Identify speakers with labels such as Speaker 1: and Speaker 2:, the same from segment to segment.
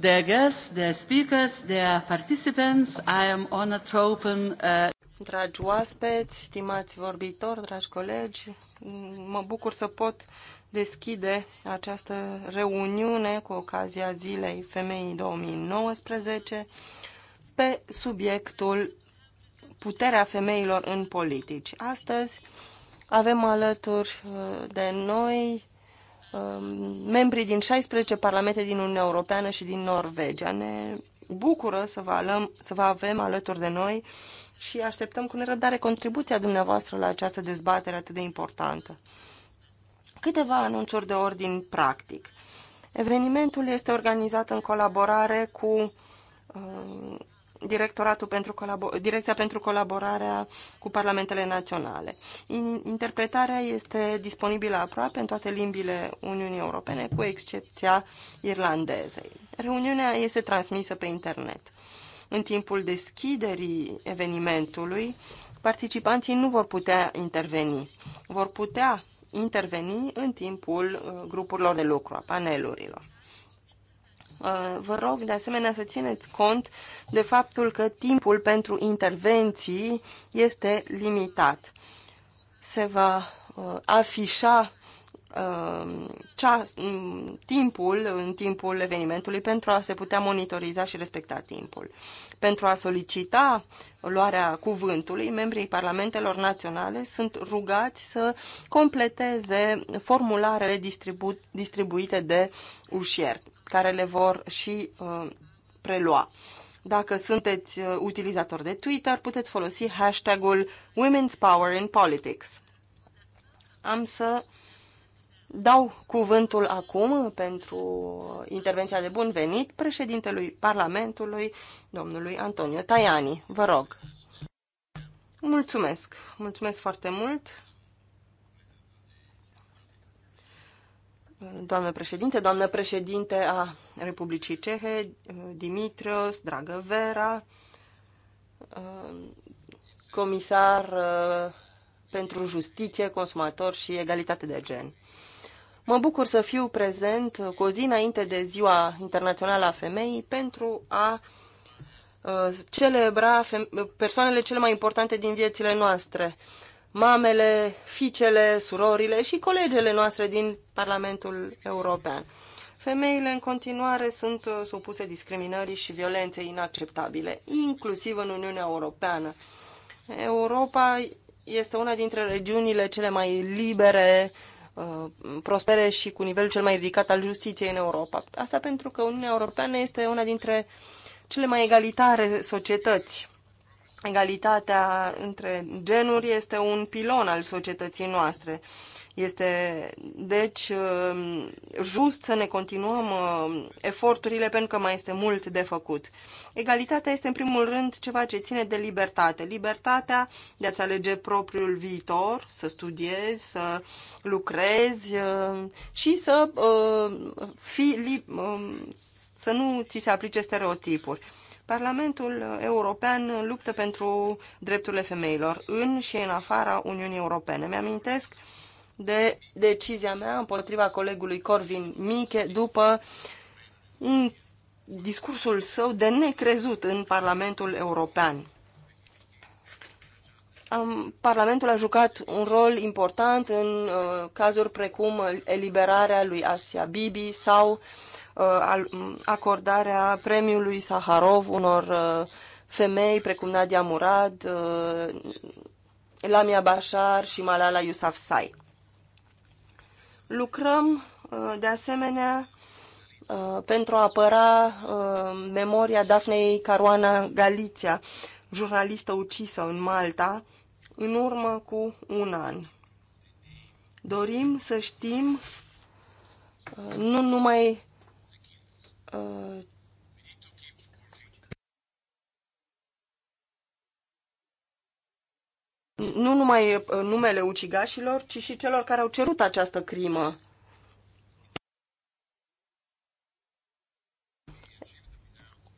Speaker 1: Dear guests, dear speakers, dear participants, I am honored to open... Uh, dragi
Speaker 2: oaspeți, stimați vorbitori, dragi colegi, mă bucur să pot deschide această reuniune cu ocazia Zilei Femeii 2019 pe subiectul Puterea femeilor în politici. Astăzi avem alături uh, de noi Um, membrii din 16 parlamente din Uniunea Europeană și din Norvegia. Ne bucură să vă, alăm, să vă avem alături de noi și așteptăm cu nerăbdare contribuția dumneavoastră la această dezbatere atât de importantă. Câteva anunțuri de ordin practic. Evenimentul este organizat în colaborare cu um, Directoratul pentru colabor- Direcția pentru colaborarea cu parlamentele naționale. Interpretarea este disponibilă aproape în toate limbile Uniunii Europene, cu excepția irlandezei. Reuniunea este transmisă pe internet. În timpul deschiderii evenimentului, participanții nu vor putea interveni. Vor putea interveni în timpul uh, grupurilor de lucru, a panelurilor. Uh, vă rog de asemenea să țineți cont de faptul că timpul pentru intervenții este limitat. Se va uh, afișa uh, ceas, mm, timpul în timpul evenimentului pentru a se putea monitoriza și respecta timpul. Pentru a solicita luarea cuvântului, membrii parlamentelor naționale sunt rugați să completeze formularele distribu distribuite de ușier care le vor și uh, prelua. Dacă sunteți uh, utilizator de Twitter, puteți folosi hashtagul Women's Power in Politics. Am să dau cuvântul acum pentru intervenția de bun venit președintelui Parlamentului, domnului Antonio Tajani. Vă rog. Mulțumesc. Mulțumesc foarte mult. doamnă președinte, doamnă președinte a Republicii Cehe, Dimitrios, dragă Vera, comisar uh, pentru justiție, consumator și egalitate de gen. Mă bucur să fiu prezent cu o zi înainte de Ziua Internațională a Femeii pentru a uh, celebra persoanele cele mai importante din viețile noastre mamele, fiicele, surorile și colegele noastre din Parlamentul European. Femeile în continuare sunt uh, supuse discriminării și violenței inacceptabile, inclusiv în Uniunea Europeană. Europa este una dintre regiunile cele mai libere, uh, prospere și cu nivelul cel mai ridicat al justiției în Europa. Asta pentru că Uniunea Europeană este una dintre cele mai egalitare societăți Egalitatea între genuri este un pilon al societății noastre. Este, deci, um, just să ne continuăm um, eforturile pentru că mai este mult de făcut. Egalitatea este, în primul rând, ceva ce ține de libertate. Libertatea de a-ți alege propriul viitor, să studiezi, să lucrezi um, și să, uh, fi să nu ți se aplice stereotipuri Parlamentul European luptă pentru drepturile femeilor în și în afara Uniunii Europene. Mi-amintesc de decizia mea împotriva colegului Corvin Miche după discursul său de necrezut în Parlamentul European. Parlamentul a jucat un rol important în uh, cazuri precum eliberarea lui Asia Bibi sau uh, Uh, acordarea premiului Saharov unor uh, femei precum Nadia Murad, uh, Lamia Bashar și Malala Yousafzai. Lucrăm de asemenea pentru a apăra memoria Dafnei Caruana Galiția, jurnalistă ucisă în Malta, în urmă cu un an. Dorim să știm nu numai Uh, nu numai uh, numele ucigașilor, ci și celor care au cerut această crimă.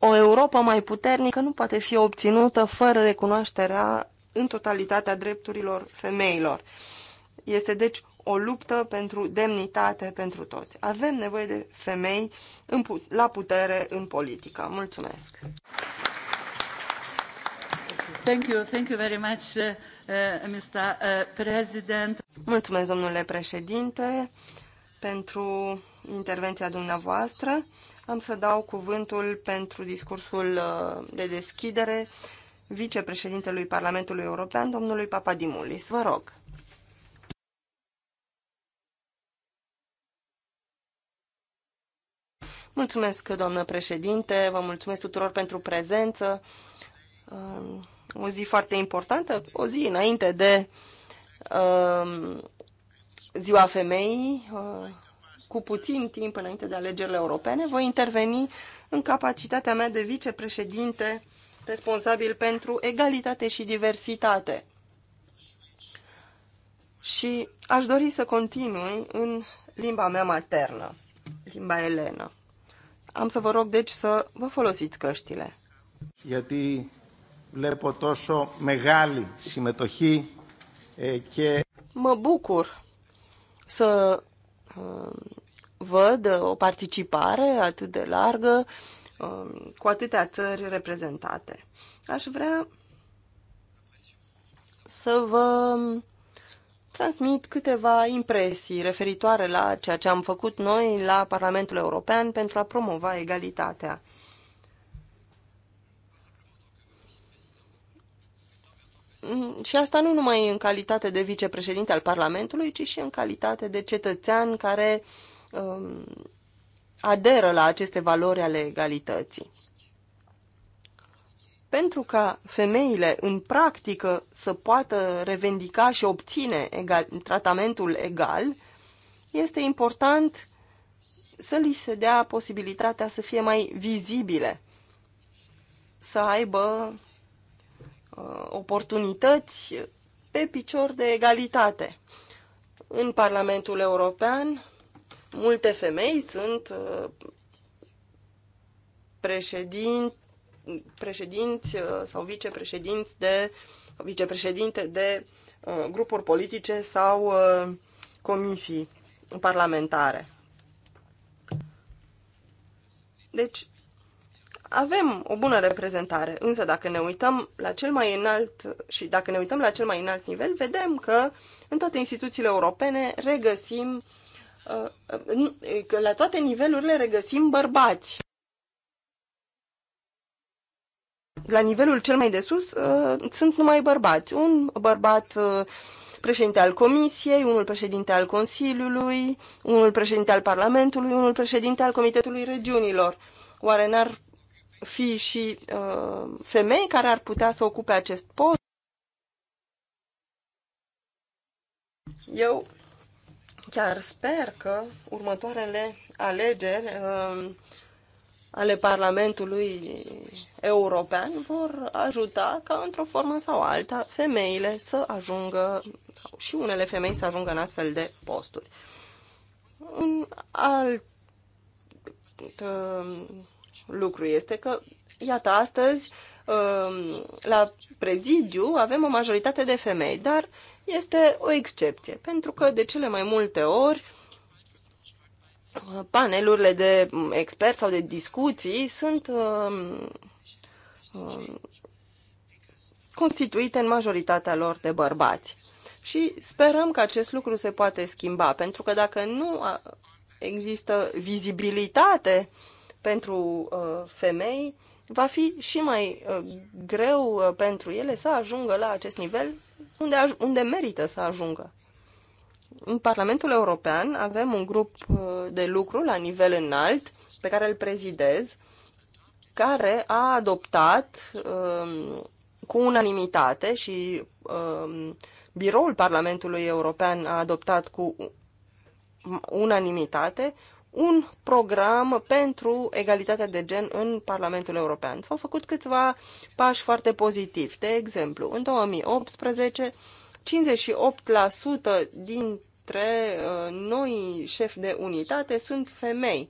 Speaker 2: O Europa mai puternică nu poate fi obținută fără recunoașterea în totalitatea drepturilor femeilor. Este deci o luptă pentru demnitate pentru toți. Avem nevoie de femei în put la putere în politică. Mulțumesc!
Speaker 1: Thank you, thank you very much, uh, uh Mr. Uh, President.
Speaker 2: Mulțumesc, domnule președinte, pentru intervenția dumneavoastră. Am să dau cuvântul pentru discursul uh, de deschidere vicepreședintelui Parlamentului European, domnului Papadimulis. Vă rog. Mulțumesc, doamnă președinte, vă mulțumesc tuturor pentru prezență. Um, o zi foarte importantă, o zi înainte de um, Ziua Femeii, uh, cu puțin timp înainte de alegerile europene, voi interveni în capacitatea mea de vicepreședinte responsabil pentru egalitate și diversitate. Și aș dori să continui în limba mea maternă, limba elenă. Am să vă rog, deci, să vă folosiți căștile. Γιατί βλέπω τόσο μεγάλη și metohi că... Mă bucur să um, văd o participare atât de largă, um, cu atâtea țări reprezentate. Aș vrea să vă transmit câteva impresii referitoare la ceea ce am făcut noi la Parlamentul European pentru a promova egalitatea. Și asta nu numai în calitate de vicepreședinte al Parlamentului, ci și în calitate de cetățean care um, aderă la aceste valori ale egalității. Pentru ca femeile în practică să poată revendica și obține egal, tratamentul egal, este important să li se dea posibilitatea să fie mai vizibile, să aibă uh, oportunități pe picior de egalitate. În Parlamentul European, multe femei sunt uh, președinte președinți uh, sau vicepreședinți de vicepreședinte de uh, grupuri politice sau uh, comisii parlamentare. Deci, avem o bună reprezentare, însă dacă ne uităm la cel mai înalt și dacă ne uităm la cel mai înalt nivel, vedem că în toate instituțiile europene regăsim că la toate nivelurile regăsim bărbați la nivelul cel mai de sus uh, sunt numai bărbați. Un bărbat uh, președinte al Comisiei, unul președinte al Consiliului, unul președinte al Parlamentului, unul președinte al Comitetului Regiunilor. Oare n-ar fi și uh, femei care ar putea să ocupe acest post? Eu chiar sper că următoarele alegeri uh, ale Parlamentului European vor ajuta ca într-o formă sau alta femeile să ajungă și unele femei să ajungă în astfel de posturi. Un alt uh, lucru este că, iată, astăzi uh, la prezidiu avem o majoritate de femei, dar este o excepție, pentru că de cele mai multe ori uh, panelurile de experți sau de discuții sunt uh, uh, constituite în majoritatea lor de bărbați. Și sperăm că acest lucru se poate schimba, pentru că dacă nu există vizibilitate pentru uh, femei, va fi și mai uh, greu uh, pentru ele să ajungă la acest nivel unde, unde merită să ajungă. În Parlamentul European avem un grup uh, de lucru la nivel înalt pe care îl prezidez, care a adoptat um, cu unanimitate și um, biroul Parlamentului European a adoptat cu unanimitate un program pentru egalitatea de gen în Parlamentul European. S-au făcut câțiva pași foarte pozitivi. De exemplu, în 2018, 58% din dintre uh, noi șefi de unitate sunt femei.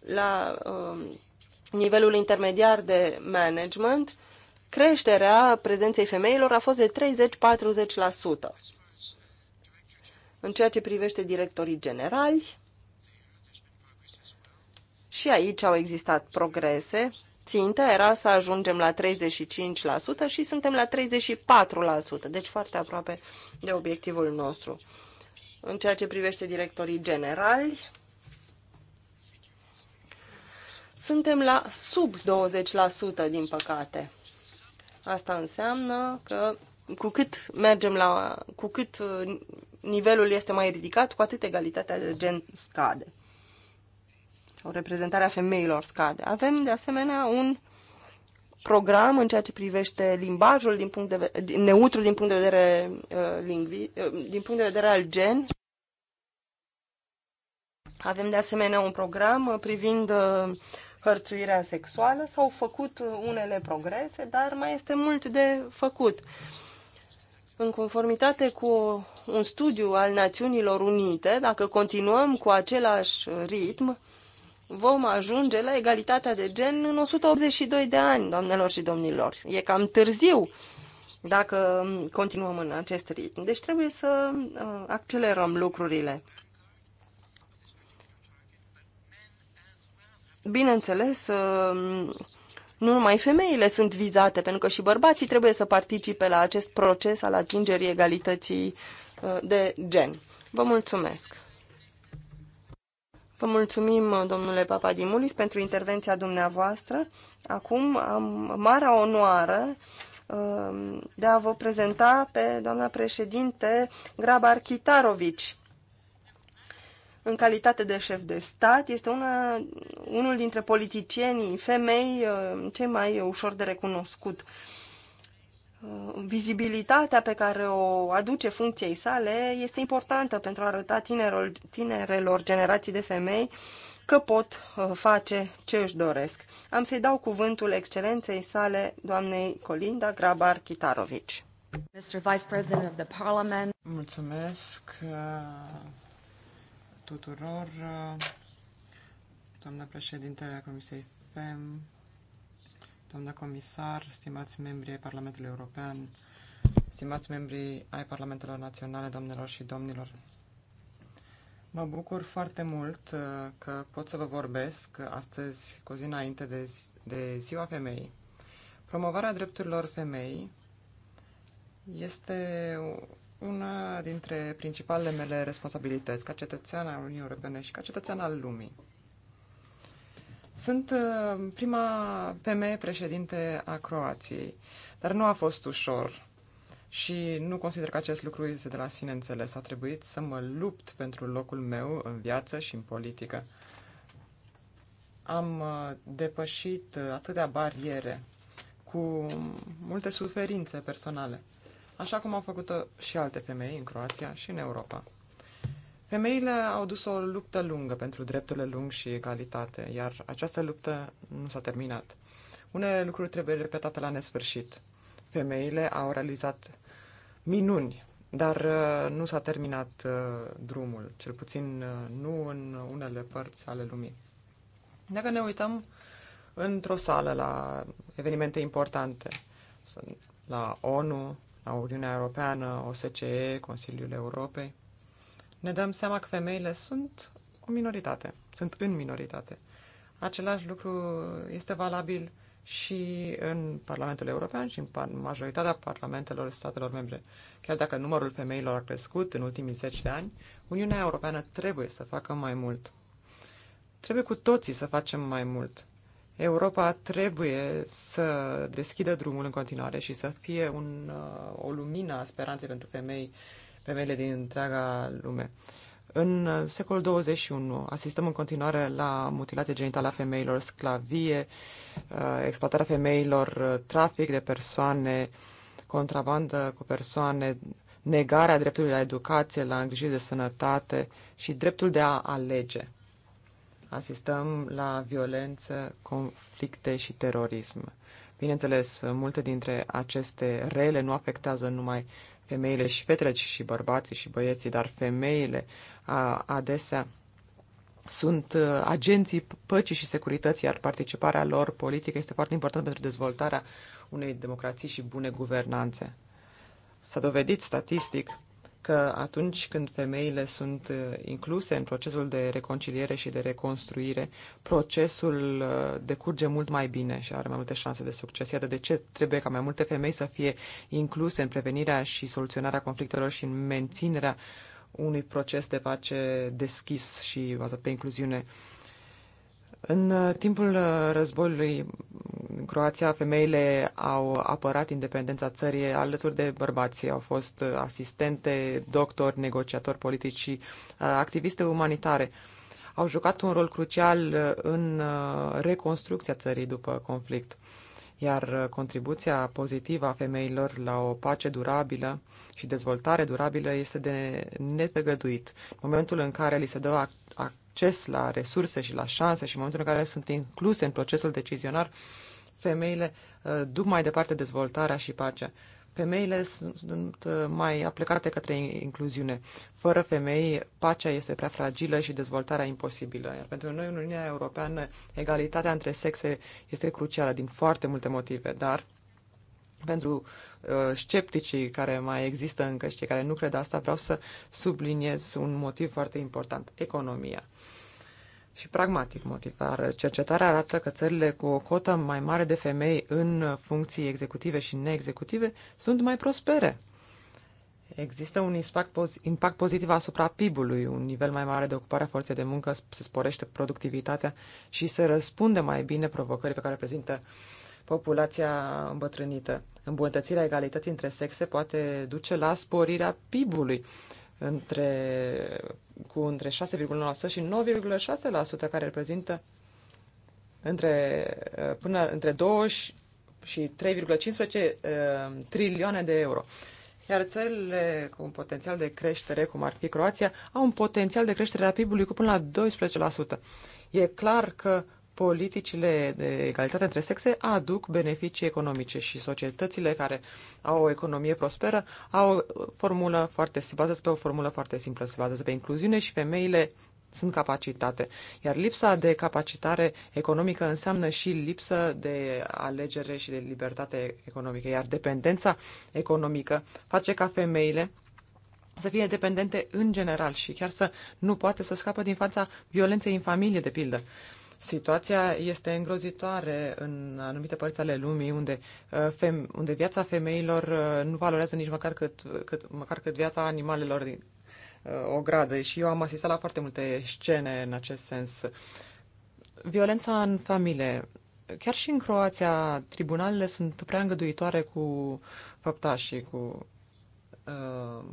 Speaker 2: La um, nivelul intermediar de management, creșterea prezenței femeilor a fost de 30-40%. În ceea ce privește directorii generali, și aici au existat progrese. Ținta era să ajungem la 35% și suntem la 34%, deci foarte aproape de obiectivul nostru în ceea ce privește directorii generali. Suntem la sub 20%, din păcate. Asta înseamnă că cu cât mergem la, cu cât uh, nivelul este mai ridicat, cu atât egalitatea de gen scade. O reprezentarea femeilor scade. Avem de asemenea un program în ceea ce privește limbajul din punct de vedere, neutru din punct de vedere uh, lingvi, uh, din punct de vedere al gen. Avem de asemenea un program uh, privind uh, hărțuirea sexuală. S-au făcut uh, unele progrese, dar mai este mult de făcut. În conformitate cu un studiu al Națiunilor Unite, dacă continuăm cu același ritm, vom ajunge la egalitatea de gen în 182 de ani, doamnelor și domnilor. E cam târziu dacă continuăm în acest ritm. Deci trebuie să uh, accelerăm lucrurile. Bineînțeles, uh, nu numai femeile sunt vizate, pentru că și bărbații trebuie să participe la acest proces al atingerii egalității uh, de gen. Vă mulțumesc! Vă mulțumim, domnule Papadimulis, pentru intervenția dumneavoastră. Acum am marea onoară um, de a vă prezenta pe doamna președinte Grabar Chitarovici. În calitate de șef de stat, este una, unul dintre politicienii femei um, cei mai ușor de recunoscut. Uh, Uh, vizibilitatea pe care o aduce funcției sale este importantă pentru a arăta tinerul, tinerelor generații de femei că pot uh, face ce își doresc. Am să-i dau cuvântul excelenței sale doamnei Colinda Grabar Kitarovici.
Speaker 3: Mulțumesc uh, tuturor, doamna președinte a Comisiei FEM, doamna comisar, stimați membri ai Parlamentului European, stimați membri ai Parlamentelor Naționale, domnilor și domnilor. Mă bucur foarte mult uh, că pot să vă vorbesc astăzi, cu zi înainte de, zi, de Ziua Femeii. Promovarea drepturilor femei este una dintre principalele mele responsabilități ca cetățean al Uniunii Europene și ca cetățean al lumii. Sunt uh, prima femeie președinte a Croației, dar nu a fost ușor și nu consider că acest lucru este de la sine înțeles. A trebuit să mă lupt pentru locul meu în viață și în politică. Am uh, depășit uh, atâtea bariere cu multe suferințe personale, așa cum au făcut-o și alte femei în Croația și în Europa. Femeile au dus o luptă lungă pentru drepturile lung și egalitate, iar această luptă nu s-a terminat. Unele lucruri trebuie repetate la nesfârșit. Femeile au realizat minuni, dar uh, nu s-a terminat uh, drumul, cel puțin uh, nu în unele părți ale lumii. Dacă ne uităm într-o sală la evenimente importante, la ONU, la Uniunea Europeană, OSCE, Consiliul Europei, ne dăm seama că femeile sunt o minoritate, sunt în minoritate. Același lucru este valabil și în Parlamentul European și în majoritatea parlamentelor statelor membre. Chiar dacă numărul femeilor a crescut în ultimii zeci de ani, Uniunea Europeană trebuie să facă mai mult. Trebuie cu toții să facem mai mult. Europa trebuie să deschidă drumul în continuare și să fie un, uh, o lumină a speranței pentru femei uh, femeile din întreaga lume. În uh, secolul 21 asistăm în continuare la mutilație genitală a femeilor, sclavie, uh, exploatarea femeilor, uh, trafic de persoane, contrabandă cu persoane, negarea dreptului la educație, la îngrijire de sănătate și dreptul de a alege. Asistăm la violență, conflicte și terorism. Bineînțeles, multe dintre aceste rele nu afectează numai femeile și fetele, ci și bărbații și băieții, dar femeile a, adesea sunt uh, agenții păcii și securității, iar participarea lor politică este foarte importantă pentru dezvoltarea unei democrații și bune guvernanțe. S-a dovedit statistic că atunci când femeile sunt uh, incluse în procesul de reconciliere și de reconstruire, procesul uh, decurge mult mai bine și are mai multe șanse de succes. Iată de ce trebuie ca mai multe femei să fie incluse în prevenirea și soluționarea conflictelor și în menținerea unui proces de pace deschis și bazat pe incluziune în uh, timpul uh, războiului în mm, Croația, femeile au apărat independența țării alături de bărbații. Au fost uh, asistente, doctori, negociatori politici și activiste umanitare. Au jucat un rol crucial în reconstrucția țării după conflict. Iar contribuția pozitivă a femeilor la o pace durabilă și dezvoltare durabilă este de netăgăduit. În momentul în care li se dă acces la resurse și la șanse și în momentul în care sunt incluse în procesul decizionar, femeile uh, duc mai departe dezvoltarea și pacea. Femeile sunt uh, mai aplicate către incluziune. Fără femei, pacea este prea fragilă și dezvoltarea imposibilă. Iar pentru noi, în Uniunea Europeană, egalitatea între sexe este crucială din foarte multe motive, dar pentru uh, scepticii care mai există încă și cei care nu cred asta, vreau să subliniez un motiv foarte important, economia. Și pragmatic motivar. Cercetarea arată că țările cu o cotă mai mare de femei în funcții executive și neexecutive sunt mai prospere. Există un impact, poz- impact pozitiv asupra PIB-ului, un nivel mai mare de ocupare a forței de muncă, se sporește productivitatea și se răspunde mai bine provocării pe care prezintă uh, populația îmbătrânită. Îmbunătățirea egalității între sexe poate duce la sporirea PIB-ului între, cu între 6,9% și 9,6% care reprezintă între, uh, până între 2 și 3,15 uh, trilioane de euro. Iar țările cu un potențial de creștere, cum ar fi Croația, au un potențial de creștere a PIB-ului cu până la 12%. E clar că politicile de egalitate între sexe aduc beneficii economice și societățile care au o economie prosperă au o formulă foarte, se bazează pe o formulă foarte simplă, se bazează pe incluziune și femeile sunt capacitate. Iar lipsa de capacitare economică înseamnă și lipsă de alegere și de libertate economică. Iar dependența economică face ca femeile să fie dependente în general și chiar să nu poate să scape din fața violenței în familie, de pildă. Situația este îngrozitoare în anumite părți ale lumii unde, uh, fem, unde viața femeilor uh, nu valorează nici măcar cât, cât, măcar cât viața animalelor din uh, o gradă. Și eu am asistat la foarte multe scene în acest sens. Violența în familie. Chiar și în Croația, tribunalele sunt prea îngăduitoare cu făptașii, cu... Uh,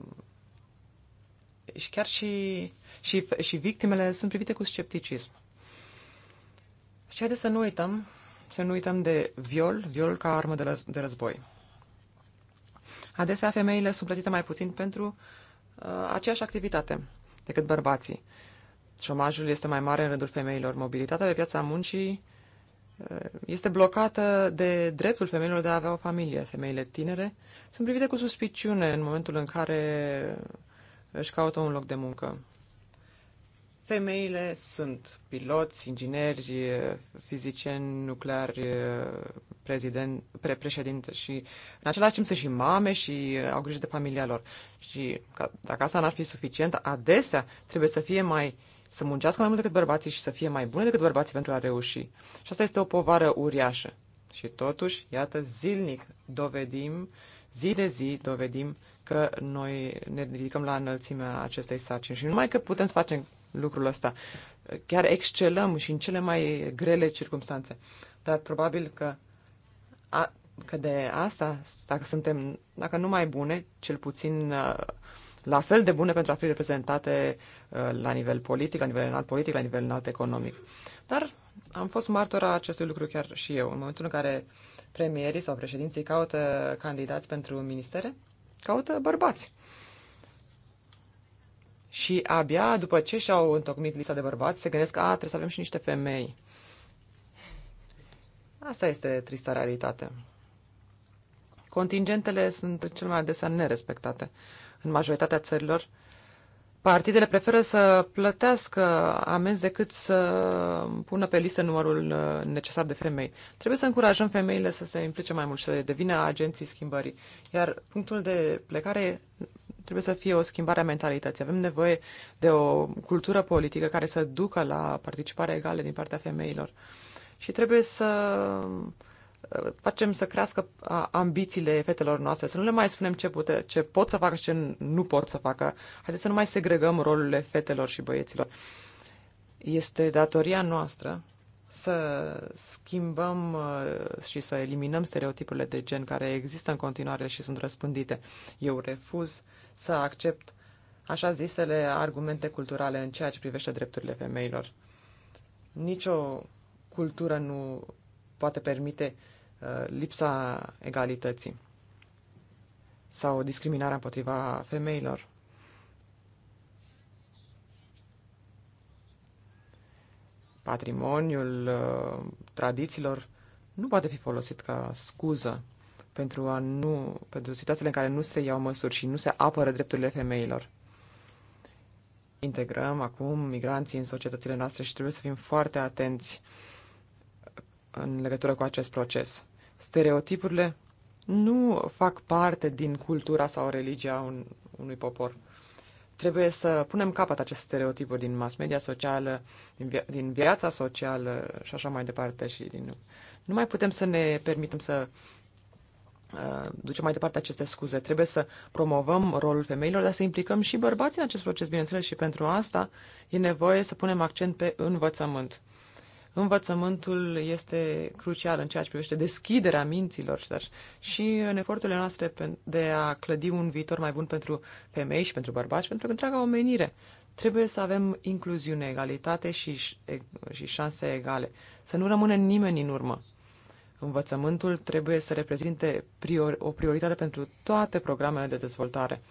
Speaker 3: și chiar și, și, și victimele sunt privite cu scepticism. Și haideți să nu uităm, să nu uităm de viol, viol ca armă de, răz- de război. Adesea femeile sunt plătite mai puțin pentru uh, aceeași activitate decât bărbații. Șomajul este mai mare în rândul femeilor. Mobilitatea pe piața muncii uh, este blocată de dreptul femeilor de a avea o familie. Femeile tinere sunt privite cu suspiciune în momentul în care își caută un loc de muncă. Femeile sunt piloți, ingineri, fizicieni nucleari, prezident, pre președinte și în același timp sunt și mame și au grijă de familia lor. Și ca, dacă asta n-ar fi suficient, adesea trebuie să fie mai să muncească mai mult decât bărbații și să fie mai bune decât bărbații pentru a reuși. Și asta este o povară uriașă. Și totuși, iată, zilnic dovedim, zi de zi dovedim că noi ne ridicăm la înălțimea acestei sarcini. Și numai că putem să facem lucrul ăsta. Chiar excelăm și în cele mai grele circunstanțe. Dar probabil că, a, că de asta, dacă suntem, dacă nu mai bune, cel puțin uh, la fel de bune pentru a fi reprezentate uh, la nivel politic, la nivel înalt politic, la nivel înalt economic. Dar am fost martora acestui lucru chiar și eu. În momentul în care premierii sau președinții caută candidați pentru ministere, caută bărbați. Și abia după ce și-au întocmit lista de bărbați, se gândesc, a, trebuie să avem și niște femei. Asta este trista realitate. Contingentele sunt cel mai adesea nerespectate. În majoritatea țărilor, partidele preferă să plătească amenzi decât să pună pe listă numărul uh, necesar de femei. Trebuie să încurajăm femeile să se implice mai mult și să devină agenții schimbării. Iar punctul de plecare trebuie să fie o schimbare a mentalității. Avem nevoie de o cultură politică care să ducă la participare egală din partea femeilor. Și trebuie să uh, facem să crească uh, ambițiile fetelor noastre, să nu le mai spunem ce, pute, ce pot să facă și ce nu pot să facă. Haideți să nu mai segregăm rolurile fetelor și băieților. Este datoria noastră să schimbăm uh, și să eliminăm stereotipurile de gen care există în continuare și sunt răspândite. Eu refuz uh, să accept așa zisele argumente culturale în ceea ce privește drepturile femeilor. Nicio cultură nu poate permite uh, lipsa egalității sau discriminarea împotriva femeilor. Patrimoniul uh, tradițiilor nu poate fi folosit ca scuză pentru, a nu, pentru situațiile în care nu se iau măsuri și nu se apără drepturile femeilor. Integrăm acum migranții în societățile noastre și trebuie să fim foarte atenți în legătură cu acest proces. Stereotipurile nu fac parte din cultura sau religia un, unui popor. Trebuie să punem capăt aceste stereotipuri din mass media socială, din, via- din viața socială și așa mai departe. Și din... Nu mai putem să ne permitem să Uh, ducem mai departe aceste scuze. Trebuie să promovăm rolul femeilor, dar să implicăm și bărbații în acest proces, bineînțeles, și pentru asta e nevoie să punem accent pe învățământ. Învățământul este crucial în ceea ce privește deschiderea minților dar și în eforturile noastre de a clădi un viitor mai bun pentru femei și pentru bărbați, pentru întreaga omenire. Trebuie să avem incluziune, egalitate și, și șanse egale. Să nu rămână nimeni în urmă. Învățământul trebuie să reprezinte prior, o prioritate pentru toate programele de dezvoltare,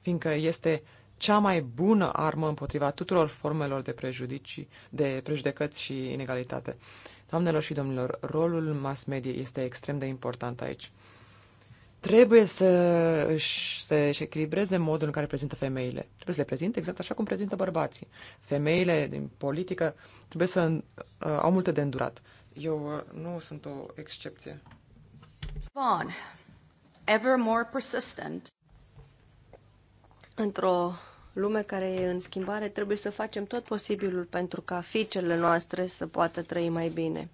Speaker 3: fiindcă este cea mai bună armă împotriva tuturor formelor de prejudicii, de prejudecăți și inegalitate. Doamnelor și domnilor, rolul mass media este extrem de important aici. Trebuie să își, echilibreze modul în care prezintă femeile. Trebuie să le prezinte exact așa cum prezintă bărbații. Femeile din politică trebuie să uh, au multe de îndurat. Eu uh, nu sunt o excepție.
Speaker 4: Spawn, ever more persistent. Într-o lume care e în schimbare, trebuie să facem tot posibilul pentru ca fiicele noastre să poată trăi mai bine.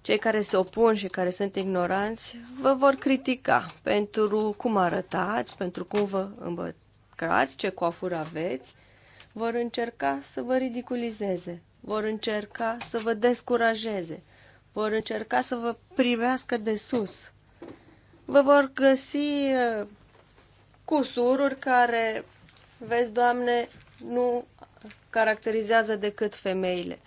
Speaker 4: Cei care se opun și care sunt ignoranți vă vor critica pentru cum arătați, pentru cum vă îmbătrați, ce coafură aveți, vor încerca să vă ridiculizeze vor încerca să vă descurajeze, vor încerca să vă privească de sus. Vă vor găsi cusururi care, vezi, Doamne, nu caracterizează decât femeile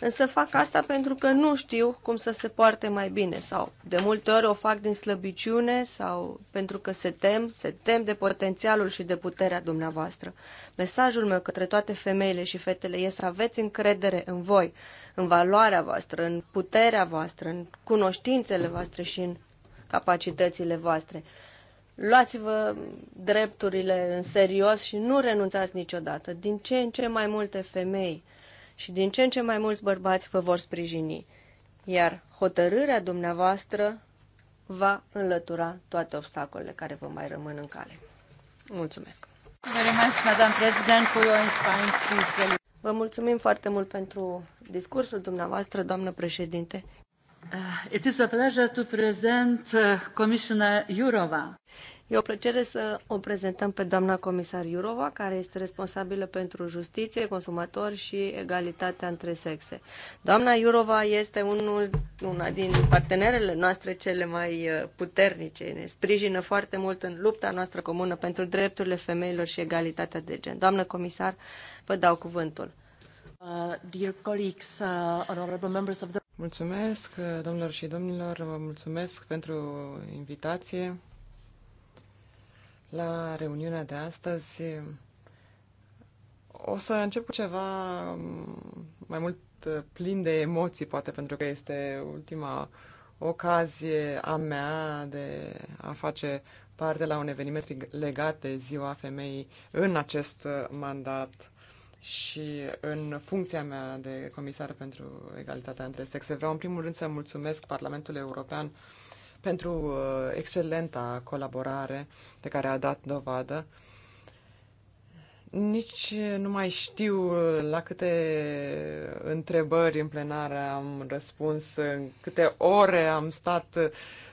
Speaker 4: însă fac asta pentru că nu știu cum să se poarte mai bine sau de multe ori o fac din slăbiciune sau pentru că se tem, se tem de potențialul și de puterea dumneavoastră. Mesajul meu către toate femeile și fetele e să aveți încredere în voi, în valoarea voastră, în puterea voastră, în cunoștințele voastre și în capacitățile voastre. Luați-vă drepturile în serios și nu renunțați niciodată. Din ce în ce mai multe femei și din ce în ce mai mulți bărbați vă vor sprijini, iar hotărârea dumneavoastră va înlătura toate obstacolele care vă mai rămân în cale. Mulțumesc! Vă mulțumim foarte mult pentru discursul dumneavoastră, doamnă președinte. Uh, it is a pleasure to present uh, Commissioner Jourova. E o plăcere să o prezentăm pe doamna comisar Iurova, care este responsabilă pentru justiție, consumator și egalitatea între sexe. Doamna Iurova este unul, una din partenerele noastre cele mai uh, puternice. Ne sprijină foarte mult în lupta noastră comună pentru drepturile femeilor și egalitatea de gen. Doamna comisar, vă dau cuvântul.
Speaker 3: Uh, dear colleagues, uh, honorable members of the... Mulțumesc, uh, domnilor și domnilor, vă mulțumesc pentru invitație. La reuniunea de astăzi o să încep cu ceva um, mai mult uh, plin de emoții, poate pentru că este ultima ocazie a mea de a face parte la un eveniment legat de Ziua Femeii în acest uh, mandat și în funcția mea de comisar pentru egalitatea între sexe. Vreau în primul rând să mulțumesc Parlamentul European uh, pentru uh, excelenta colaborare de care a dat dovadă. Nici nu mai știu uh, la câte întrebări în plenară am răspuns, în câte ore am stat uh,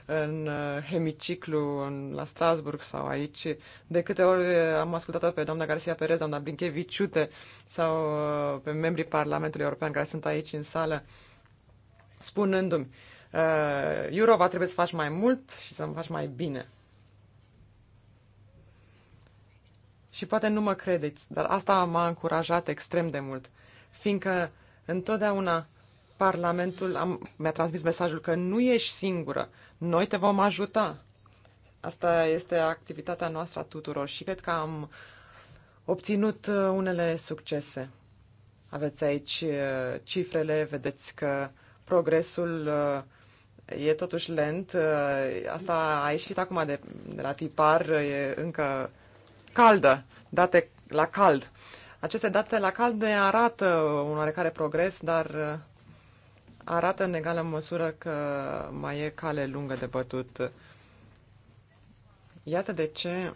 Speaker 3: în hemiciclu în, la Strasburg sau aici, de câte ori am ascultat-o pe doamna Garcia Perez, doamna Brincheviciute sau pe membrii Parlamentului European care sunt aici în sală, spunându-mi uh, Euro, va trebui să faci mai mult și să faci mai bine. Și poate nu mă credeți, dar asta m-a încurajat extrem de mult, fiindcă întotdeauna Parlamentul am, mi-a transmis mesajul că nu ești singură, noi te vom ajuta. Asta este activitatea noastră a tuturor și cred că am obținut uh, unele succese. Aveți aici uh, cifrele, vedeți că progresul uh, e totuși lent. Uh, asta a ieșit acum de, de la tipar, uh, e încă caldă, date la cald. Aceste date la cald ne arată un oarecare progres, dar uh, arată în egală măsură că mai e cale lungă de bătut. Iată de ce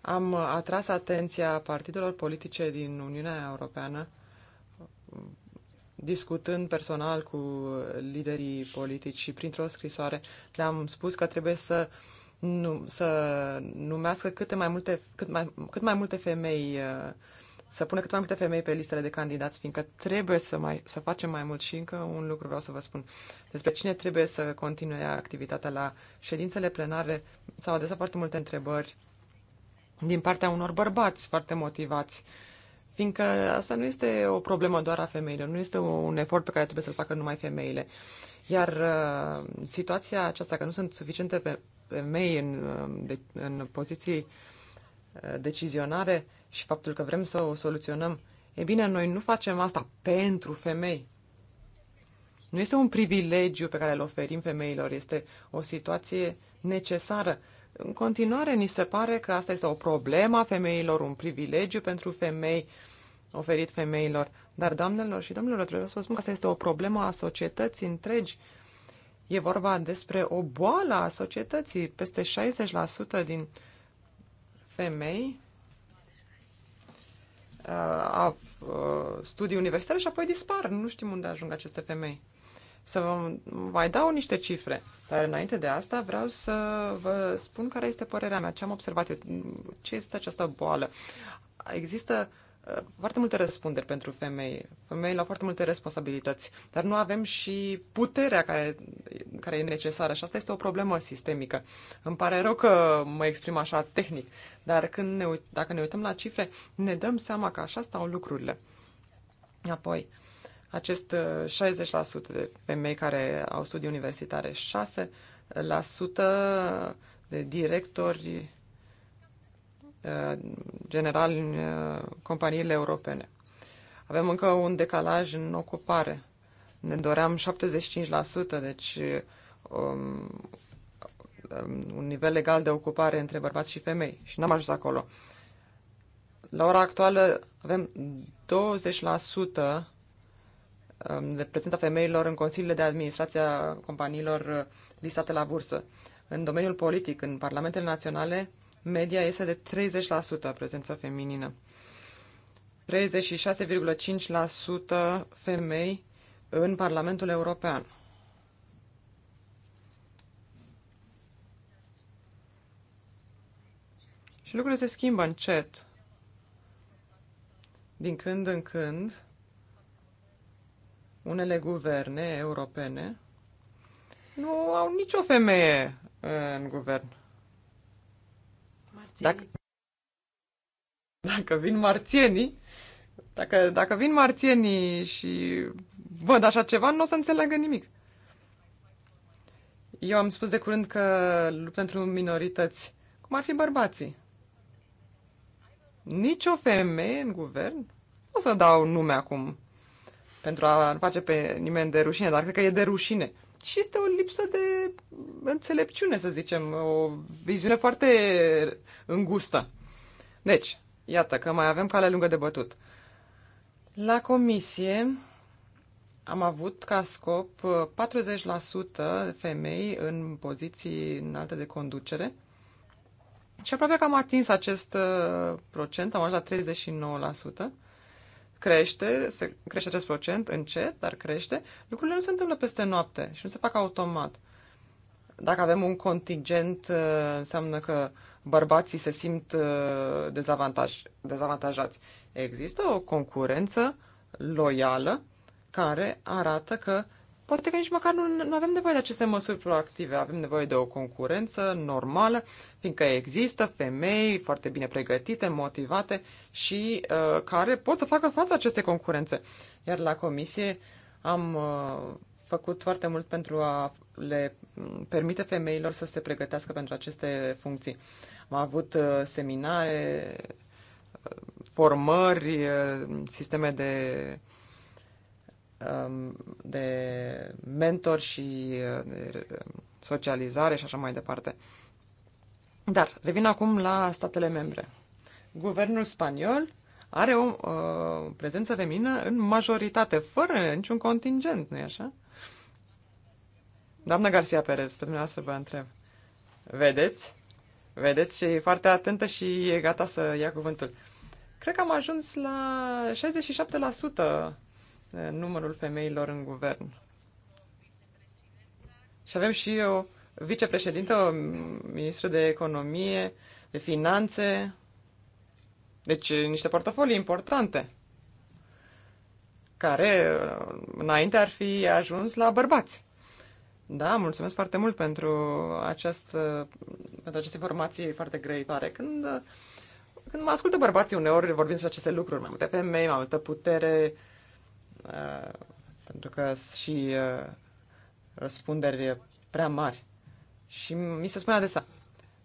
Speaker 3: am atras atenția partidelor politice din Uniunea Europeană discutând personal cu liderii politici și printr-o scrisoare le-am spus că trebuie să nu, să numească câte mai multe, cât, mai, cât mai multe femei, uh, să pună cât mai multe femei pe listele de candidați, fiindcă trebuie să, mai, să facem mai mult și încă un lucru vreau să vă spun despre cine trebuie să continue activitatea la ședințele plenare. S-au adresat foarte multe întrebări din partea unor bărbați foarte motivați Fiindcă asta nu este o problemă doar a femeilor, nu este un efort pe care trebuie să-l facă numai femeile. Iar uh, situația aceasta, că nu sunt suficiente femei în, um, de, în poziții uh, decizionare și faptul că vrem să o soluționăm, e bine, noi nu facem asta pentru femei. Nu este un privilegiu pe care îl oferim femeilor, este o situație necesară. În continuare, ni se pare că asta este o problemă a femeilor, un privilegiu pentru femei oferit femeilor. Dar, doamnelor și domnilor, trebuie să vă spun că asta este o problemă a societății întregi. E vorba despre o boală a societății. Peste 60% din femei uh, uh, studii universitare și apoi dispar. Nu știm unde ajung aceste femei să vă mai dau niște cifre. Dar înainte de asta vreau să vă spun care este părerea mea, ce am observat eu, ce este această boală. Există uh, foarte multe răspunderi pentru femei. Femeile au foarte multe responsabilități, dar nu avem și puterea care, care e necesară și asta este o problemă sistemică. Îmi pare rău că mă exprim așa tehnic, dar când ne, dacă ne uităm la cifre, ne dăm seama că așa stau lucrurile. Apoi, uh, acest 60% uh, de femei care au studii universitare, 6% de directori uh, general în uh, companiile europene. Avem încă un decalaj în ocupare. Ne doream 75%, deci um, um, un nivel legal de ocupare între bărbați și femei și n-am ajuns acolo. La ora actuală avem 20% de um, prezența femeilor în consiliile de administrație a companiilor uh, listate la bursă. În domeniul politic, în parlamentele naționale, media este de 30% prezența feminină. 36,5% femei în Parlamentul European. Și lucrurile se schimbă încet. Din când în când, unele guverne europene nu au nicio femeie în guvern. Marțienii. Dacă, dacă vin marțienii, dacă, dacă vin marțienii și văd așa ceva, nu o să înțeleagă nimic. Eu am spus de curând că lupt pentru minorități. Cum ar fi bărbații? Nici o femeie în guvern? o să dau nume acum pentru a nu face pe nimeni de rușine, dar cred că e de rușine. Și este o lipsă de înțelepciune, să zicem, o viziune foarte îngustă. Deci, iată că mai avem cale lungă de bătut. La comisie am avut ca scop 40% uh, femei în poziții înalte de conducere și aproape că am atins acest uh, procent, am ajuns la 39% crește, se crește acest procent încet, dar crește, lucrurile nu se întâmplă peste noapte și nu se fac automat. Dacă avem un contingent, uh, înseamnă că bărbații se simt uh, dezavantaj, dezavantajați. Există o concurență loială care arată că Poate că nici măcar nu, nu avem nevoie de aceste măsuri proactive, avem nevoie de o concurență normală, fiindcă există femei foarte bine pregătite, motivate și uh, care pot să facă față acestei concurențe. Iar la comisie am uh, făcut foarte mult pentru a le mm, permite femeilor să se pregătească pentru aceste funcții. Am avut uh, seminare, uh, formări, uh, sisteme de Um, de mentor și uh, de uh, socializare și așa mai departe. Dar revin acum la statele membre. Guvernul spaniol are o uh, prezență feminină în majoritate, fără niciun contingent, nu-i așa? Doamna Garcia Perez, pe dumneavoastră vă întreb. Vedeți? Vedeți și e foarte atentă și e gata să ia cuvântul. Cred că am ajuns la 67% numărul femeilor în guvern. Și avem și o vicepreședintă, o ministru de economie, de finanțe, deci niște portofolii importante, care înainte ar fi ajuns la bărbați. Da, mulțumesc foarte mult pentru, această, pentru aceste informații foarte greitoare. Când, când mă ascultă bărbații uneori vorbind despre aceste lucruri, mai multe femei, mai multă putere, uh, Uh, pentru că și uh, răspunderi prea mari. Și mi se spune adesea,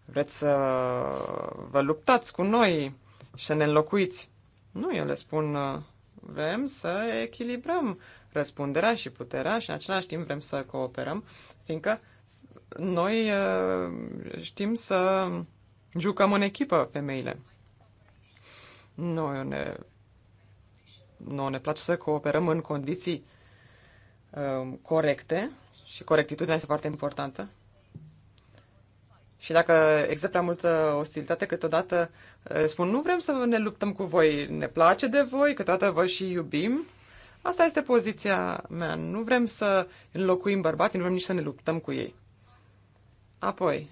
Speaker 3: vreți să vă luptați cu noi și să ne înlocuiți. Nu, eu le spun, uh, vrem să echilibrăm răspunderea și puterea și în același timp vrem să cooperăm, fiindcă noi știm să jucăm în echipă femeile. Noi ne nouă ne place să cooperăm în condiții um, corecte și corectitudinea este foarte importantă. Și dacă există prea multă ostilitate, câteodată uh, spun nu vrem să ne luptăm cu voi, ne place de voi, câteodată vă și iubim. Asta este poziția mea. Nu vrem să înlocuim bărbații, nu vrem nici să ne luptăm cu ei. Apoi,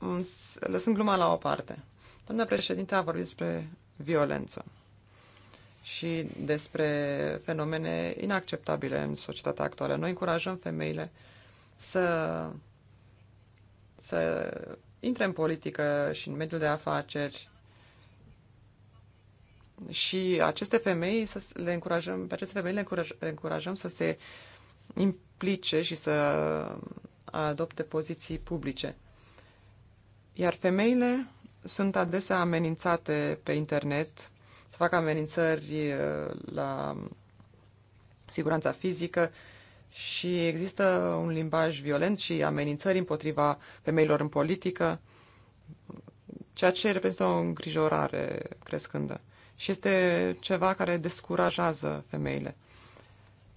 Speaker 3: um, lăsând gluma la o parte, doamna președinte a vorbit despre violență și despre fenomene inacceptabile în societatea actuală. Noi încurajăm femeile să, să intre în politică și în mediul de afaceri și aceste femei să le încurajăm, pe aceste femei le, încurajăm să se implice și să adopte poziții publice. Iar femeile sunt adesea amenințate pe internet să facă amenințări uh, la siguranța fizică și există un limbaj violent și amenințări împotriva femeilor în politică, ceea ce reprezintă o îngrijorare crescândă și este ceva care descurajează femeile.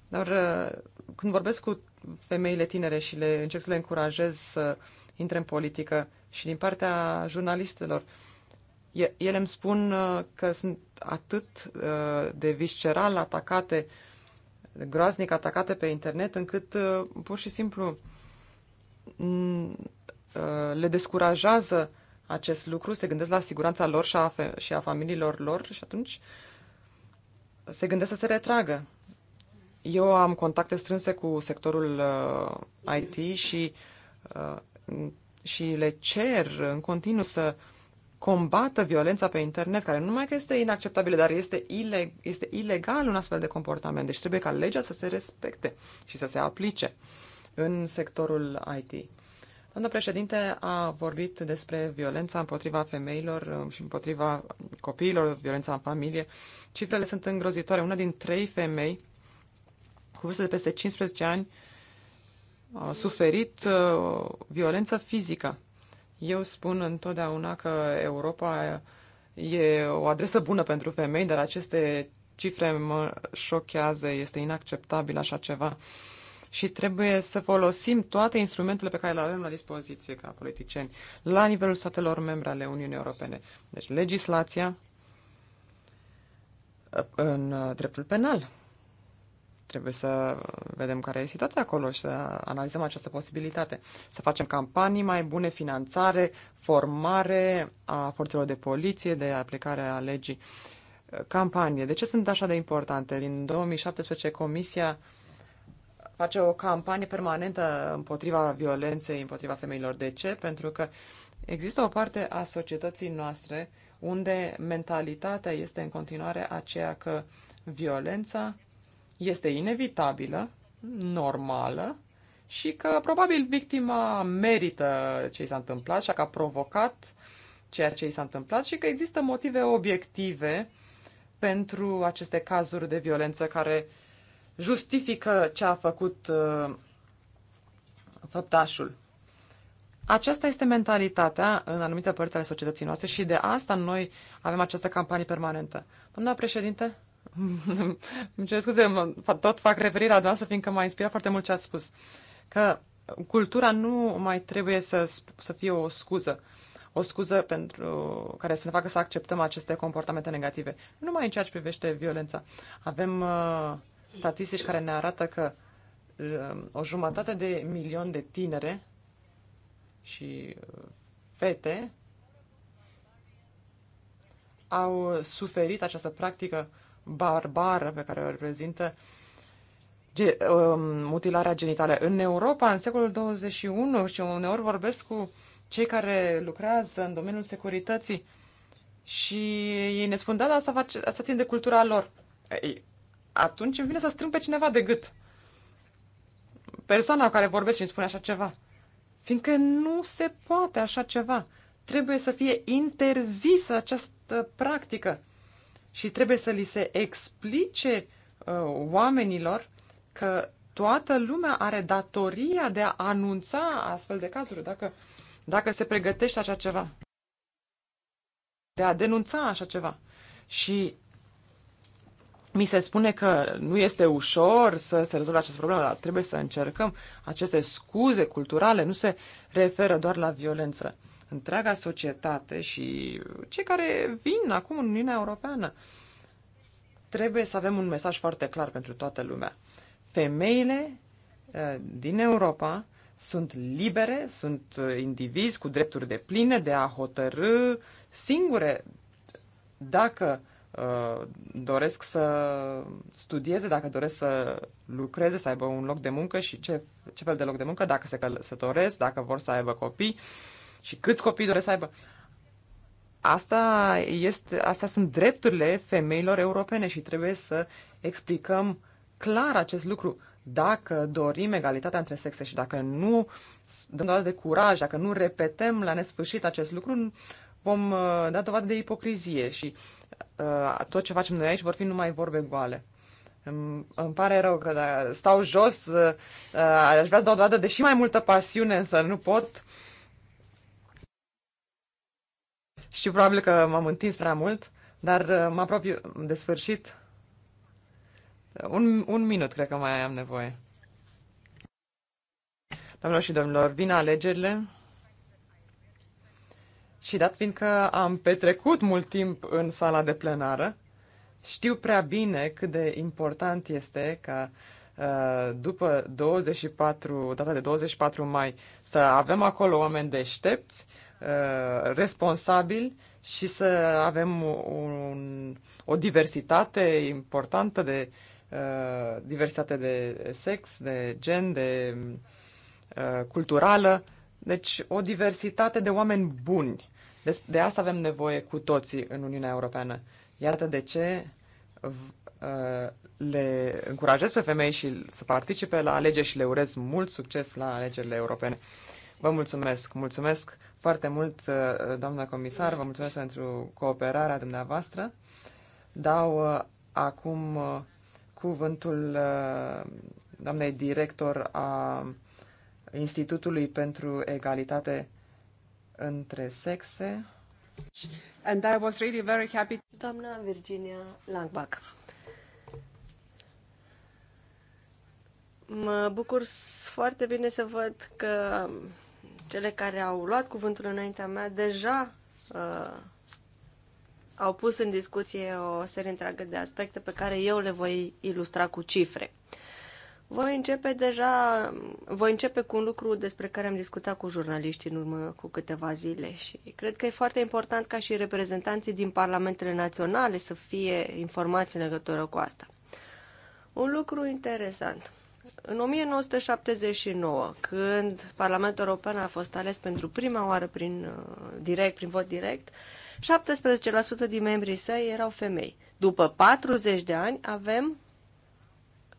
Speaker 3: Dar uh, când vorbesc cu femeile tinere și le încerc să le încurajez să intre în politică și din partea jurnalistelor, uh, ele îmi spun uh, că sunt atât uh, de visceral atacate, groaznic atacate pe internet, încât uh, pur și simplu mm, le descurajează acest lucru, se gândesc la siguranța lor și a, și a familiilor lor și atunci se gândesc să se retragă. Eu am contacte strânse cu sectorul uh, IT și, uh, și le cer în continuu să uh, combată violența pe internet, care nu numai că este inacceptabilă, dar este, ileg- este ilegal un astfel de comportament. Deci trebuie ca legea să se respecte și să se aplice în sectorul IT. Doamna președinte a vorbit despre violența împotriva femeilor um, și împotriva copiilor, violența în familie. Cifrele sunt îngrozitoare. Una din trei femei cu vârstă de peste 15 ani a suferit uh, violență fizică eu spun întotdeauna că Europa e o adresă bună pentru femei, dar aceste cifre mă șochează, este inacceptabil așa ceva. Și trebuie să folosim toate instrumentele pe care le avem la dispoziție ca politicieni la nivelul statelor membre ale Uniunii Europene. Deci legislația în uh, dreptul penal, Trebuie să vedem care e situația acolo și să analizăm această posibilitate. Să facem campanii mai bune, finanțare, formare a forțelor de poliție, de aplicare a legii. Campanie. De ce sunt așa de importante? Din 2017 Comisia face o campanie permanentă împotriva violenței, împotriva femeilor. De ce? Pentru că există o parte a societății noastre unde mentalitatea este în continuare aceea că violența este inevitabilă, normală și că probabil victima merită ce i s-a întâmplat și că a provocat ceea ce i s-a întâmplat și că există motive obiective pentru aceste cazuri de violență care justifică ce a făcut uh, făptașul. Aceasta este mentalitatea în anumite părți ale societății noastre și de asta noi avem această campanie permanentă. Doamna președinte, îmi cer scuze, tot fac referire la dumneavoastră, fiindcă m-a inspirat foarte mult ce ați spus. Că cultura nu mai trebuie să, să fie o scuză. O scuză pentru care să ne facă să acceptăm aceste comportamente negative. Nu numai în ceea ce privește violența. Avem uh, statistici care ne arată că uh, o jumătate de milion de tinere și uh, fete au suferit această practică uh, barbară pe care o reprezintă ge, um, mutilarea genitală. În Europa, în secolul 21, și uneori vorbesc cu cei care lucrează în domeniul securității și ei ne spun, da, da, asta, face, asta țin de cultura lor. Ei, atunci îmi vine să strâng pe cineva de gât. Persoana care vorbesc și îmi spune așa ceva. Fiindcă nu se poate așa ceva. Trebuie să fie interzisă această practică și trebuie să li se explice uh, oamenilor că toată lumea are datoria de a anunța astfel de cazuri, dacă, dacă se pregătește așa ceva, de a denunța așa ceva. Și mi se spune că nu este ușor să se rezolve această problemă, dar trebuie să încercăm. Aceste scuze culturale nu se referă doar la violență întreaga societate și cei care vin acum în Uniunea Europeană. Trebuie să avem un mesaj foarte clar pentru toată lumea. Femeile eh, din Europa sunt libere, sunt eh, indivizi cu drepturi de pline de a hotărâ singure dacă uh, doresc să studieze, dacă doresc să lucreze, să aibă un loc de muncă și ce, ce fel de loc de muncă, dacă se căsătoresc, dacă vor să aibă copii. Uh, și câți copii doresc să aibă. Asta este, astea sunt drepturile femeilor europene și trebuie să explicăm clar acest lucru. Dacă dorim egalitatea între sexe și dacă nu dăm dovadă de curaj, dacă nu repetăm la nesfârșit acest lucru, vom uh, da dovadă de ipocrizie și uh, tot ce facem noi aici vor fi numai vorbe goale. Îmi, îmi pare rău că da, stau jos, uh, uh aș vrea să dau dovadă de și mai multă pasiune, însă nu pot. Uh, și probabil că m-am întins prea mult, dar uh, mă apropiu de sfârșit. Un, un minut cred că mai am nevoie. Doamnelor și domnilor, vin alegerile. Și dat fiindcă am petrecut mult timp în sala de plenară, știu prea bine cât de important este ca uh, după 24, data de 24 mai să avem acolo oameni deștepți, Uh, responsabili și să avem un, o diversitate importantă de uh, diversitate de sex, de gen, de uh, culturală, deci o diversitate de oameni buni. De, de asta avem nevoie cu toții în Uniunea Europeană. Iată de ce uh, le încurajez pe femei și să participe la alegeri și le urez mult succes la alegerile europene. Vă mulțumesc, mulțumesc foarte mult, uh, doamna comisar. Vă mulțumesc pentru cooperarea dumneavoastră. Dau uh, acum uh, cuvântul doamnei director a Institutului pentru Egalitate între Sexe.
Speaker 4: And I was really very happy. Doamna Virginia Langbach. Mă bucur foarte bine să văd că cele care au luat cuvântul înaintea mea deja uh, au pus în discuție o serie întreagă de aspecte pe care eu le voi ilustra cu cifre. Voi începe deja, voi începe cu un lucru despre care am discutat cu jurnaliștii în urmă cu câteva zile și cred că e foarte important ca și reprezentanții din parlamentele naționale să fie informați în legătură cu asta. Un lucru interesant. În 1979, când Parlamentul European a fost ales pentru prima oară prin, uh, direct, prin vot direct, 17% din membrii săi erau femei. După 40 de ani avem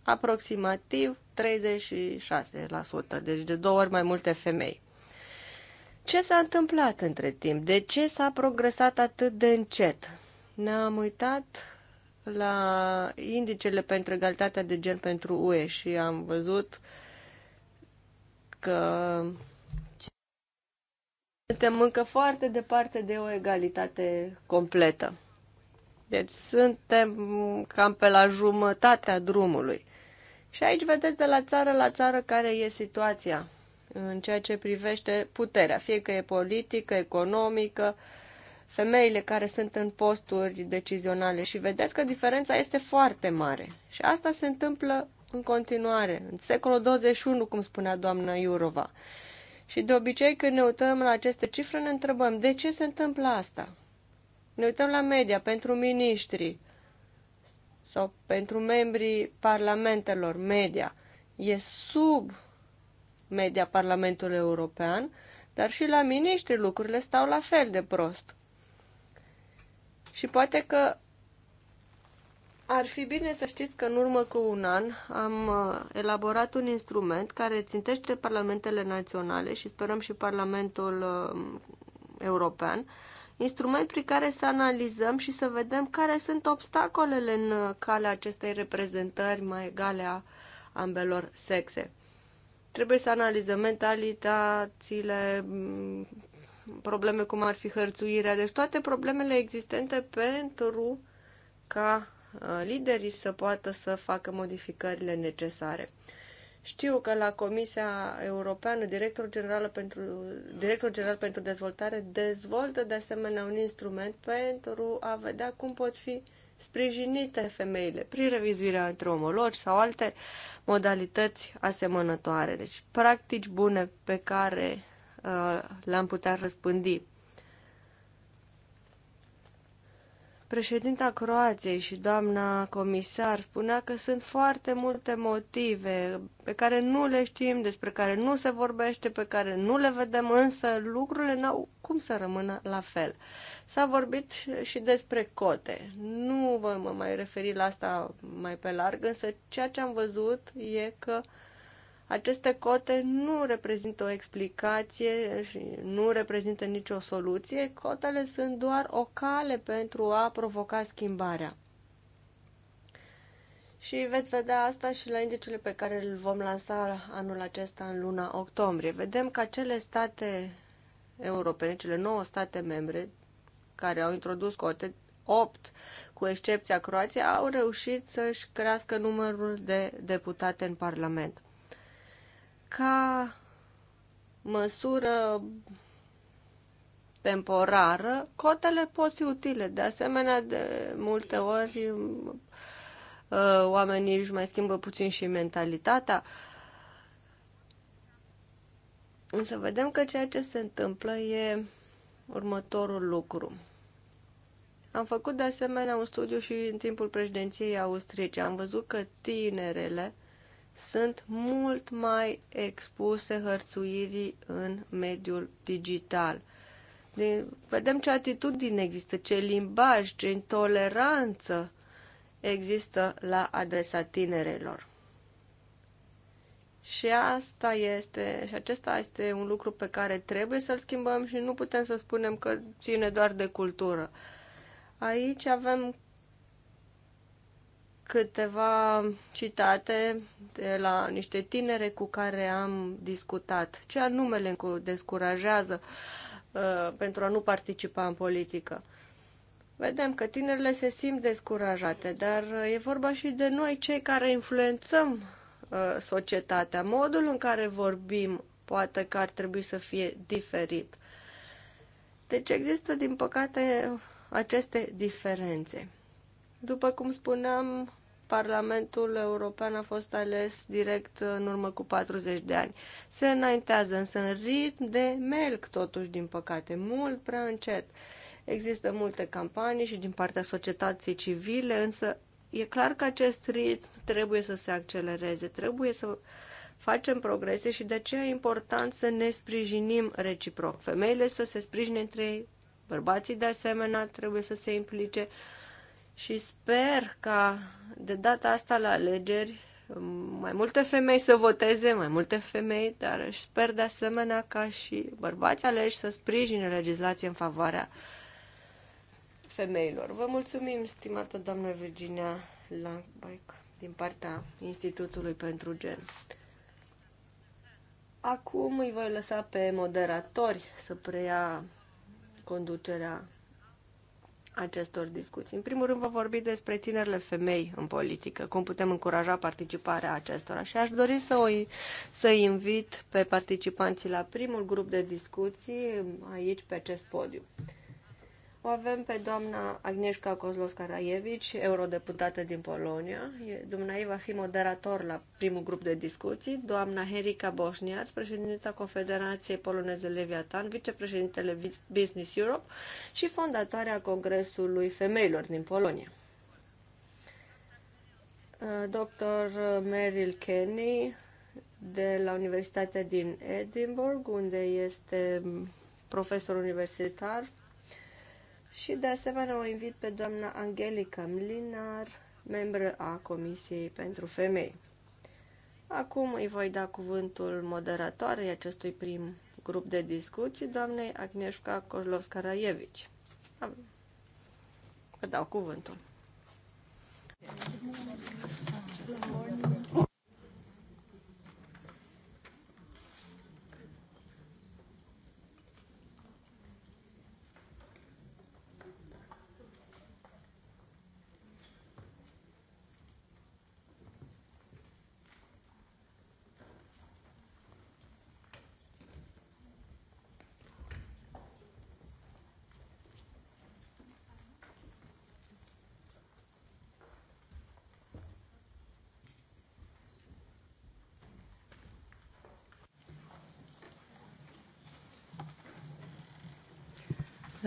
Speaker 4: aproximativ 36%, deci de două ori mai multe femei. Ce s-a întâmplat între timp? De ce s-a progresat atât de încet? Ne-am uitat la indicele pentru egalitatea de gen pentru UE și am văzut că suntem încă foarte departe de o egalitate completă. Deci suntem cam pe la jumătatea drumului. Și aici vedeți de la țară la țară care e situația în ceea ce privește puterea, fie că e politică, economică, uh, femeile care sunt în posturi decizionale și vedeți că diferența este foarte mare. Și asta se întâmplă în continuare, în secolul 21, cum spunea doamna Iurova. Și de obicei când ne uităm la aceste cifre ne întrebăm de ce se întâmplă asta. Ne uităm la media pentru miniștri sau pentru membrii parlamentelor media. E sub media Parlamentului European, dar și la miniștri lucrurile stau la fel de prost. Și poate că ar fi bine să știți că în urmă cu un an am uh, elaborat un instrument care țintește parlamentele naționale și sperăm și Parlamentul uh, European, instrument prin care să analizăm și să vedem care sunt obstacolele în uh, calea acestei reprezentări mai egale a ambelor sexe. Trebuie să analizăm mentalitățile, mm, probleme cum ar fi hărțuirea, deci toate problemele existente pentru ca uh, liderii să poată să facă modificările necesare. Știu că la Comisia Europeană, directorul general pentru, directorul general pentru dezvoltare dezvoltă de asemenea un instrument pentru a vedea cum pot fi sprijinite femeile prin revizuirea între omologi sau alte modalități asemănătoare. Deci practici bune pe care Uh, l am putea răspândi. Președinta Croației și doamna comisar spunea că sunt foarte multe motive pe care nu le știm, despre care nu se vorbește, pe care nu le vedem, însă lucrurile n-au cum să rămână la fel. S-a vorbit și despre cote. Nu vă mă mai referi la asta mai pe larg, însă ceea ce am văzut e că uh, aceste cote nu reprezintă o explicație și nu reprezintă nicio soluție. Cotele sunt doar o cale pentru a provoca schimbarea. Și veți vedea asta și la indicele pe care îl vom lansa anul acesta în luna octombrie. Vedem că acele state europene, cele 9 state membre care au introdus cote, 8, cu excepția Croației, au reușit să-și crească numărul de deputate în Parlament ca măsură temporară, cotele pot fi utile. De asemenea, de multe ori uh, oamenii își mai schimbă puțin și mentalitatea. Însă vedem că ceea ce se întâmplă e următorul lucru. Am făcut de asemenea un studiu și în timpul președinției austriece. Am văzut că tinerele sunt mult mai expuse hărțuirii în mediul digital. De, vedem ce atitudine există, ce limbaj, ce intoleranță există la adresa tinerelor. Și asta este, și acesta este un lucru pe care trebuie să-l schimbăm și nu putem să spunem că ține doar de cultură. Aici avem câteva citate de la niște tinere cu care am discutat. Ce anume le descurajează uh, pentru a nu participa în politică? Vedem că tinerile se simt descurajate, dar uh, e vorba și de noi, cei care influențăm uh, societatea. Modul în care vorbim poate că ar trebui să fie diferit. Deci există, din păcate, aceste diferențe. După cum spuneam, Parlamentul European a fost ales direct în urmă cu 40 de ani. Se înaintează însă în ritm de melc, totuși, din păcate, mult prea încet. Există multe campanii și din partea societății civile, însă e clar că acest ritm trebuie să se accelereze, trebuie să facem progrese și de aceea e important să ne sprijinim reciproc. Femeile să se sprijine între ei, bărbații de asemenea trebuie să se implice și sper ca de data asta la alegeri mai multe femei să voteze, mai multe femei, dar sper de asemenea ca și bărbați aleși să sprijine legislație în favoarea femeilor. Vă mulțumim, stimată doamnă Virginia Langbike, din partea Institutului pentru Gen. Acum îi voi lăsa pe moderatori să preia conducerea acestor discuții. În primul rând, vă vorbi despre tinerile femei în politică, cum putem încuraja participarea acestora. Și aș dori să o, să invit pe participanții la primul grup de discuții aici, pe acest podium. O avem pe doamna Agnieszka Kozlowska-Rajevici, eurodeputată din Polonia. Dumnezeu va fi moderator la primul grup de discuții. Doamna Herica Boșniarț, președinta Confederației Poloneze Leviatan, vicepreședintele Business Europe și fondatoarea Congresului Femeilor din Polonia. Dr. Meryl Kenny de la Universitatea din Edinburgh, unde este profesor universitar și de asemenea o invit pe doamna Angelica Mlinar, membră a Comisiei pentru Femei. Acum îi voi da cuvântul moderatoarei acestui prim grup de discuții, doamnei Agnieszka Kozlovska-Raievici. Vă dau cuvântul.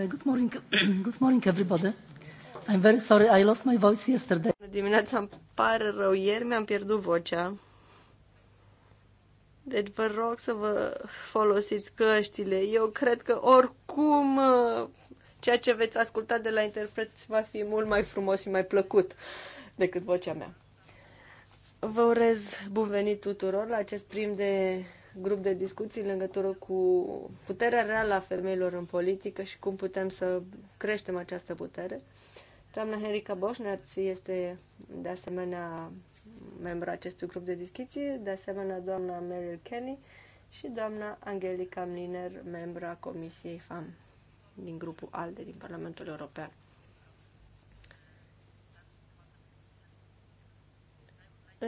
Speaker 1: Eh, good morning, good morning everybody. I'm very sorry, I lost my voice yesterday.
Speaker 4: Dimineața îmi pare rău, ieri mi-am pierdut vocea. Deci vă rog să vă folosiți căștile. Eu cred că oricum eh, ceea ce veți asculta de la interpreți va fi mult mai frumos și mai plăcut decât vocea mea. Vă urez bun venit tuturor la acest prim de grup de discuții în legătură cu puterea reală a femeilor în politică și cum putem să creștem această putere. Doamna Henrica Boșnerț este de asemenea membru acestui grup de discuții, de asemenea doamna Meryl Kenny și doamna Angelica Mliner, membra Comisiei FAM din grupul ALDE din Parlamentul European.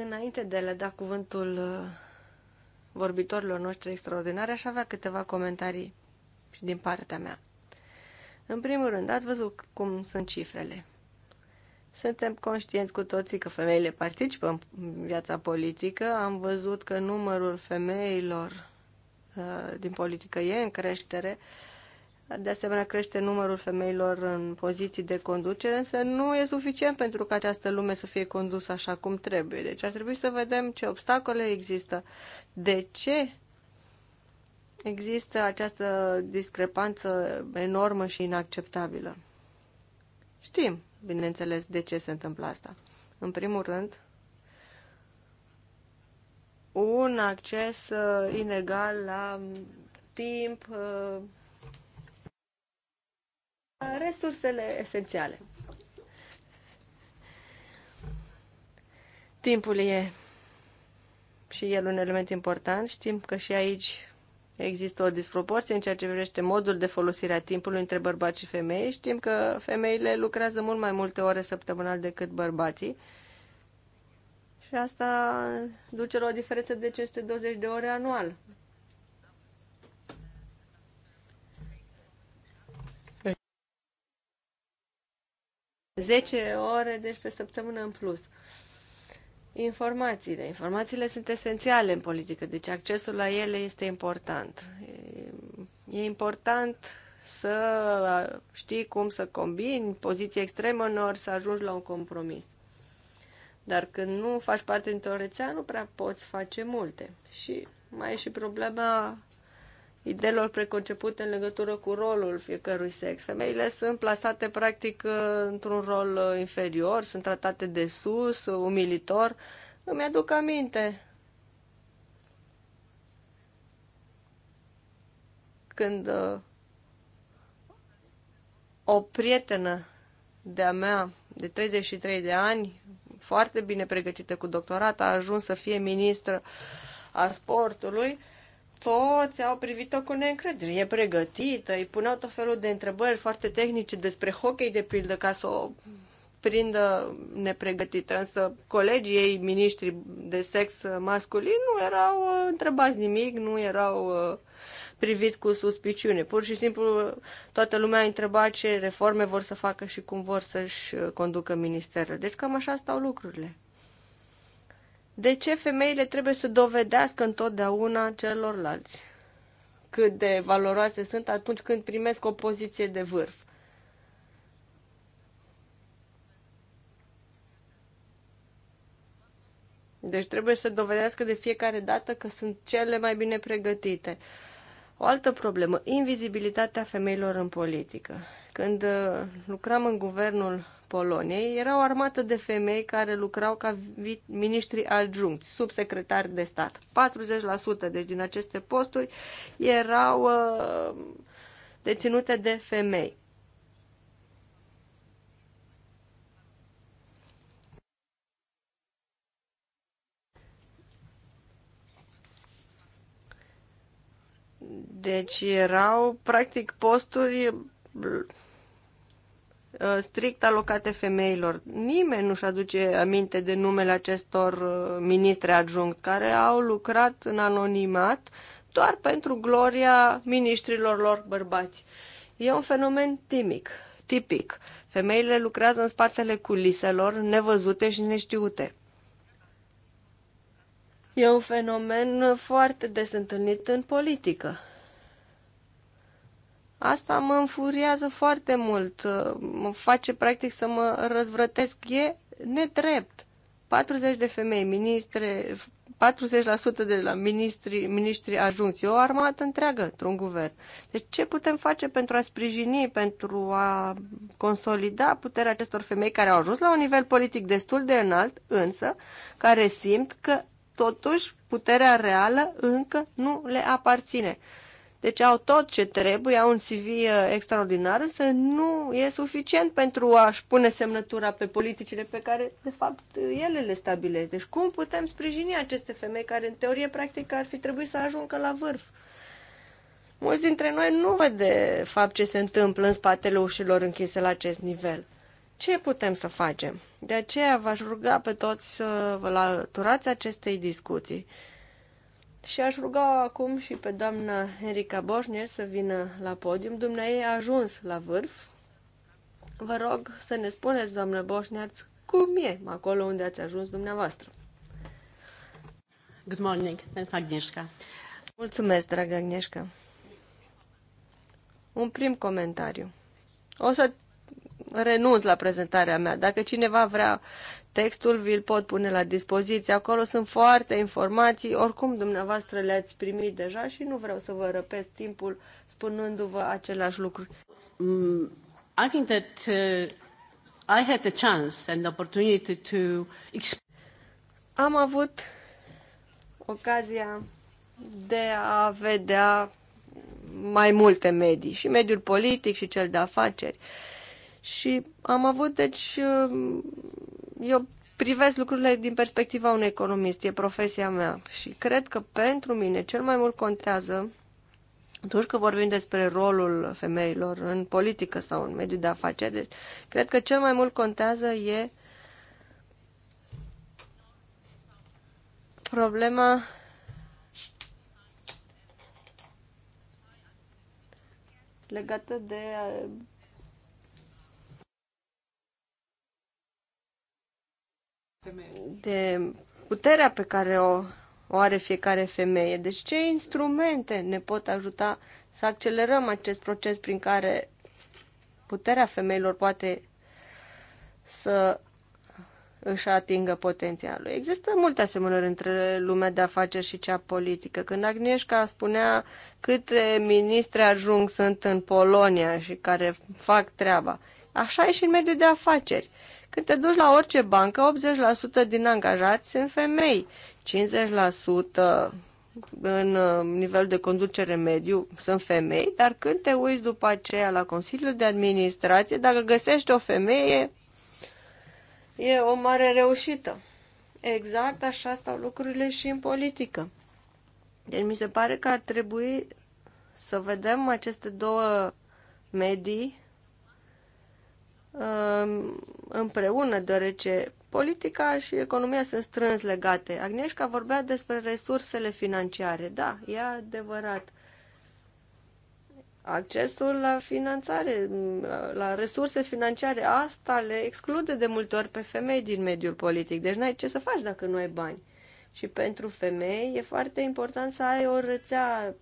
Speaker 4: Înainte de a le da cuvântul uh, vorbitorilor noștri extraordinari, aș avea câteva comentarii din partea mea. În primul rând, ați văzut cum sunt cifrele. Suntem conștienți cu toții că femeile participă în viața politică. Am văzut că numărul femeilor uh, din politică e în creștere. Uh, de asemenea, crește numărul femeilor în poziții de conducere, însă nu e suficient pentru ca această lume să fie condusă așa cum trebuie. Deci ar trebui să vedem ce obstacole există, de ce există această discrepanță enormă și inacceptabilă. Știm, bineînțeles, de ce se întâmplă asta. În primul rând, un acces uh, inegal la timp, uh, Resursele esențiale. Timpul e și el un element important. Știm că și aici există o disproporție în ceea ce privește modul de folosire a timpului între bărbați și femei. Știm că femeile lucrează mult mai multe ore săptămânal decât bărbații. Și asta duce la o diferență de 520 de ore anual 10 ore, deci pe săptămână în plus. Informațiile. Informațiile sunt esențiale în politică, deci accesul la ele este important. E important să știi cum să combini poziții extremă ori să ajungi la un compromis. Dar când nu faci parte dintr-o rețea, nu prea poți face multe. Și mai e și problema ideilor preconcepute în legătură cu rolul fiecărui sex. Femeile sunt plasate practic uh, într-un rol uh, inferior, sunt tratate de sus, uh, umilitor. Îmi aduc aminte când o prietenă de-a mea de 33 de ani, foarte bine pregătită cu doctorat, a ajuns să fie ministră a sportului, uh, toți au privit-o cu neîncredere. E pregătită, îi puneau tot felul de întrebări foarte tehnice despre hockey, de pildă, ca să o prindă nepregătită. Însă colegii ei, miniștri de sex masculin, nu erau uh, întrebați nimic, nu erau uh, priviți cu suspiciune. Pur și simplu toată lumea întreba ce reforme vor să facă și cum vor să-și uh, conducă ministerul. Deci cam așa stau lucrurile. De ce femeile trebuie să dovedească întotdeauna celorlalți cât de valoroase sunt atunci când primesc o poziție de vârf? Deci trebuie să dovedească de fiecare dată că sunt cele mai bine pregătite. O altă problemă, invizibilitatea femeilor în politică. Când uh, lucram în guvernul Poloniei era o armată de femei care lucrau ca miniștri adjuncți, subsecretari de stat. 40% deci din aceste posturi erau uh, deținute de femei. Deci erau practic posturi Uh, strict alocate femeilor. Nimeni nu-și aduce aminte de numele acestor uh, ministre adjunct care au lucrat în anonimat doar pentru gloria ministrilor lor bărbați. E un fenomen timic, tipic. Femeile lucrează în spatele culiselor, nevăzute și neștiute. E un fenomen foarte des întâlnit în politică. Asta mă înfuriază foarte mult, mă face practic să mă răzvrătesc. E nedrept. 40 de femei, ministre, 40% de la ministri, ministri ajunți. E o armată întreagă într-un guvern. Deci ce putem face pentru a sprijini, pentru a consolida puterea acestor femei care au ajuns la un nivel politic destul de înalt, însă care simt că totuși puterea reală încă nu le aparține. Deci au tot ce trebuie, au un CV uh, extraordinar, însă nu e suficient pentru a-și pune semnătura pe politicile pe care, de fapt, uh, ele le stabilesc. Deci cum putem sprijini aceste femei care, în teorie, practic, ar fi trebuit să ajungă la vârf? Mulți dintre noi nu văd, de fapt, ce se întâmplă în spatele ușilor închise la acest nivel ce putem să facem. De aceea v-aș ruga pe toți să vă laturați acestei discuții. Și aș ruga acum și pe doamna Erika Borșner să vină la podium. Dumnezeu a ajuns la vârf. Vă rog să ne spuneți, doamnă Boșneaț, cum e acolo unde ați ajuns dumneavoastră. Good morning, Agnieszka. Mulțumesc, dragă Agnieszka. Un prim comentariu. O să renunț la prezentarea mea. Dacă cineva vrea Textul vi-l pot pune la dispoziție. Acolo sunt foarte informații. Oricum, dumneavoastră le-ați primit deja și nu vreau să vă răpesc timpul spunându-vă același
Speaker 1: lucru. Mm, I think that uh, I had the chance and the opportunity to
Speaker 4: Am avut ocazia de a vedea mai multe medii, și mediul politic și cel de afaceri. Și am avut, deci, uh, eu privesc lucrurile din perspectiva unui economist, e profesia mea și cred că pentru mine cel mai mult contează atunci când vorbim despre rolul femeilor în politică sau în mediul de afaceri, deci, cred că cel mai mult contează e problema legată de de puterea pe care o, o are fiecare femeie. Deci ce instrumente ne pot ajuta să accelerăm acest proces prin care puterea femeilor poate să își atingă potențialul. Există multe asemănări între lumea de afaceri și cea politică. Când Agnieszka spunea câte ministre ajung sunt în Polonia și care fac treaba, așa e și în mediul de afaceri. Când te duci la orice bancă, 80% din angajați sunt femei, 50% în uh, nivel de conducere mediu sunt femei, dar când te uiți după aceea la Consiliul de Administrație, dacă găsești o femeie, e o mare reușită. Exact așa stau lucrurile și în politică. Deci mi se pare că ar trebui să vedem aceste două medii Um, împreună, deoarece politica și economia sunt strâns legate. Agnieszka vorbea despre resursele financiare. Da, e adevărat. Accesul la finanțare, la resurse financiare, asta le exclude de multe ori pe femei din mediul politic. Deci n-ai ce să faci dacă nu ai bani. Și pentru femei e foarte important să ai o rețea,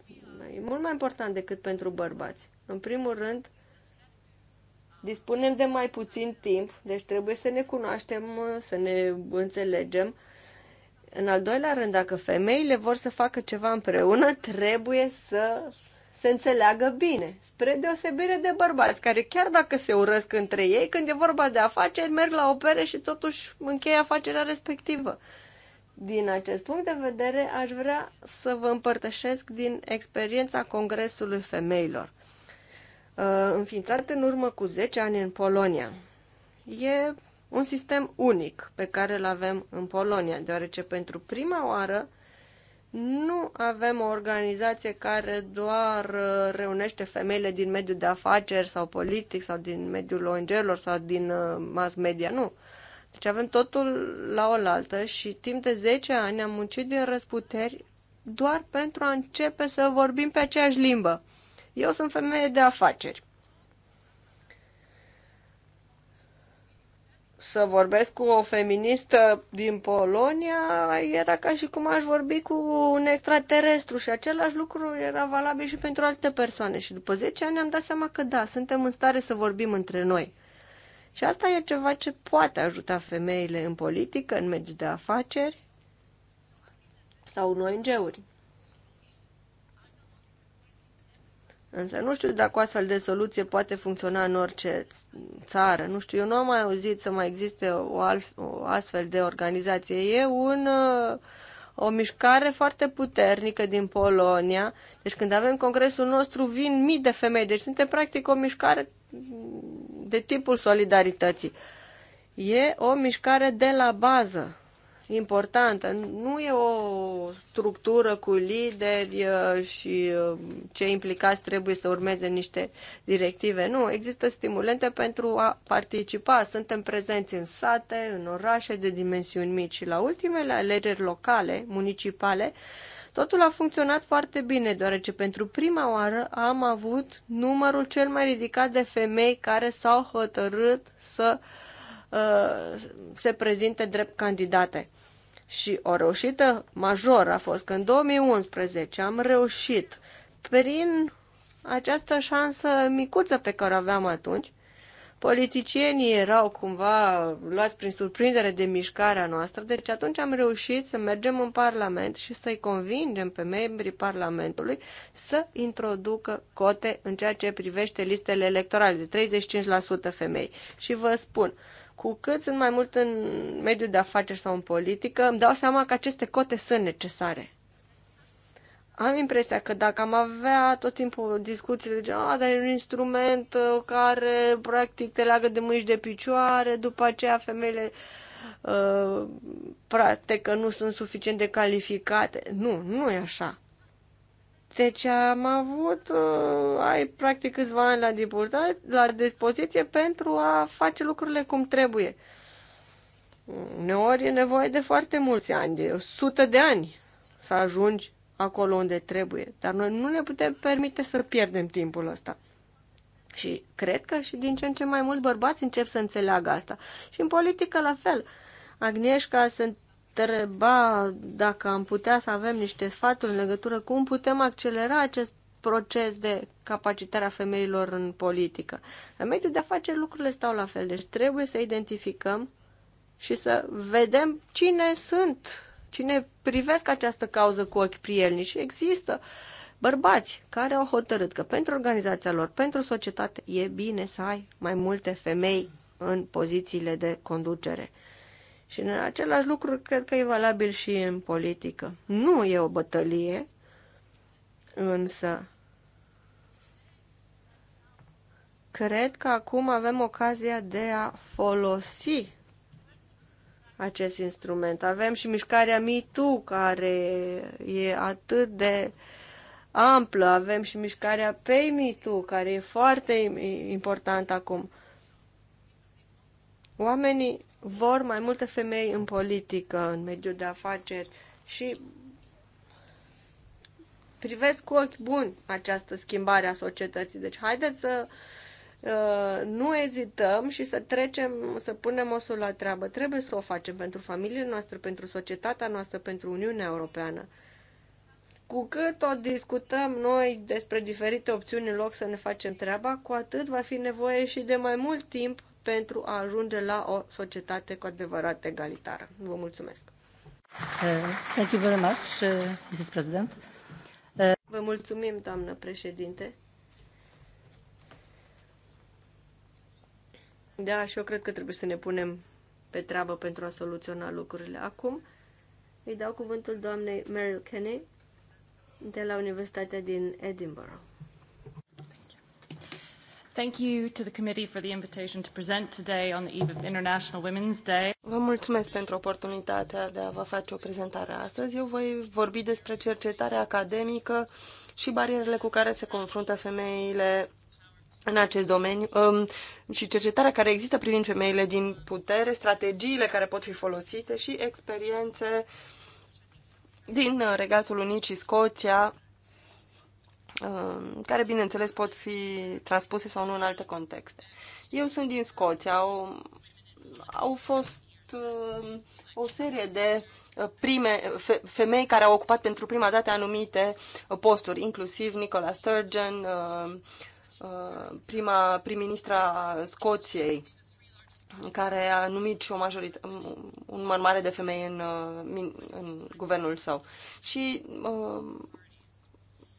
Speaker 4: e mult mai important decât pentru bărbați. În primul rând, Dispunem de mai puțin timp, deci trebuie să ne cunoaștem, să ne înțelegem. În al doilea rând, dacă femeile vor să facă ceva împreună, trebuie să se înțeleagă bine, spre deosebire de bărbați, care chiar dacă se urăsc între ei, când e vorba de afaceri, merg la opere și totuși încheie afacerea respectivă. Din acest punct de vedere, aș vrea să vă împărtășesc din experiența Congresului Femeilor. Uh, înființat în urmă cu 10 ani în Polonia. E un sistem unic pe care îl avem în Polonia, deoarece pentru prima oară nu avem o organizație care doar uh, reunește femeile din mediul de afaceri sau politic sau din mediul ONG-urilor sau din uh, mass media, nu. Deci avem totul la oaltă și timp de 10 ani am muncit din răsputeri doar pentru a începe să vorbim pe aceeași limbă. Eu sunt femeie de afaceri. Să vorbesc cu o feministă din Polonia era ca și cum aș vorbi cu un extraterestru și același lucru era valabil și pentru alte persoane. Și după 10 ani am dat seama că da, suntem în stare să vorbim între noi. Și asta e ceva ce poate ajuta femeile în politică, în mediul de afaceri sau în ONG-uri. Însă nu știu dacă o astfel de soluție poate funcționa în orice țară. Nu știu, eu nu am mai auzit să mai existe o, alf, o astfel de organizație. E un, uh, o mișcare foarte puternică din Polonia. Deci când avem congresul nostru vin mii de femei. Deci suntem practic o mișcare de tipul solidarității. E o mișcare de la bază importantă. Nu e o structură cu lideri uh, și uh, cei implicați trebuie să urmeze niște directive. Nu, există stimulente pentru a participa. Suntem prezenți în sate, în orașe de dimensiuni mici și la ultimele alegeri locale, municipale, Totul a funcționat foarte bine, deoarece pentru prima oară am avut numărul cel mai ridicat de femei care s-au hotărât să uh, Uh, se prezinte drept candidate. Și o reușită majoră a fost că în 2011 am reușit, prin această șansă micuță pe care o aveam atunci, politicienii erau cumva luați prin surprindere de mișcarea noastră, deci atunci am reușit să mergem în Parlament și să-i convingem pe membrii Parlamentului să introducă cote în ceea ce privește listele electorale de 35% femei. Și vă spun, uh, cu cât sunt mai mult în mediul de afaceri sau în politică, îmi dau seama că aceste cote sunt necesare. Am impresia că dacă am avea tot timpul discuțiile de genul, ah, dar e un instrument uh, care practic te leagă de mâini de picioare, după aceea femeile uh, practic că nu sunt suficient de calificate. Nu, nu e așa. Deci am avut, uh, ai practic câțiva ani la, dipurtat, la dispoziție pentru a face lucrurile cum trebuie. Uneori e nevoie de foarte mulți ani, de sute de ani să ajungi acolo unde trebuie. Dar noi nu ne putem permite să pierdem timpul ăsta. Și cred că și din ce în ce mai mulți bărbați încep să înțeleagă asta. Și în politică la fel. Agnieszka sunt întreba dacă am putea să avem niște sfaturi în legătură cu cum putem accelera acest proces de capacitarea femeilor în politică. În mediul de afaceri lucrurile stau la fel, deci trebuie să identificăm și să vedem cine sunt, cine privesc această cauză cu ochi prielnici. Și există bărbați care au hotărât că pentru organizația lor, pentru societate, e bine să ai mai multe femei în pozițiile de conducere. Și în același lucru cred că e valabil și în politică. Nu e o bătălie, însă cred că acum avem ocazia de a folosi acest instrument. Avem și mișcarea MeToo, care e atât de amplă. Avem și mișcarea Pay MeToo, care e foarte importantă acum. Oamenii vor mai multe femei în politică, în mediul de afaceri și privesc cu ochi buni această schimbare a societății. Deci haideți să uh, nu ezităm și să trecem, să punem osul la treabă. Trebuie să o facem pentru familiile noastre, pentru societatea noastră, pentru Uniunea Europeană. Cu cât o discutăm noi despre diferite opțiuni în loc să ne facem treaba, cu atât va fi nevoie și de mai mult timp pentru a ajunge la o societate cu adevărat egalitară. Vă mulțumesc!
Speaker 1: Uh, thank you very much, uh, Mrs. President. Uh,
Speaker 4: Vă mulțumim, doamnă președinte. Da, și eu cred că trebuie să ne punem pe treabă pentru a soluționa lucrurile. Acum îi dau cuvântul doamnei Meryl Kenney de la Universitatea din Edinburgh.
Speaker 3: Thank you to the committee for the invitation
Speaker 2: to present today on the eve of International Women's Day. Vă mulțumesc pentru oportunitatea de a vă face o prezentare astăzi. Eu voi vorbi despre cercetarea academică și barierele cu care se confruntă femeile în acest domeniu um, și cercetarea care există privind femeile din putere, strategiile care pot fi folosite și experiențe din uh, Regatul Unit și Scoția Um, care, bineînțeles, pot fi transpuse sau nu în alte contexte. Eu sunt din Scoția, au, au fost um, o serie de uh, prime, femei care au ocupat pentru prima dată anumite uh, posturi, inclusiv Nicola Sturgeon, uh, prima prim-ministra Scoției, care a numit și o majorită, um, un număr mare de femei în, în guvernul său. Și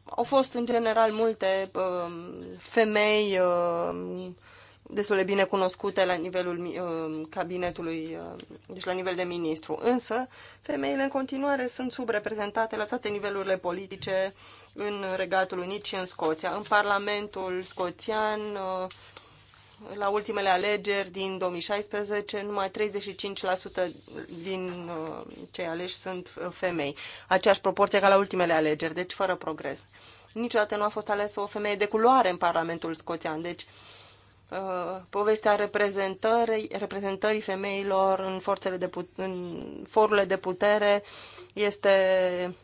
Speaker 2: au fost, în general, multe uh, femei uh, destul de bine cunoscute la nivelul uh, cabinetului, uh, deci la nivel de ministru. Însă, femeile în continuare sunt subreprezentate la toate nivelurile politice în Regatul Unit și în Scoția. În Parlamentul scoțian, uh, la ultimele alegeri din 2016, numai 35% din uh, cei aleși sunt uh, femei. Aceeași proporție ca la ultimele alegeri, deci fără progres. Niciodată nu a fost alesă o femeie de culoare în Parlamentul Scoțian, deci uh, povestea reprezentării, reprezentării femeilor în, forțele de put- în forurile de putere este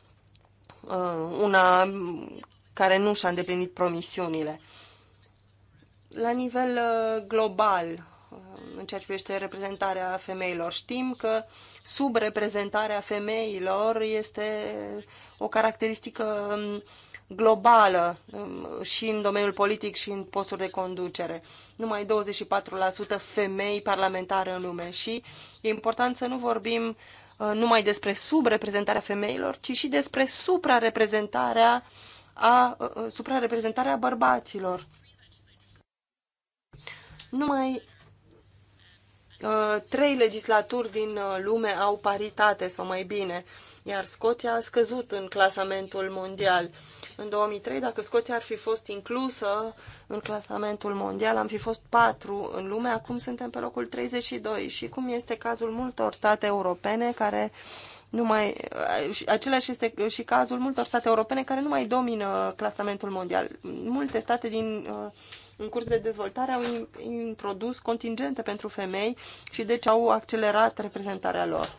Speaker 2: una care nu și-a îndeplinit promisiunile. La nivel uh, global, uh, în ceea ce privește reprezentarea femeilor, știm că subreprezentarea femeilor este o caracteristică um, globală um, și în domeniul politic și în posturi de conducere. Numai 24% femei parlamentare în lume și e important să nu vorbim uh, numai despre subreprezentarea femeilor, ci și despre suprareprezentarea a suprareprezentarea bărbaților. Numai uh, trei legislaturi din uh, lume au paritate sau mai bine, iar Scoția a scăzut în clasamentul mondial. În 2003, dacă Scoția ar fi fost inclusă în clasamentul mondial, am fi fost patru în lume, acum suntem pe locul 32 și cum este cazul multor state europene care nu mai, uh, același este și cazul multor state europene care nu mai domină clasamentul mondial. Multe state din uh, în curs de dezvoltare au introdus contingente pentru femei și deci au accelerat reprezentarea lor.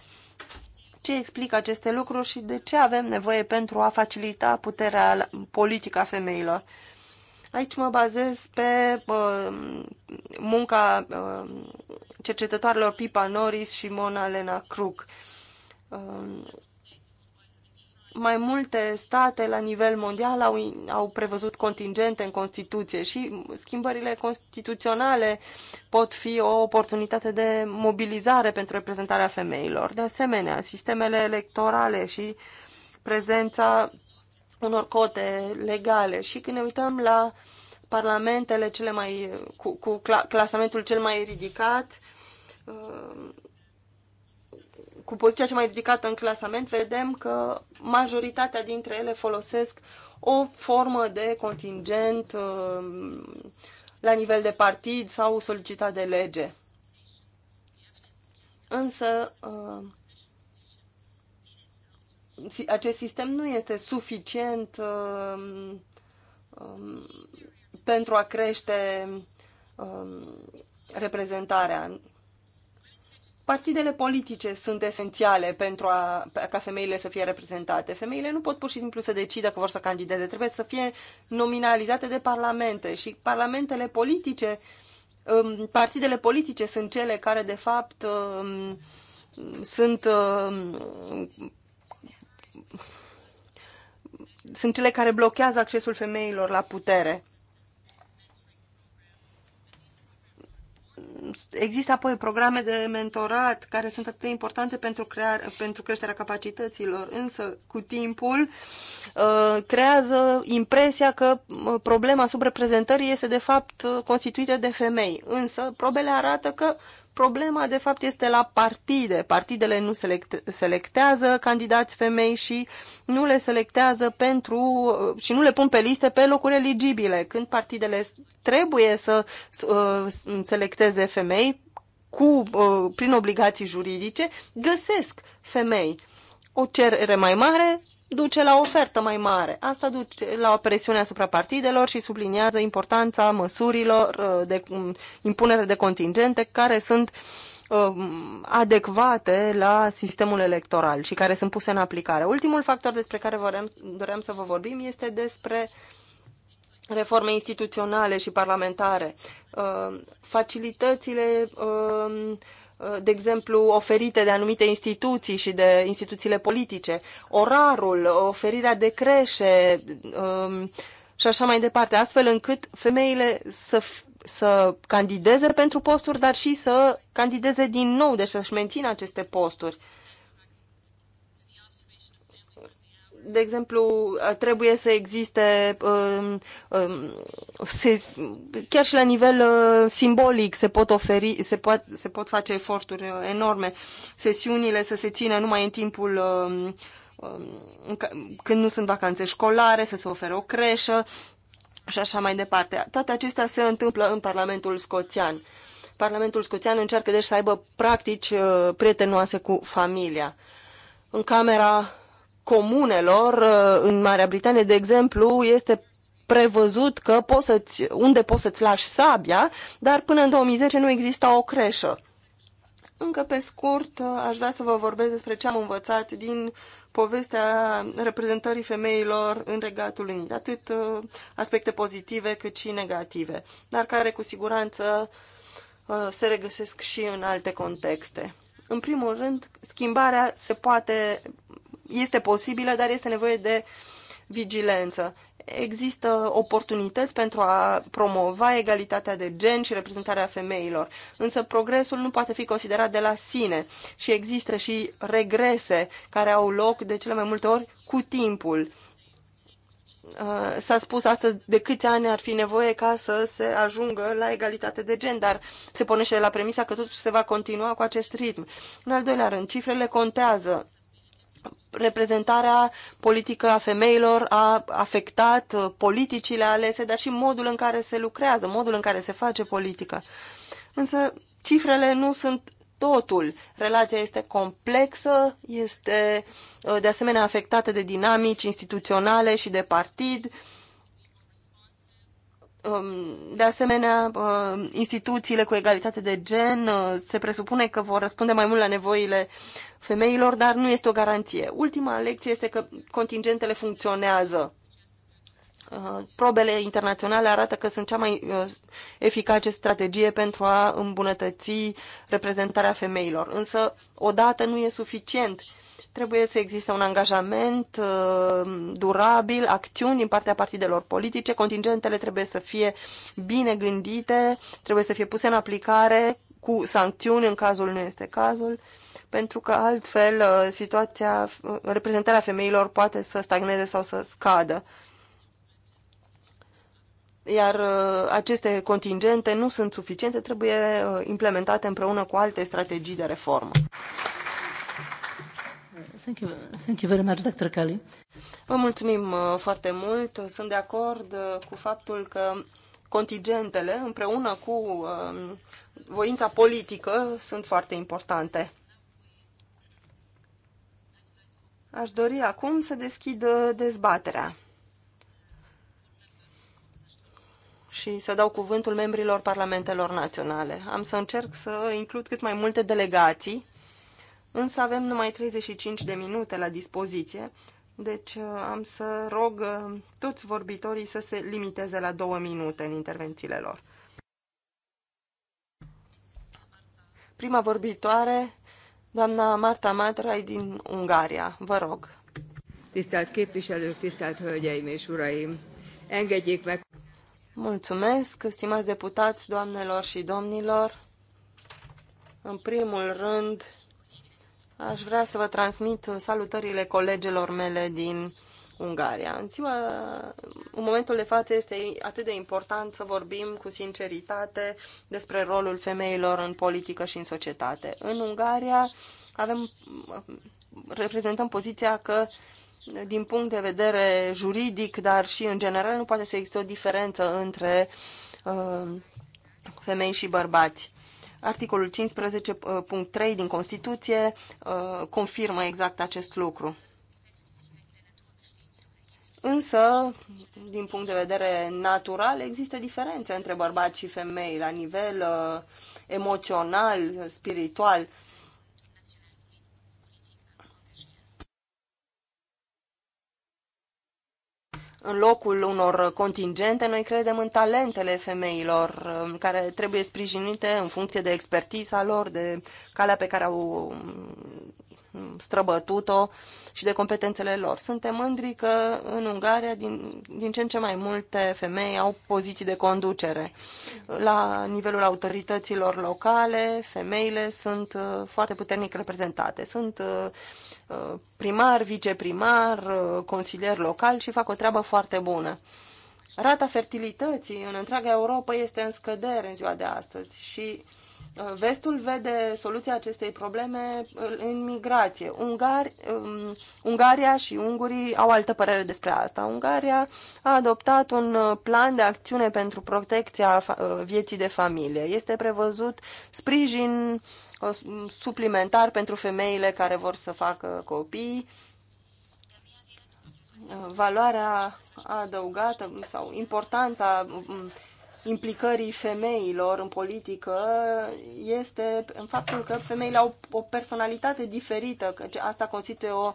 Speaker 2: Ce explică aceste lucruri și de ce avem nevoie pentru a facilita puterea politică a femeilor? Aici mă bazez pe uh, munca uh, cercetătoarelor Pipa Norris și Mona Lena Crook. Uh, mai multe state la nivel mondial au, au prevăzut contingente în Constituție și schimbările constituționale pot fi o oportunitate de mobilizare pentru reprezentarea femeilor. De asemenea, sistemele electorale și prezența unor cote legale. Și când ne uităm la parlamentele cele mai, cu, cu clasamentul cel mai ridicat, uh, cu poziția cea mai ridicată în clasament, vedem că majoritatea dintre ele folosesc o formă de contingent um, la nivel de partid sau solicitat de lege. Însă, um, acest sistem nu este suficient um, pentru a crește reprezentarea Partidele politice sunt esențiale pentru a, ca femeile să fie reprezentate. Femeile nu pot pur și simplu să decidă că vor să candideze, trebuie să fie nominalizate de parlamente și parlamentele politice, um, partidele politice sunt cele care, de fapt, um, sunt um, sunt cele care blochează accesul femeilor la putere. Există apoi programe de mentorat care sunt atât de importante pentru, crear, pentru creșterea capacităților, însă cu timpul uh, creează impresia că uh, problema subreprezentării este de fapt uh, constituită de femei. Însă probele arată că Problema, de fapt, este la partide. Partidele nu select selectează candidați femei și nu le selectează pentru uh, și nu le pun pe liste pe locuri eligibile. Când partidele trebuie să uh, selecteze femei cu, uh, prin obligații juridice, găsesc femei. O cerere mai mare duce la ofertă mai mare. Asta duce la o presiune asupra partidelor și subliniază importanța măsurilor uh, de um, impunere de contingente care sunt um, adecvate la sistemul electoral și care sunt puse în aplicare. Ultimul factor despre care vorem, doream să vă vorbim este despre reforme instituționale și parlamentare, uh, facilitățile um, de exemplu, oferite de anumite instituții și de instituțiile politice, orarul, oferirea de creșe um, și așa mai departe, astfel încât femeile să, să candideze pentru posturi, dar și să candideze din nou, deci să-și mențină aceste posturi. de exemplu, trebuie să existe um, um, se, chiar și la nivel uh, simbolic se pot oferi, se, pot, se pot face eforturi uh, enorme. Sesiunile să se țină numai în timpul um, când nu sunt vacanțe școlare, să se ofere o creșă și așa mai departe. Toate acestea se întâmplă în Parlamentul Scoțian. Parlamentul Scoțian încearcă deci să aibă practici uh, prietenoase cu familia. În camera comunelor uh, în Marea Britanie, de exemplu, este prevăzut că poți să unde poți să-ți lași sabia, dar până în 2010 nu exista o creșă. Încă pe scurt uh, aș vrea să vă vorbesc despre ce am învățat din povestea reprezentării femeilor în Regatul Unit, atât uh, aspecte pozitive cât și negative, dar care cu siguranță se regăsesc și în alte contexte. În primul rând, schimbarea se poate este posibilă, dar este nevoie de vigilență. Există oportunități pentru a promova egalitatea de gen și reprezentarea femeilor, însă progresul nu poate fi considerat de la sine și există și regrese care au loc de cele mai multe ori cu timpul. Uh, s-a spus astăzi de câți ani ar fi nevoie ca să se ajungă la egalitate de gen, dar se pornește de la premisa că totuși se va continua cu acest ritm. În al doilea rând, cifrele contează reprezentarea politică a femeilor a afectat uh, politicile alese, dar și modul în care se lucrează, modul în care se face politică. Însă cifrele nu sunt totul. Relația este complexă, este uh, de asemenea afectată de dinamici instituționale și de partid, Um, de asemenea, uh, instituțiile cu egalitate de gen uh, se presupune că vor răspunde mai mult la nevoile femeilor, dar nu este o garanție. Ultima lecție este că contingentele funcționează. Uh, probele internaționale arată că sunt cea mai eficace strategie pentru a îmbunătăți reprezentarea femeilor. Însă, odată nu e suficient Trebuie să existe un angajament uh, durabil, acțiuni din partea partidelor politice, contingentele trebuie să fie bine gândite, trebuie să fie puse în aplicare cu sancțiuni în cazul nu este cazul, pentru că altfel uh, situația, uh, reprezentarea femeilor poate să stagneze sau să scadă iar aceste contingente nu sunt suficiente, trebuie implementate împreună cu alte strategii de reformă.
Speaker 1: Thank you, thank you very much, Dr. Kelly.
Speaker 2: Vă mulțumim uh, foarte mult. Sunt de acord uh, cu faptul că contingentele, împreună cu um, voința politică, sunt foarte importante. Aș dori acum să deschid uh, dezbaterea și să dau cuvântul membrilor parlamentelor naționale. Am să încerc să includ cât mai multe delegații însă avem numai 35 de minute la dispoziție, deci uh, am să rog uh, toți vorbitorii să se limiteze la două minute în intervențiile lor. Prima vorbitoare, doamna Marta Matrai din Ungaria. Vă rog. Tisztelt képviselők, tisztelt hölgyeim és uraim! Engedjék meg... Mulțumesc, stimați deputați, doamnelor și domnilor! În primul rând, Aș vrea să vă transmit salutările colegelor mele din Ungaria. În, ziua, în momentul de față este atât de important să vorbim cu sinceritate despre rolul femeilor în politică și în societate. În Ungaria avem, reprezentăm poziția că din punct de vedere juridic, dar și în general, nu poate să există o diferență între uh, femei și bărbați. Articolul 15.3 uh, din Constituție uh, confirmă exact acest lucru. Însă, din punct de vedere natural, există diferențe între bărbați și femei la nivel uh, emoțional, spiritual. în locul unor contingente, noi credem în talentele femeilor um, care trebuie sprijinite în funcție de expertiza lor, de calea pe care au um, străbătut-o și de competențele lor. Suntem mândri că în Ungaria din, din ce în ce mai multe femei au poziții de conducere. La nivelul autorităților locale, femeile sunt uh, foarte puternic reprezentate. Sunt uh, Uh, primar, viceprimar, uh, consilier local și fac o treabă foarte bună. Rata fertilității în întreaga Europa este în scădere în ziua de astăzi și uh, Vestul vede soluția acestei probleme uh, în migrație. Ungari, um, Ungaria și ungurii au altă părere despre asta. Ungaria a adoptat un uh, plan de acțiune pentru protecția uh, vieții de familie. Este prevăzut sprijin um, suplimentar pentru femeile care vor să facă copii. Valoarea adăugată sau importantă a um, implicării femeilor în politică este în faptul că femeile au o personalitate diferită, că asta constituie o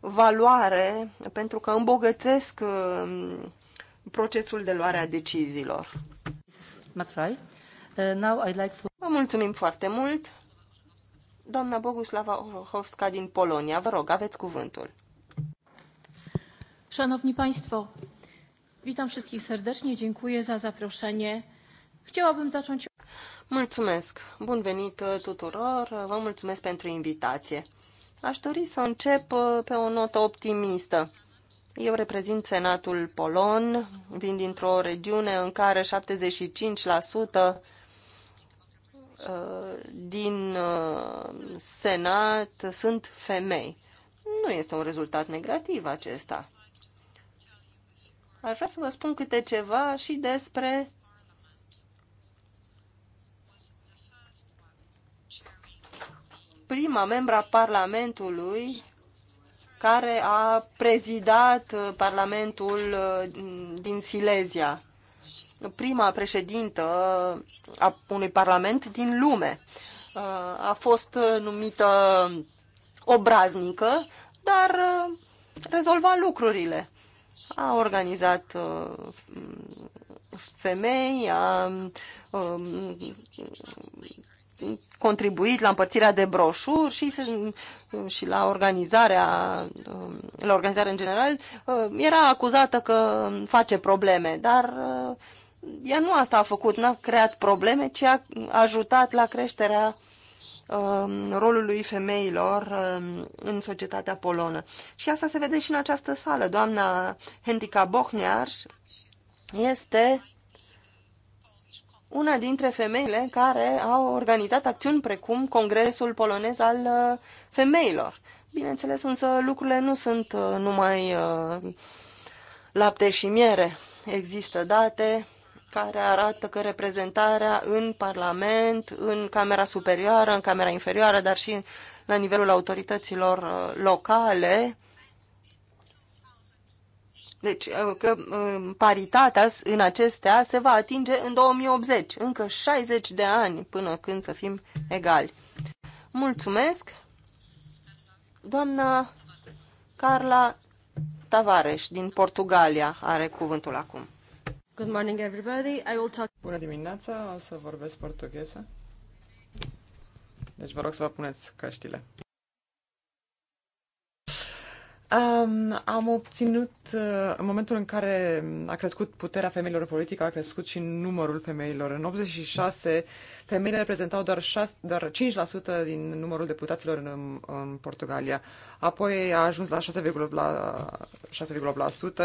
Speaker 2: valoare pentru că îmbogățesc um, procesul de luare a deciziilor.
Speaker 1: Uh, vă
Speaker 2: mulțumim foarte mult! Doamna Boguslava Orchowska din Polonia, vă rog, aveți cuvântul.
Speaker 1: Szanowni Państwo, Witam wszystkich serdecznie, dziękuję za zaproszenie. Chciałabym zacząć... Mulțumesc!
Speaker 2: Bun venit tuturor! Vă mulțumesc pentru invitație! Aș dori să încep uh, pe o notă optimistă. Eu reprezint Senatul Polon, vin dintr-o regiune în care 75% uh, din uh, Senat sunt femei. Nu este un rezultat negativ acesta. Aș vrea să vă spun câte ceva și despre prima membra Parlamentului care a prezidat uh, Parlamentul uh, din Silezia, prima președintă uh, a unui parlament din lume. A fost numită obraznică, dar rezolva lucrurile a organizat uh, femei, a um, contribuit la împărțirea de broșuri și, se, și la organizarea, um, la organizarea în general, uh, era acuzată că face probleme, dar uh, ea nu asta a făcut, n-a creat probleme, ci a ajutat la creșterea Um, rolului femeilor um, în societatea polonă. Și asta se vede și în această sală. Doamna Hendika Bochniar este una dintre femeile care au organizat acțiuni precum Congresul Polonez al uh, Femeilor. Bineînțeles, însă lucrurile nu sunt uh, numai uh, lapte și miere. Există date, care arată că reprezentarea în Parlament, în Camera Superioară, în Camera Inferioară, dar și la nivelul autorităților uh, locale, deci uh, că um, paritatea în acestea se va atinge în 2080, încă 60 de ani până când să fim egali. Mulțumesc, doamna Carla Tavares din Portugalia are cuvântul acum.
Speaker 3: Good morning, everybody. I will talk... Bună dimineața, o să vorbesc portugheză. Deci vă rog să vă puneți căștile. Um, am obținut, uh, în momentul în care a crescut puterea femeilor politică, a crescut și numărul femeilor. În 86 Femeile reprezentau doar, 6, doar 5% din numărul deputaților în, în Portugalia. Apoi a ajuns la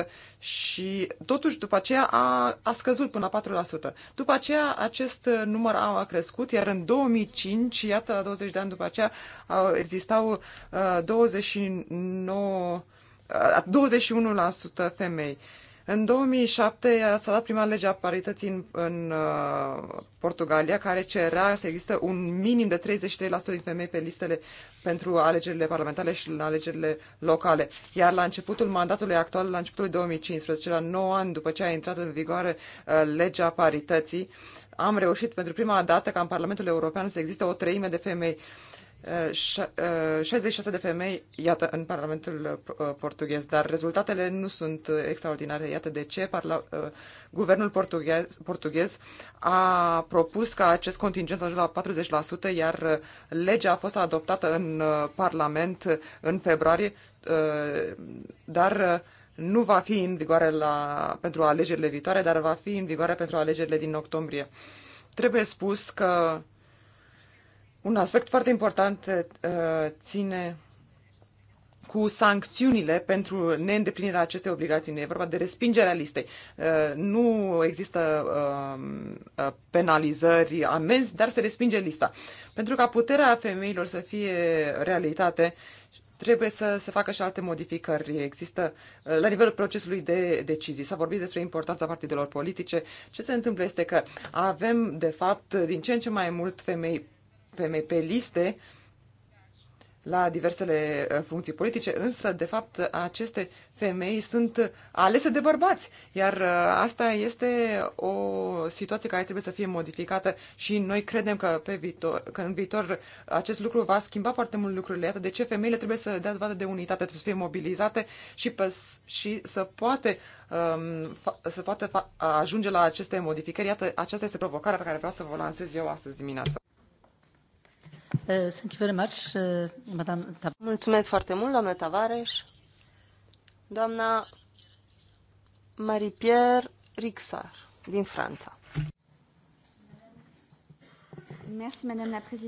Speaker 3: 6,8% și totuși după aceea a, a scăzut până la 4%. După aceea acest număr a, a crescut, iar în 2005, iată la 20 de ani după aceea, a, existau a, 29 a, 21% femei. Uh, în 2007 s-a dat prima lege a parității în, în uh, Portugalia, care cerea să există un minim de 33% din femei pe listele pentru alegerile parlamentare și la alegerile locale. Iar la începutul mandatului actual, la începutul 2015, la 9 ani după ce a intrat în vigoare uh, legea parității, am reușit pentru prima dată ca în Parlamentul European să existe o treime de femei. Uh, 66 ă, de femei, iată, în Parlamentul ă, ă, portughez, dar rezultatele nu sunt extraordinare. Iată de ce parla, guvernul portughez, portughez a propus ca acest contingent să ajungă la 40%, iar legea a fost adoptată în Parlament în februarie, dar nu va fi în vigoare la, pentru alegerile viitoare, dar va fi în vigoare pentru alegerile din octombrie. Trebuie spus că un aspect foarte important uh, ține cu sancțiunile pentru neîndeplinirea acestei obligațiuni. E vorba de respingerea listei. Uh, nu există uh, penalizări, amenzi, dar se respinge lista. Pentru ca puterea femeilor să fie realitate, trebuie să se facă și alte modificări. Există la nivelul procesului de decizii. S-a vorbit despre importanța partidelor politice. Ce se întâmplă este că avem, de fapt, din ce în ce mai mult femei femei pe liste la diversele uh, funcții politice, însă, de fapt, aceste femei sunt alese de bărbați, iar uh, asta este o situație care trebuie să fie modificată și noi credem că, pe viitor, că în viitor acest lucru va schimba foarte mult lucrurile. Iată de ce femeile trebuie să dea dovadă de unitate, trebuie să fie mobilizate și, pe, și să poate, um, fa, să poate fa, ajunge la aceste modificări. Iată, aceasta este provocarea pe care vreau să vă lansez eu astăzi dimineața.
Speaker 2: Uh, uh, Mulțumesc foarte mult, doamnă Tavares. Doamna Marie-Pierre Rixar, din Franța.
Speaker 4: Mulțumesc,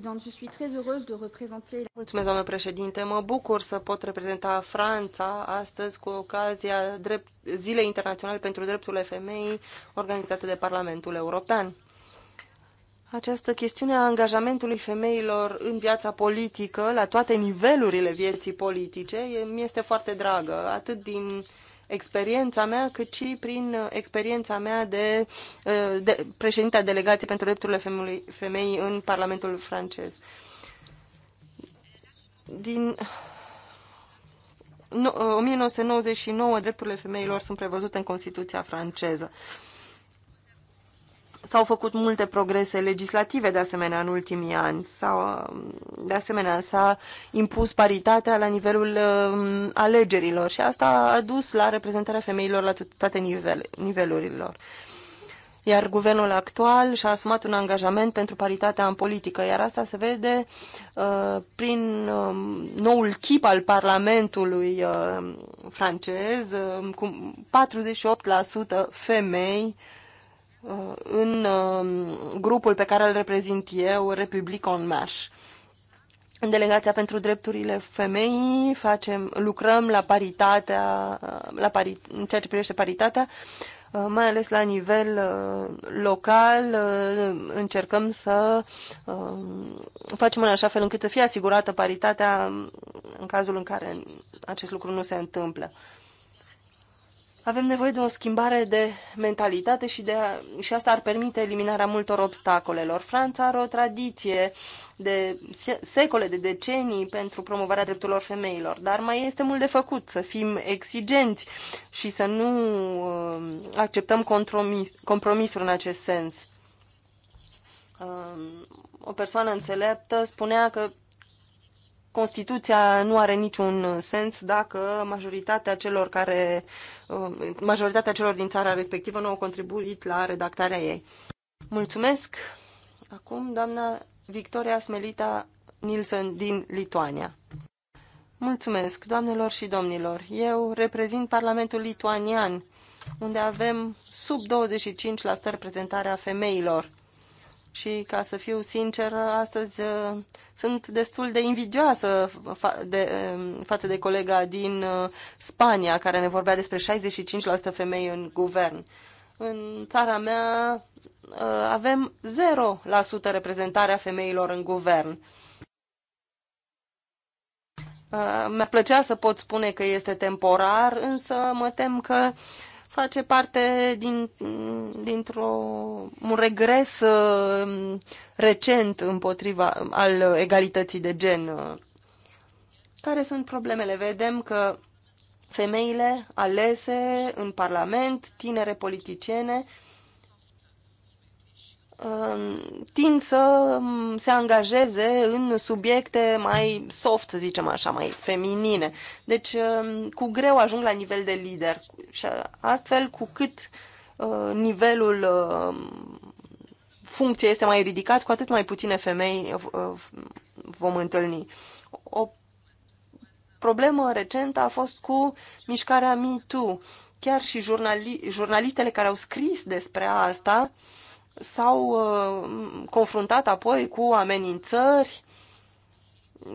Speaker 4: doamnă
Speaker 2: președinte. Mă bucur să pot reprezenta Franța astăzi cu ocazia drept, Zilei Internaționale pentru Drepturile Femeii, organizate de Parlamentul European această chestiune a angajamentului femeilor în viața politică, la toate nivelurile vieții politice, mi este foarte dragă, atât din experiența mea, cât și prin uh, experiența mea de, uh, de a delegației pentru drepturile femei, femei în Parlamentul francez. Din 1999, uh, drepturile femeilor sunt prevăzute în Constituția franceză. S-au făcut multe progrese legislative, de asemenea, în ultimii ani. s de asemenea, s-a impus paritatea la nivelul uh, alegerilor și asta a dus la reprezentarea femeilor la toate nivel, nivelurilor. Iar guvernul actual și-a asumat un angajament pentru paritatea în politică, iar asta se vede uh, prin uh, noul chip al Parlamentului uh, francez, uh, cu 48% femei uh, Uh, în um, grupul pe care îl reprezint eu, Republic On Marche. În Delegația pentru Drepturile Femeii facem, lucrăm la paritatea, uh, la pari, în ceea ce privește paritatea, uh, mai ales la nivel local, încercăm să facem în așa fel încât să fie asigurată paritatea um, în cazul în care acest lucru nu se întâmplă. Avem nevoie de o schimbare de mentalitate și, de, și asta ar permite eliminarea multor obstacolelor. Franța are o tradiție de secole, de decenii pentru promovarea drepturilor femeilor, dar mai este mult de făcut să fim exigenți și să nu um, acceptăm compromisuri în acest sens um, o persoană înțeleaptă spunea că Constituția nu are niciun sens dacă majoritatea celor care uh, majoritatea celor din țara respectivă nu au contribuit la redactarea ei. Mulțumesc. Acum doamna Victoria Smelita Nilsson din Lituania. Mulțumesc, doamnelor și domnilor. Eu reprezint Parlamentul lituanian, unde avem sub 25% reprezentarea femeilor și, ca să fiu sinceră, astăzi uh, sunt destul de invidioasă fa de, um, față de colega din uh, Spania, care ne vorbea despre 65% femei în guvern. În țara mea uh, avem 0% reprezentarea femeilor în guvern. Mi-ar plăcea să pot spune că este temporar, însă mă tem că uh, face parte din, dintr-un regres uh, recent împotriva al egalității de gen. Care sunt problemele? Vedem că femeile alese în Parlament, tinere politiciene, Um, tind să um, se angajeze în subiecte mai soft, să zicem așa, mai feminine. Deci, um, cu greu ajung la nivel de lider. Și astfel, cu cât uh, nivelul funcției este mai ridicat, cu atât mai puține femei uh, vom întâlni. O problemă recentă a fost cu mișcarea #MeToo. Chiar și jurnali- jurnalistele care au scris despre asta uh, s-au uh, confruntat apoi cu amenințări,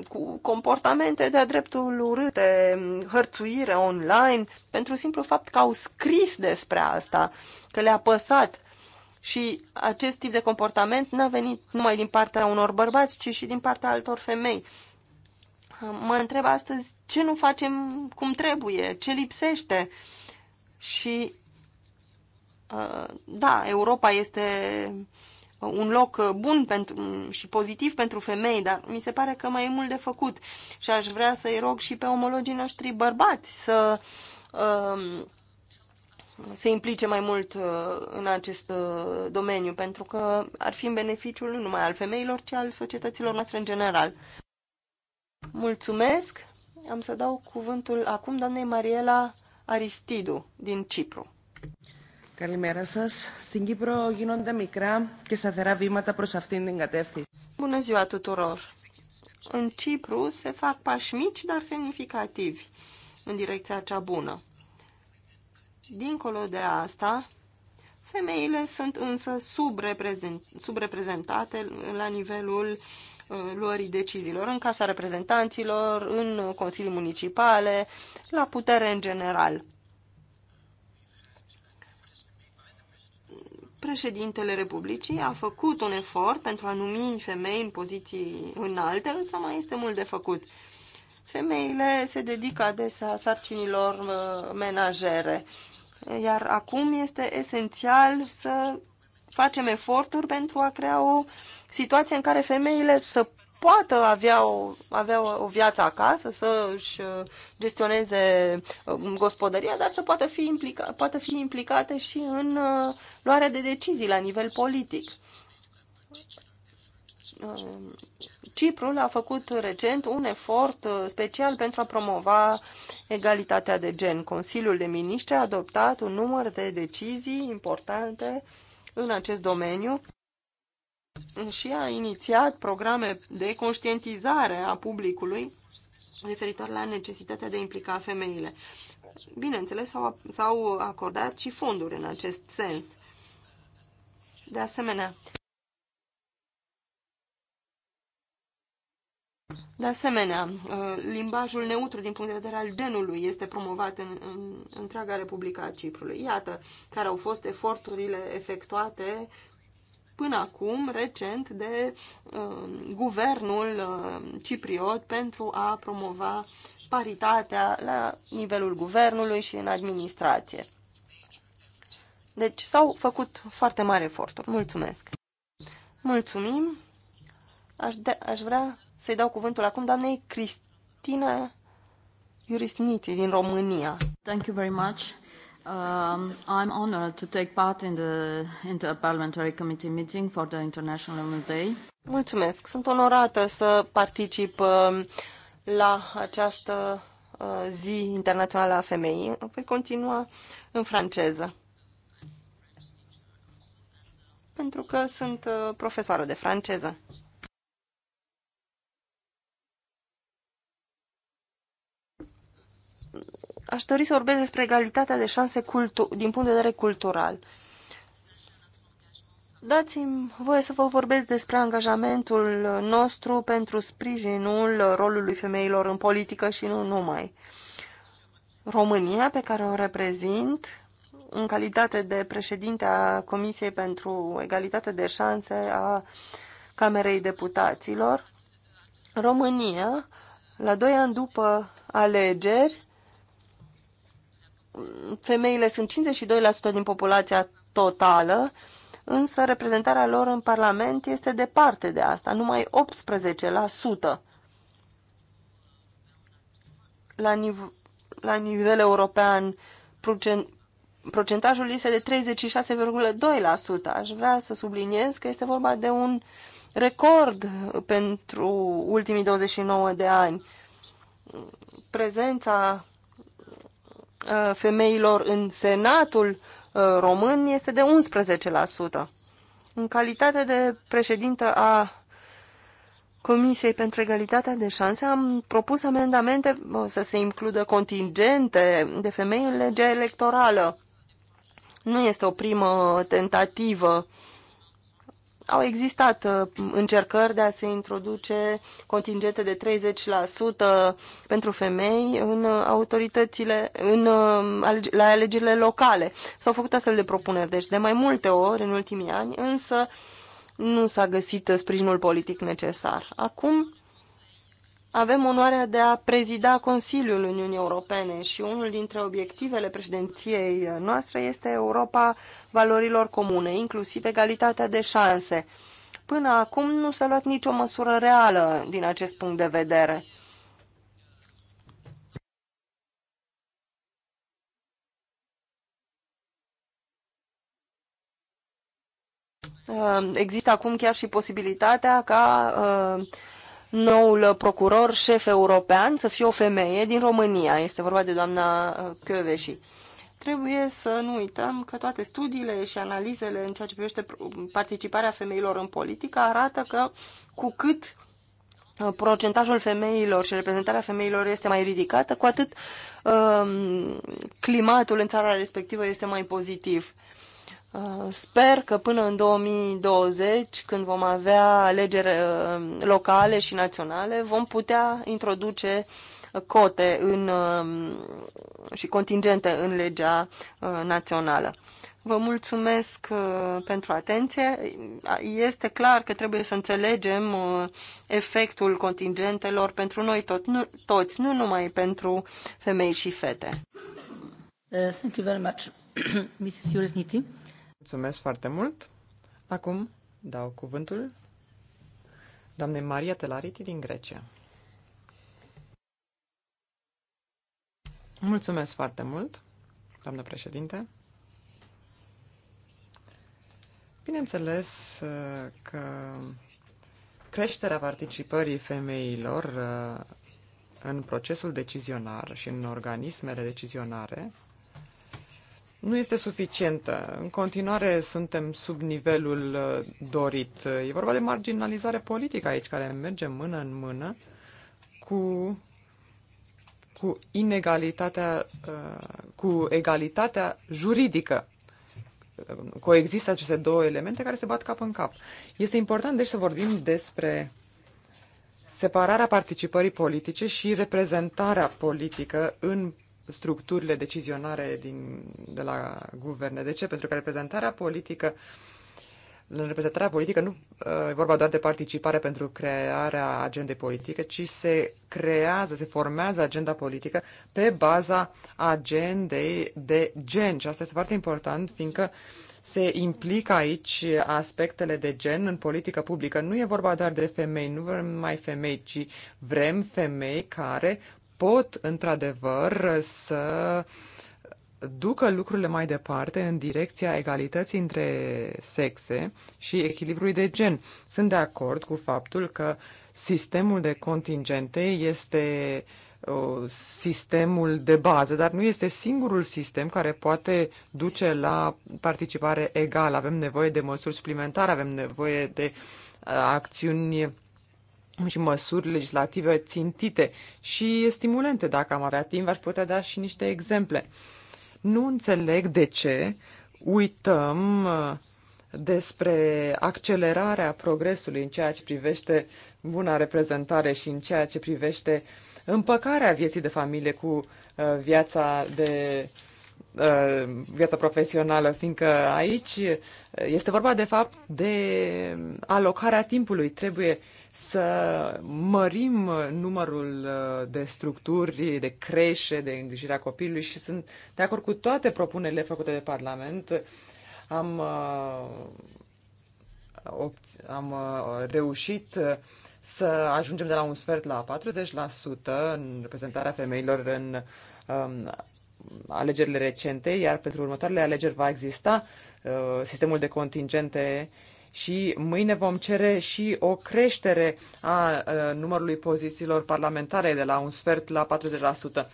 Speaker 2: cu comportamente de-a dreptul urâte, hărțuire online, pentru simplu fapt că au scris despre asta, că le-a păsat. Și acest tip de comportament n-a venit numai din partea unor bărbați, ci și din partea altor femei. Mă întreb astăzi ce nu facem cum trebuie, ce lipsește. Și Uh, da, Europa este uh, un loc uh, bun pentru, mm, și pozitiv pentru femei, dar mi se pare că mai e mult de făcut și aș vrea să-i rog și pe omologii noștri bărbați să um, se implice mai mult în acest domeniu, pentru că ar fi în beneficiul nu numai al femeilor, ci al societăților noastre în general. Mulțumesc! Am să dau cuvântul acum doamnei Mariela Aristidu din Cipru. Καλημέρα σα.
Speaker 1: Στην Κύπρο γίνονται μικρά και σταθερά βήματα προ αυτήν την κατεύθυνση.
Speaker 2: Bună ziua tuturor! În Cipru se fac pași mici, dar semnificativi în direcția cea bună. Dincolo de asta, femeile sunt însă subreprezentate la nivelul uh, luării deciziilor în Casa Reprezentanților, în Consilii Municipale, la putere în general Președintele Republicii a făcut un efort pentru a numi femei în poziții înalte, însă mai este mult de făcut. Femeile se dedică adesea sarcinilor uh, menajere, iar acum este esențial să facem eforturi pentru a crea o situație în care femeile să poată avea o, avea o viață acasă, să își uh, gestioneze uh, gospodăria, dar să poată fi, implica, poată fi implicate și în uh, luarea de decizii la nivel politic. Ciprul a făcut recent un efort special pentru a promova egalitatea de gen. Consiliul de Miniștri a adoptat un număr de decizii importante în acest domeniu și a inițiat programe de conștientizare a publicului referitor la necesitatea de a implica femeile. Bineînțeles, s-au acordat și fonduri în acest sens. De asemenea, De asemenea, uh, limbajul neutru din punct de vedere al genului este promovat în, în întreaga Republica a Ciprului. Iată care au fost eforturile efectuate până acum, recent, de uh, guvernul uh, cipriot pentru a promova paritatea la nivelul guvernului și în administrație. Deci s-au făcut foarte mari eforturi. Mulțumesc! Mulțumim! Aș, de, aș vrea să-i dau cuvântul acum doamnei Cristina Iurisniții din România. Thank you very much. Um, I'm honored to take part in the Interparliamentary Committee meeting for the International Women's Day. Mulțumesc. Sunt onorată să particip um, la această uh, zi internațională a femeii. Voi continua în franceză. Pentru că sunt uh, profesoară de franceză. Aș dori să vorbesc despre egalitatea de șanse din punct de vedere cultural. Dați-mi voie să vă vorbesc despre angajamentul nostru pentru sprijinul rolului femeilor în politică și nu numai. România, pe care o reprezint, în calitate de președinte a Comisiei pentru Egalitate de Șanse a Camerei Deputaților, România, la doi ani după alegeri, femeile sunt 52% din populația totală, însă reprezentarea lor în Parlament este departe de asta, numai 18%. La, niv- la nivel european, procent- procentajul este de 36,2%. Aș vrea să subliniez că este vorba de un record pentru ultimii 29 de ani. Prezența Uh, femeilor în Senatul uh, român este de 11%. În calitate de președintă a Comisiei pentru Egalitatea de Șanse am propus amendamente uh, să se includă contingente de femei în legea electorală. Nu este o primă tentativă au existat uh, încercări de a se introduce contingente de 30% pentru femei în uh, autoritățile, în, uh, la alegerile locale. S-au făcut astfel de propuneri, deci de mai multe ori în ultimii ani, însă nu s-a găsit sprijinul politic necesar. Acum avem onoarea de a prezida Consiliul Uniunii Europene și unul dintre obiectivele președinției noastre este Europa valorilor comune, inclusiv egalitatea de șanse. Până acum nu s-a luat nicio măsură reală din acest punct de vedere. Există acum chiar și posibilitatea ca uh, noul procuror șef european să fie o femeie din România. Este vorba de doamna uh, Căveși. Trebuie să nu uităm că toate studiile și analizele în ceea ce privește participarea femeilor în politică arată că cu cât uh, procentajul femeilor și reprezentarea femeilor este mai ridicată, cu atât um, climatul în țara respectivă este mai pozitiv. Uh, Uh, sper că până în 2020, când vom avea alegeri uh, locale și naționale, vom putea introduce cote în, uh, și contingente în legea națională. Vă mulțumesc pentru atenție. Este clar că trebuie să înțelegem efectul contingentelor pentru noi tot, nu, toți, nu numai pentru femei și
Speaker 3: fete.
Speaker 1: Thank you very much, Mrs.
Speaker 3: Mulțumesc foarte mult. Acum dau cuvântul doamnei Maria Telariti din Grecia. Mulțumesc foarte mult, doamnă președinte. Bineînțeles uh, că creșterea participării femeilor uh, în procesul decizionar și în organismele decizionare nu este suficientă. În continuare suntem sub nivelul uh, dorit. E vorba de marginalizare politică aici, care merge mână în mână cu, cu inegalitatea, uh, cu egalitatea juridică. Coexistă aceste două elemente care se bat cap în cap. Este important, deci, să vorbim despre separarea participării politice și reprezentarea politică în structurile decizionare din, de la guverne. De ce? Pentru că reprezentarea politică în reprezentarea politică nu uh, e vorba doar de participare pentru crearea agendei politice, ci se creează, se formează agenda politică pe baza agendei de gen. Și asta este foarte important, fiindcă se implică aici aspectele de gen în politică publică. Nu e vorba doar de femei, nu vrem mai femei, ci vrem femei care pot, într-adevăr, să ducă lucrurile mai departe în direcția egalității între sexe și echilibrului de gen. Sunt de acord cu faptul că sistemul de contingente este sistemul de bază, dar nu este singurul sistem care poate duce la participare egală. Avem nevoie de măsuri suplimentare, avem nevoie de uh, acțiuni și măsuri legislative țintite și stimulente. Dacă am avea timp, aș putea da și niște exemple. Nu înțeleg de ce uităm uh, despre accelerarea progresului în ceea ce privește buna reprezentare și în ceea ce privește împăcarea vieții de familie cu uh, viața de Uh, viața profesională, fiindcă aici uh, este vorba de fapt de alocarea timpului. Trebuie să mărim numărul uh, de structuri, de creșe, de îngrijirea copilului și sunt de acord cu toate propunerile făcute de Parlament. Am, am reușit să ajungem de la un sfert la 40% în reprezentarea femeilor în um, alegerile recente, iar pentru următoarele alegeri va exista uh, sistemul de contingente și mâine vom cere și o creștere a uh, numărului pozițiilor parlamentare de la un sfert la 40%.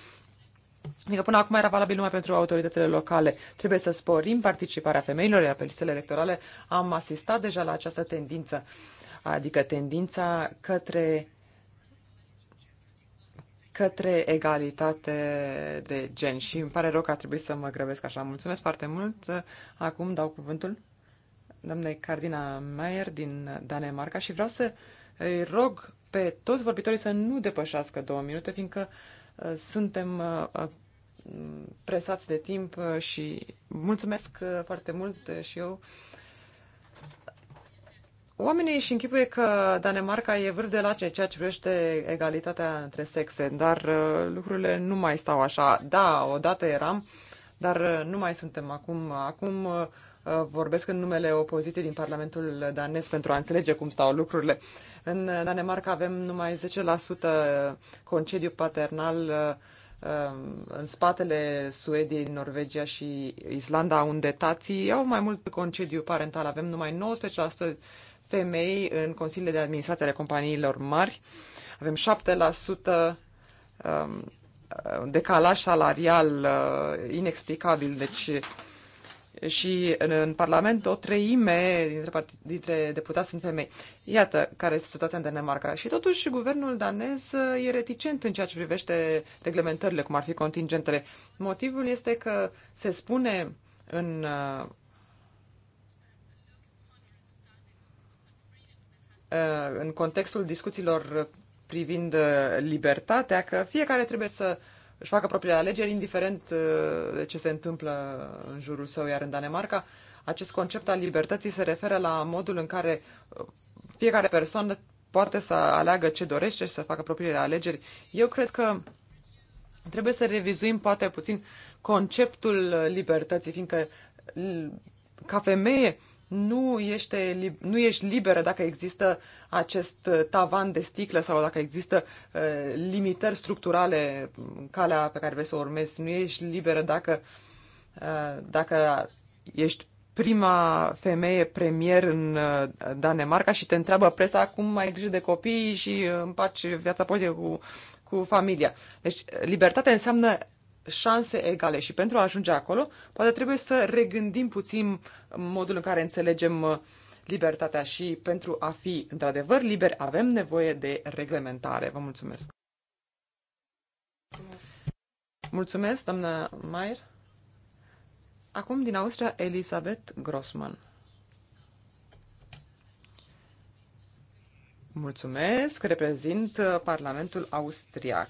Speaker 3: Adică până acum era valabil numai pentru autoritățile locale. Trebuie să sporim participarea femeilor, iar pe listele electorale am asistat deja la această tendință, adică tendința către către egalitate de gen. Și îmi pare rău că a trebuit să mă grăbesc așa. Mulțumesc foarte mult. Acum dau cuvântul doamnei Cardina Meyer din Danemarca și vreau să îi rog pe toți vorbitorii să nu depășească două minute, fiindcă uh, suntem uh, uh, presați de timp și mulțumesc foarte mult și eu Oamenii își închipuie că Danemarca e vârf de lace ceea ce privește egalitatea între sexe, dar uh, lucrurile nu mai stau așa. Da, odată eram, dar uh, nu mai suntem acum. Acum uh, vorbesc în numele opoziției din Parlamentul danez pentru a înțelege cum stau lucrurile. În Danemarca avem numai 10% concediu paternal um, în spatele Suediei, Norvegia și Islanda, unde tații au mai mult concediu parental. Avem numai 19% femei în consiliile de administrație ale companiilor mari. Avem 7% um, decalaj salarial uh, inexplicabil, deci și în, în Parlament o treime dintre, dintre deputați sunt femei. Iată care este situația în Danemarca. Și totuși, guvernul danez uh, e reticent în ceea ce privește reglementările, cum ar fi contingentele. Motivul este că se spune în uh, Uh, în contextul discuțiilor privind uh, libertatea că fiecare trebuie să își facă propriile alegeri, indiferent uh, de ce se întâmplă în jurul său, iar în Danemarca acest concept al libertății se referă la modul în care fiecare persoană poate să aleagă ce dorește și să facă propriile alegeri. Eu cred că trebuie să revizuim poate puțin conceptul libertății, fiindcă ca femeie nu, ești, nu ești liberă dacă există acest uh, tavan de sticlă sau dacă există uh, limitări structurale în calea pe care vrei să o urmezi. Nu ești liberă dacă, uh, dacă ești prima femeie premier în uh, Danemarca și te întreabă presa cum ai grijă de copii și uh, împaci viața politică cu, cu familia. Deci uh, libertatea înseamnă șanse egale și pentru a ajunge acolo, poate trebuie să regândim puțin modul în care înțelegem uh, libertatea și pentru a fi într-adevăr liberi avem nevoie de reglementare. Vă mulțumesc! Mulțumesc, doamna Mayer. Acum din Austria, Elisabeth Grossman. Mulțumesc, reprezint uh, Parlamentul Austriac.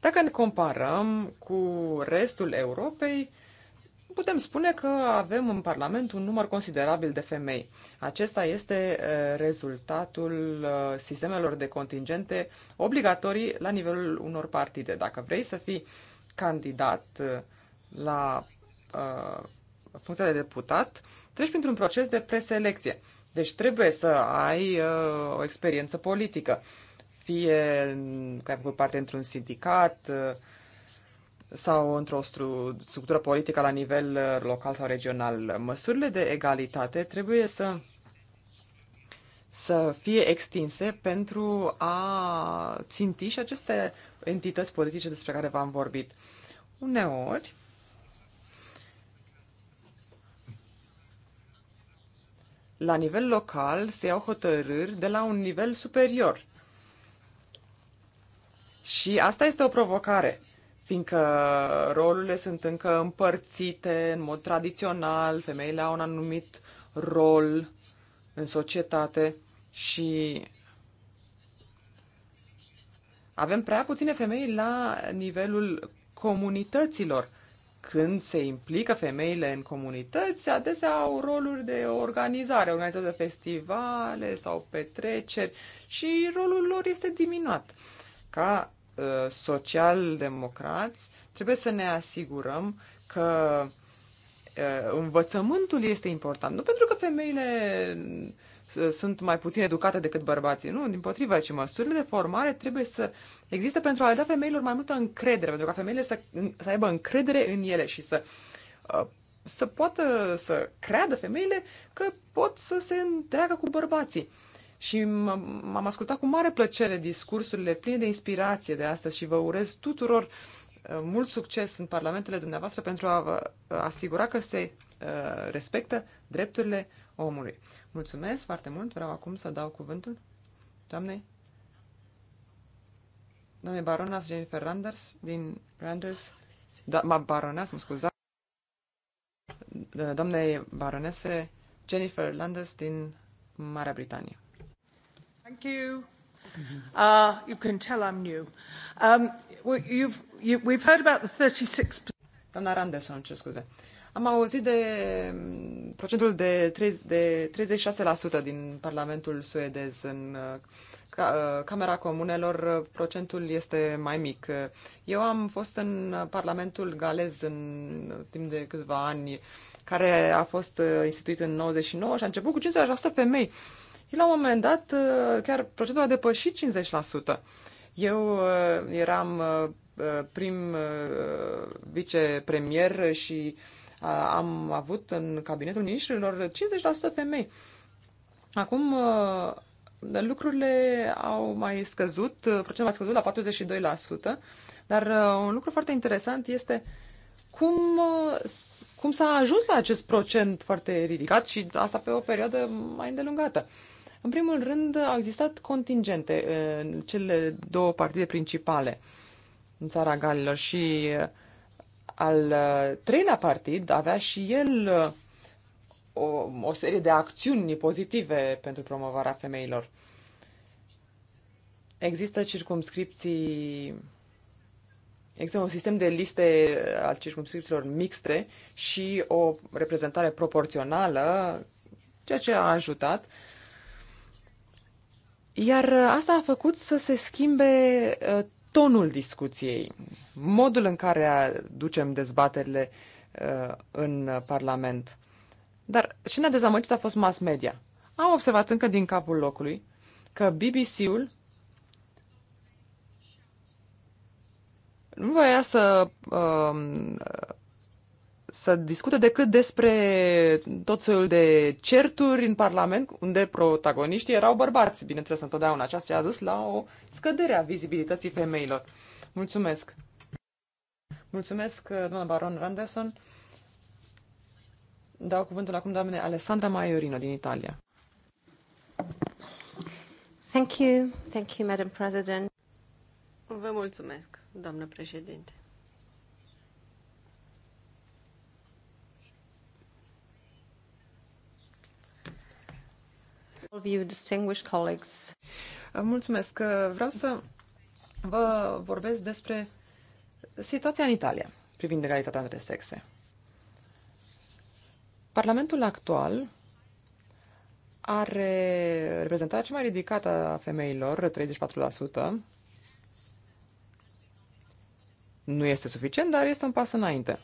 Speaker 3: Dacă ne comparăm cu restul Europei, putem spune că avem în Parlament un număr considerabil de femei. Acesta este eh, rezultatul eh, sistemelor de contingente obligatorii la nivelul unor partide. Dacă vrei să fii candidat eh, la uh, funcția de deputat, treci printr-un proces de preselecție. Deci trebuie să ai uh, o experiență politică fie că ai făcut parte într-un sindicat uh, sau într-o structură politică la nivel uh, local sau regional. Măsurile de egalitate trebuie să să fie extinse pentru a ținti și aceste entități politice despre care v-am vorbit. Uneori, la nivel local se iau hotărâri de la un nivel superior. Și asta este o provocare, fiindcă rolurile sunt încă împărțite în mod tradițional, femeile au un anumit rol în societate și avem prea puține femei la nivelul comunităților. Când se implică femeile în comunități, adesea au roluri de organizare, organizează festivale sau petreceri și rolul lor este diminuat. Ca Uh, social-democrați, trebuie să ne asigurăm că uh, învățământul este important. Nu pentru că femeile uh, sunt mai puțin educate decât bărbații. Nu, din potriva, ci măsurile de formare trebuie să există pentru a le da femeilor mai multă încredere, pentru ca femeile să, să aibă încredere în ele și să, să poată să creadă femeile că pot să se întreagă cu bărbații și m-am ascultat cu mare plăcere discursurile pline de inspirație de astăzi și vă urez tuturor uh, mult succes în parlamentele dumneavoastră pentru a vă uh, asigura că se uh, respectă drepturile omului. Mulțumesc foarte mult, vreau acum să dau cuvântul doamnei Doamne, baronas Jennifer Randers din Randers, da, baronas, mă scuza. Doamne, baronese Jennifer Landers din Marea Britanie. Thank you. Uh, you can tell I'm new. Um, you've, you, we've heard about the 36... Doamna Randerson, ce scuze. Am auzit de um, procentul de, 30, de 36% din Parlamentul suedez în uh, uh, Camera Comunelor uh, procentul este mai mic. Eu am fost în Parlamentul galez în timp de câțiva ani, care a fost instituit în 99 și a început cu 50% femei. Și la un moment dat, uh, chiar procentul a depășit 50%. Eu uh, eram uh, prim vicepremier și am avut în cabinetul ministrilor 50% femei. Acum lucrurile au mai scăzut, procentul a scăzut la 42%, dar un lucru foarte interesant este cum, cum s-a ajuns la acest procent foarte ridicat și asta pe o perioadă mai îndelungată. În primul rând, au existat contingente în cele două partide principale în țara Galilor și uh, al uh, treilea partid avea și el uh, o, o serie de acțiuni pozitive pentru promovarea femeilor. Există circumscripții. Există un sistem de liste al circumscripțiilor mixte și o reprezentare proporțională, ceea ce a ajutat iar uh, asta a făcut să se schimbe uh, tonul discuției, modul în care ducem dezbaterile uh, în Parlament. Dar și ne-a dezamăgit a fost mass media. Am observat încă din capul locului că BBC-ul nu voia să uh, să discute decât despre tot soiul de certuri în Parlament, unde protagoniștii erau bărbați, bineînțeles, întotdeauna. Aceasta a dus la o scădere a vizibilității femeilor. Mulțumesc! Mulțumesc, uh, doamna Baron Randerson. Dau cuvântul acum doamne Alessandra Maiorino din Italia.
Speaker 4: Thank you. Thank you, Madam President. Vă mulțumesc, doamnă președinte.
Speaker 3: distinguished colleagues. Mulțumesc. Vreau să vă vorbesc despre situația în Italia privind egalitatea între sexe. Parlamentul actual are reprezentarea cea mai ridicată a femeilor, 34%. Nu este suficient, dar este un pas înainte.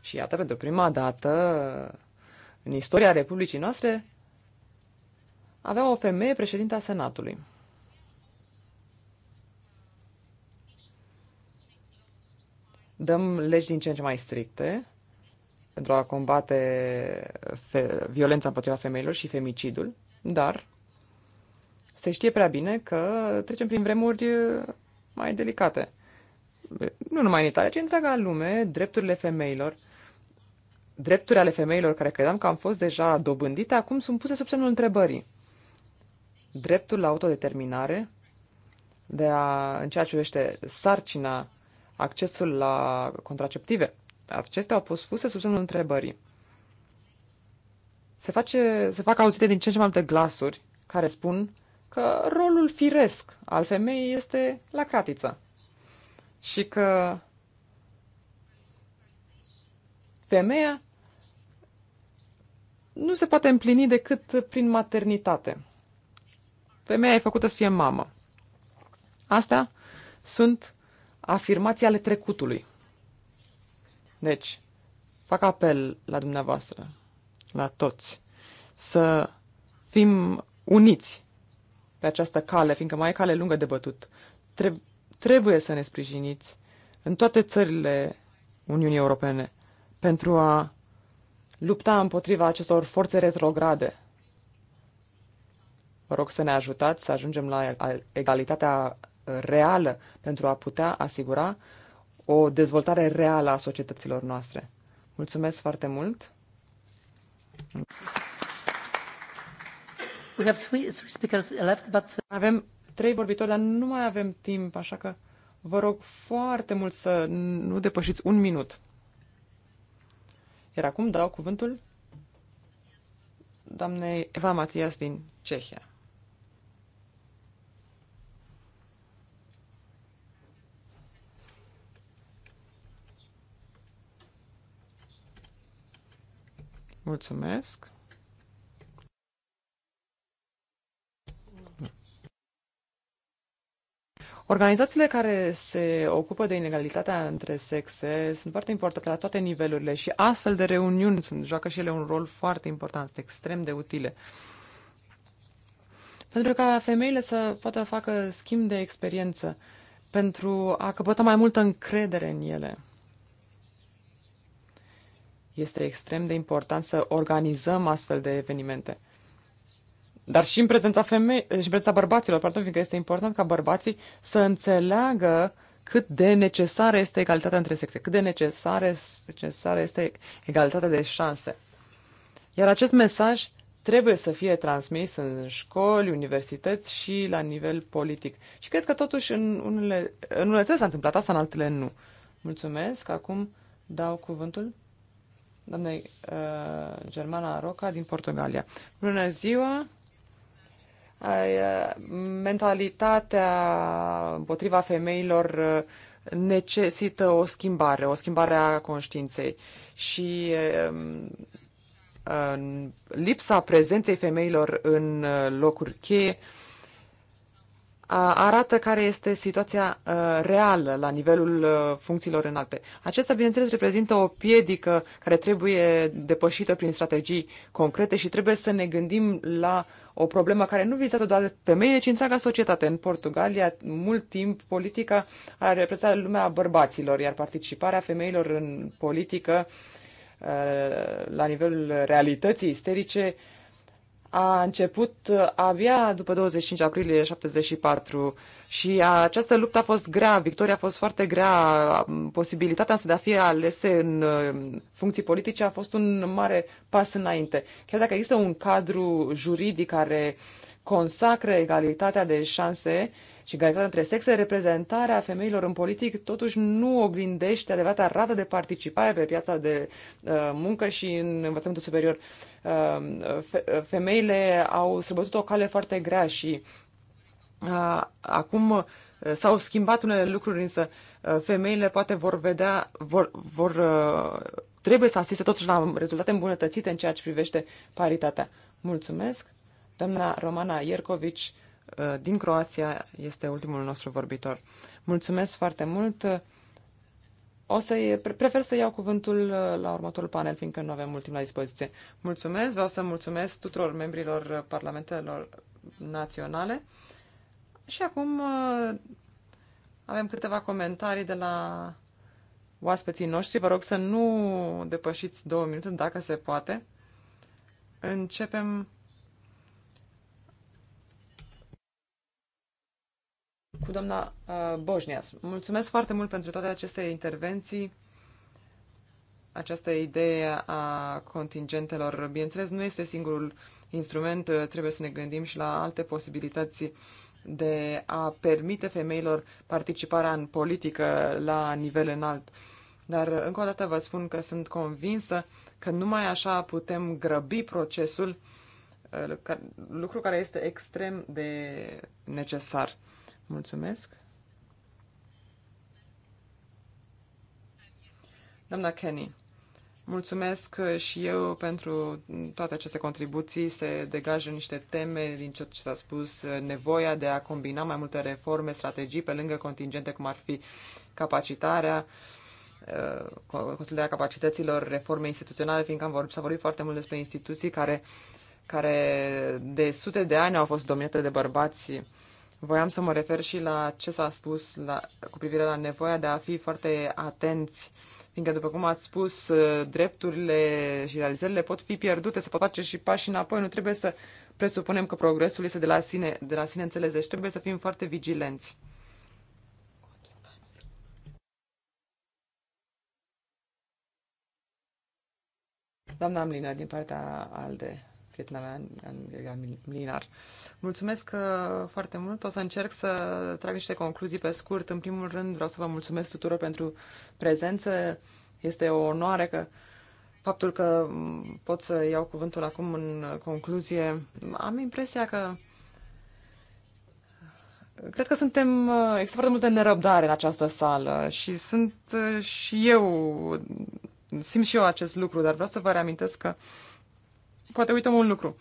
Speaker 3: Și iată, pentru prima dată în istoria Republicii noastre, avea o femeie președinta Senatului. Dăm legi din ce în ce mai stricte pentru a combate violența împotriva femeilor și femicidul, dar se știe prea bine că trecem prin vremuri mai delicate. Nu numai în Italia, ci în întreaga lume, drepturile femeilor, drepturile ale femeilor care credeam că am fost deja dobândite, acum sunt puse sub semnul întrebării dreptul la autodeterminare, de a, în ceea ce privește sarcina, accesul la contraceptive. Acestea au fost fuse sub semnul întrebării. Se, face, se fac auzite din ce în ce mai multe glasuri care spun că rolul firesc al femeii este la cratiță și că femeia nu se poate împlini decât prin maternitate. Femeia e făcută să fie mamă. Astea sunt afirmații ale trecutului. Deci, fac apel la dumneavoastră, la toți, să fim uniți pe această cale, fiindcă mai e cale lungă de bătut. Tre- trebuie să ne sprijiniți în toate țările Uniunii Europene pentru a lupta împotriva acestor forțe retrograde Vă rog să ne ajutați să ajungem la egalitatea reală pentru a putea asigura o dezvoltare reală a societăților noastre. Mulțumesc foarte mult!
Speaker 1: We have three, three speakers left, but... Uh, avem
Speaker 3: trei vorbitori, dar nu mai avem timp, așa că vă rog foarte mult să nu depășiți un minut. Iar acum dau cuvântul doamnei Eva Matias din Cehia. Mulțumesc. Organizațiile care se ocupă de inegalitatea între sexe sunt foarte importante la toate nivelurile și astfel de reuniuni sunt, joacă și ele un rol foarte important, sunt extrem de utile. Pentru ca femeile să poată facă schimb de experiență, pentru a căpăta mai multă încredere în ele. Este extrem de important să organizăm astfel de evenimente. Dar și în prezența, femei, și în prezența bărbaților, pardon, fiindcă este important ca bărbații să înțeleagă cât de necesară este egalitatea între sexe, cât de necesară, necesară este egalitatea de șanse. Iar acest mesaj trebuie să fie transmis în școli, universități și la nivel politic. Și cred că totuși în unele, în unele țări s-a întâmplat asta, în altele nu. Mulțumesc. Acum dau cuvântul doamnei uh, Germana Roca din Portugalia. Bună ziua! Ai, uh, mentalitatea împotriva femeilor uh, necesită o schimbare, o schimbare a conștiinței și um, lipsa prezenței femeilor în uh, locuri cheie arată care este situația reală la nivelul funcțiilor înalte. Acesta, bineînțeles, reprezintă o piedică care trebuie depășită prin strategii concrete și trebuie să ne gândim la o problemă care nu vizează doar femeile, ci întreaga societate. În Portugalia, mult timp, politica a reprezentat lumea bărbaților, iar participarea femeilor în politică la nivelul realității isterice a început abia după 25 aprilie 74 și această luptă a fost grea, victoria a fost foarte grea, posibilitatea să de a fi alese în uh, funcții politice a fost un mare pas înainte. Chiar dacă există un cadru juridic care consacră egalitatea de șanse, uh, și egalitatea între sexe, reprezentarea femeilor în politic totuși nu oglindește adevărata rată de participare pe piața de uh, muncă și în învățământul superior. Uh, uh femeile au sărbătut o cale foarte grea și uh, acum uh, s-au schimbat unele lucruri, însă uh, femeile poate vor vedea, vor, vor trebuie să asiste totuși la rezultate îmbunătățite în ceea ce privește paritatea. Mulțumesc! Doamna Romana Iercovici Uh, din Croația este ultimul nostru vorbitor. Mulțumesc foarte mult! O să prefer să iau cuvântul uh, la următorul panel, fiindcă nu avem mult timp la dispoziție. Mulțumesc, vreau să mulțumesc tuturor membrilor parlamentelor naționale. Și acum uh, avem câteva comentarii de la oaspeții noștri. Vă rog să nu depășiți două minute, dacă se poate. Începem cu doamna uh, Mulțumesc foarte mult pentru toate aceste intervenții. Această idee a contingentelor, bineînțeles, nu este singurul instrument. Uh, trebuie să ne gândim și la alte posibilități de a permite femeilor participarea în politică la nivel înalt. Dar, încă o dată, vă spun că sunt convinsă că numai așa putem grăbi procesul, uh, lucru care este extrem de necesar. Mulțumesc. Doamna Kenny, mulțumesc și eu pentru toate aceste contribuții. Se degajă niște teme din ceea ce s-a spus, nevoia de a combina mai multe reforme, strategii, pe lângă contingente, cum ar fi capacitarea, uh, consolidarea capacităților, reforme instituționale, fiindcă am vorbit, s-a vorbit foarte mult despre instituții care, care de sute de ani au fost dominate de bărbați Voiam să mă refer și la ce s-a spus la, cu privire la nevoia de a fi foarte atenți, fiindcă, după cum ați spus, uh, drepturile și realizările pot fi pierdute, se pot face și pași înapoi, nu trebuie să presupunem că progresul este de la sine, de la sine înțeles, deci trebuie să fim foarte vigilenți. Doamna Amlina, din partea ALDE prietena mea, Angela Milinar. Mulțumesc uh, foarte mult. O să încerc să trag niște concluzii pe scurt. În primul rând vreau să vă mulțumesc tuturor pentru prezență. Este o onoare că faptul că pot să iau cuvântul acum în concluzie. Am impresia că Cred că suntem, uh, există foarte multă nerăbdare în această sală și sunt uh, și eu, simt și eu acest lucru, dar vreau să vă reamintesc că poate uităm un lucru.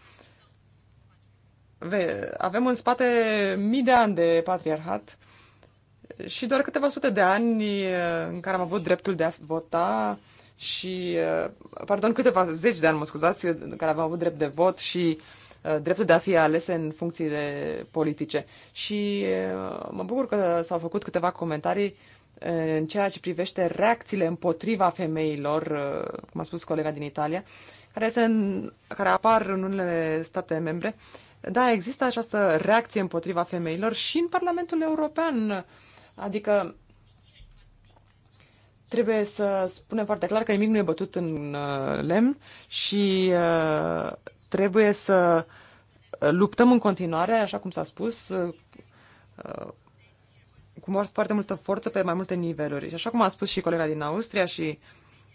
Speaker 3: Avem în spate mii de ani de patriarhat și doar câteva sute de ani în care am avut dreptul de a vota și, pardon, câteva zeci de ani, mă scuzați, în care am avut drept de vot și dreptul de a fi alese în funcții de politice. Și mă bucur că s-au făcut câteva comentarii în ceea ce privește reacțiile împotriva femeilor, cum a spus colega din Italia, care, se, care apar în unele state membre, da, există această reacție împotriva femeilor și în Parlamentul European. Adică trebuie să spunem foarte clar că nimic nu e bătut în uh, lemn și uh, trebuie să uh, luptăm în continuare, așa cum s-a spus, cu foarte multă forță pe mai multe niveluri. Și așa cum a spus și colega din Austria și,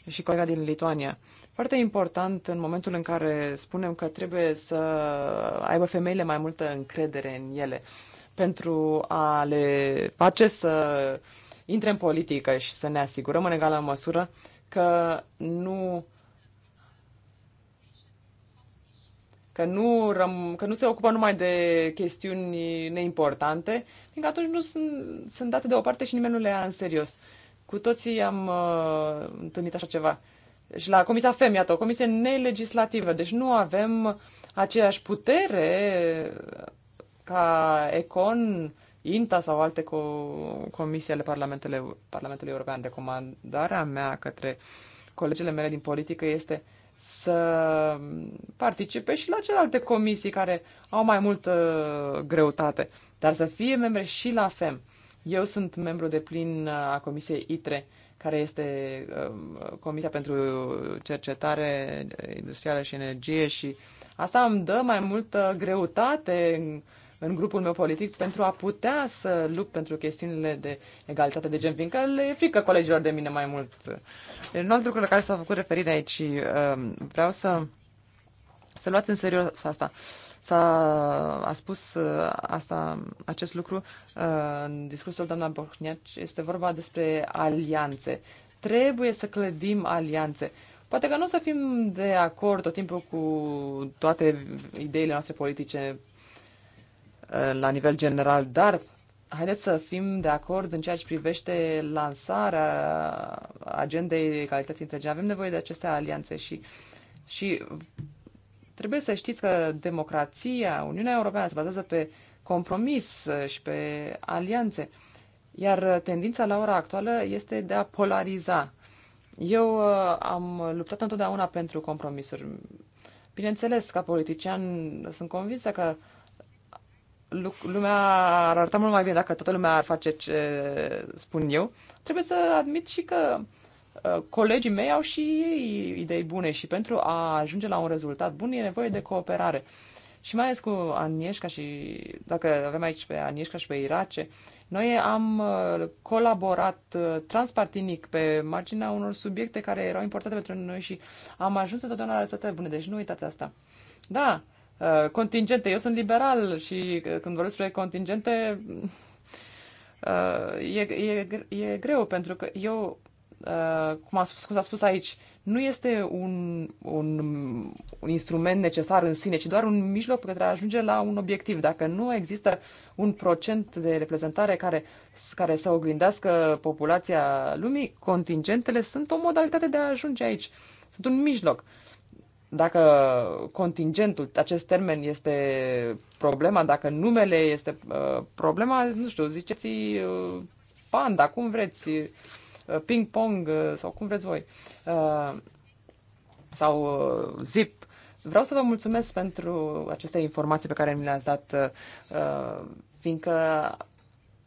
Speaker 3: și colega din Lituania. Foarte important în momentul în care spunem că trebuie să aibă femeile mai multă încredere în ele pentru a le face să intre în politică și să ne asigurăm în egală măsură că nu că nu, răm, că nu se ocupă numai de chestiuni neimportante, fiindcă atunci nu sunt, sunt date deoparte și nimeni nu le ia în serios. Cu toții am uh, întâlnit așa ceva. Uh, și la Comisia FEM, iată, o comisie nelegislativă, deci nu avem aceeași putere ca Econ, INTA sau alte co- comisii ale Parlamentului, Parlamentului European. Recomandarea mea către colegele mele din politică este să participe și la celelalte comisii care au mai multă greutate, dar să fie membre și la FEM. Eu sunt membru de plin a Comisiei ITRE care este um, Comisia pentru Cercetare Industrială și Energie și asta îmi dă mai multă greutate în grupul meu politic pentru a putea să lupt pentru chestiunile de egalitate de gen, fiindcă le e frică colegilor de mine mai mult. Deci, un alt lucru la care s-a făcut referire aici, um, vreau să, să luați în serios asta. Uh, S-a a spus uh, asta, acest lucru uh, în discursul doamna Bohniaci. Este vorba despre alianțe. Trebuie să clădim alianțe. Poate că nu să fim de acord tot timpul cu toate ideile noastre politice uh, la nivel general, dar haideți să fim de acord în ceea ce privește lansarea agendei egalității între gen. Avem nevoie de aceste alianțe și, și Trebuie să știți că democrația, Uniunea Europeană se bazează pe compromis și pe alianțe. Iar tendința la ora actuală este de a polariza. Eu uh, am luptat întotdeauna pentru compromisuri. Bineînțeles, ca politician, sunt convinsă că lumea ar arăta mult mai bine dacă toată lumea ar face ce spun eu. Trebuie să admit și că Uh, colegii mei au și ei idei bune și pentru a ajunge la un rezultat bun e nevoie de cooperare. Și mai ales cu Anieșca și, dacă avem aici pe Anieșca și pe Irace, noi am uh, colaborat uh, transpartinic pe marginea unor subiecte care erau importante pentru noi și am ajuns întotdeauna la rezultate bune. Deci nu uitați asta. Da, contingente. Eu sunt liberal și când vorbesc despre contingente, e, e, e greu pentru că eu Uh, cum, a spus, cum s-a spus aici, nu este un, un, un instrument necesar în sine, ci doar un mijloc pentru a ajunge la un obiectiv. Dacă nu există un procent de reprezentare care, care să oglindească populația lumii, contingentele sunt o modalitate de a ajunge aici. Sunt un mijloc. Dacă contingentul, acest termen este problema, dacă numele este uh, problema, nu știu, ziceți uh, panda, cum vreți. Uh, Uh, ping-pong uh, sau cum vreți voi, uh, sau zip. Vreau să vă mulțumesc pentru aceste informații pe care mi le-ați dat, fiindcă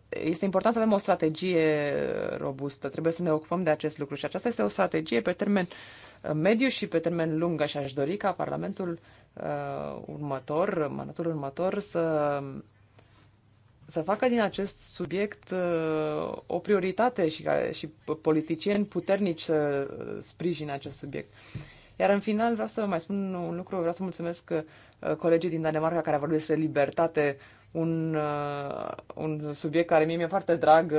Speaker 3: este important să avem o strategie robustă. Trebuie să ne ocupăm de acest lucru și aceasta este o strategie pe termen mediu și pe termen lung și aș dori ca Parlamentul următor, mandatul următor să să facă din acest subiect uh, o prioritate și, care, și politicieni puternici să uh, sprijine acest subiect. Iar în final vreau să mai spun un lucru, vreau să mulțumesc uh, colegii din Danemarca care a vorbit despre libertate, un, un subiect care mie mi-e foarte drag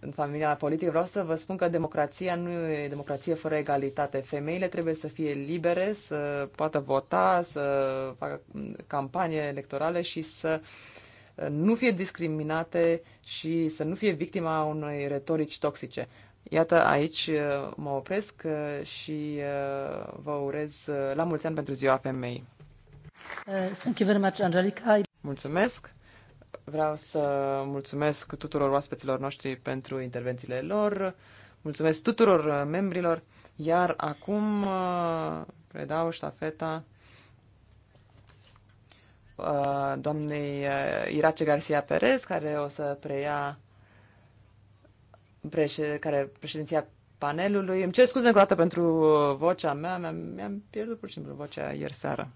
Speaker 3: în familia politică. Vreau să vă spun că democrația nu e democrație fără egalitate. Femeile trebuie să fie libere, să poată vota, să facă campanie electorale și să uh, nu fie discriminate și să nu fie victima unei retorici toxice. Iată, aici uh, mă opresc uh, și uh, vă urez la mulți ani pentru Ziua Femei.
Speaker 1: Thank you very much, Angelica.
Speaker 3: Mulțumesc! Vreau să mulțumesc tuturor oaspeților noștri pentru intervențiile lor, mulțumesc tuturor membrilor, iar acum predau ștafeta Uh, doamnei uh, Irace Garcia Perez, care o să preia care președinția panelului. Îmi cer scuze încă o dată pentru vocea mea, am mi-am pierdut pur și simplu vocea ieri seara.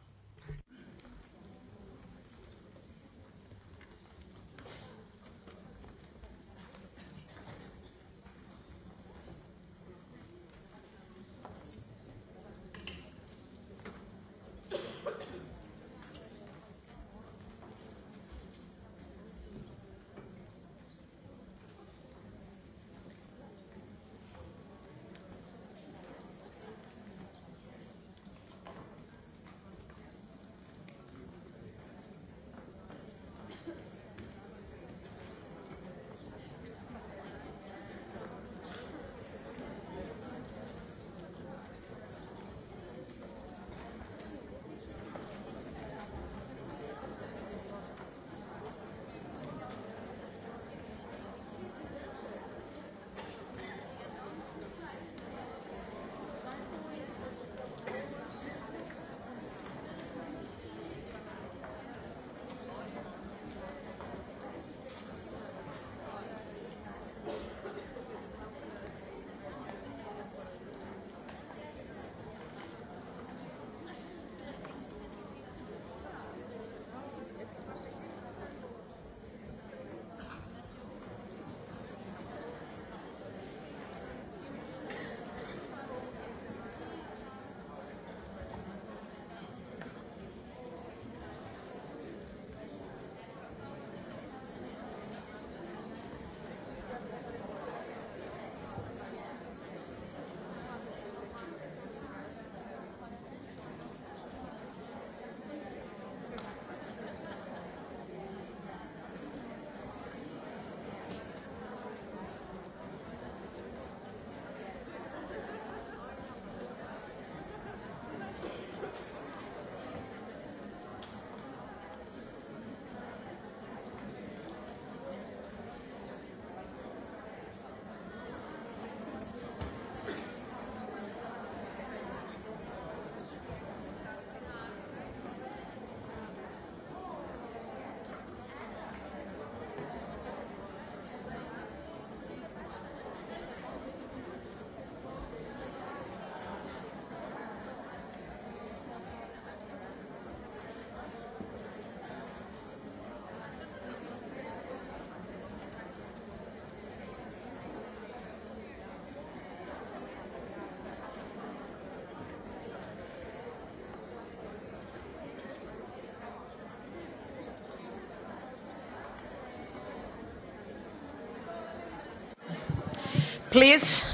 Speaker 1: Please,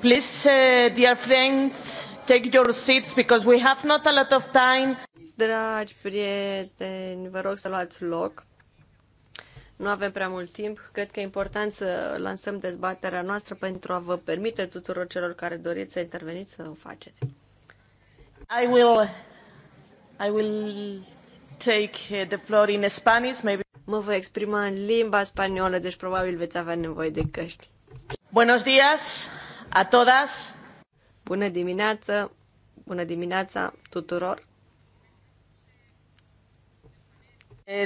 Speaker 1: please, uh, dear friends, take your seats because we have not a lot of
Speaker 4: time. Dragi prieteni, vă rog să luați loc. Nu avem prea mult timp. Cred că e important să lansăm dezbaterea noastră pentru a vă permite tuturor celor care doriți să interveniți să o faceți. I will, I will take uh, the floor in Spanish, maybe. Mă voi exprima în limba spaniolă, deci probabil veți avea nevoie de căști. Buenos días a todas. Bună dimineață, bună dimineața tuturor.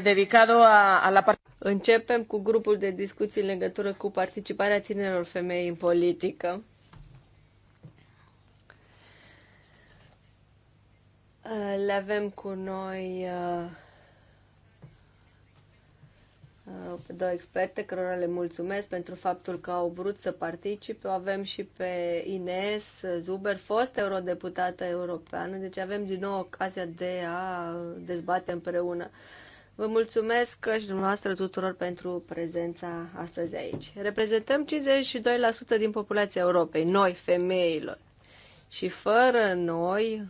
Speaker 4: Dedicado a, a la Începem cu grupul de discuții în legătură cu participarea tinerilor femei în politică. Le avem cu noi uh, Uh, pe două experte, cărora le mulțumesc pentru faptul că au vrut să participe. O avem și pe Ines Zuber, fost eurodeputată europeană, deci avem din nou ocazia de a dezbate împreună. Vă mulțumesc și dumneavoastră tuturor pentru prezența astăzi aici. Reprezentăm 52% din populația Europei, noi, femeilor. Și fără noi,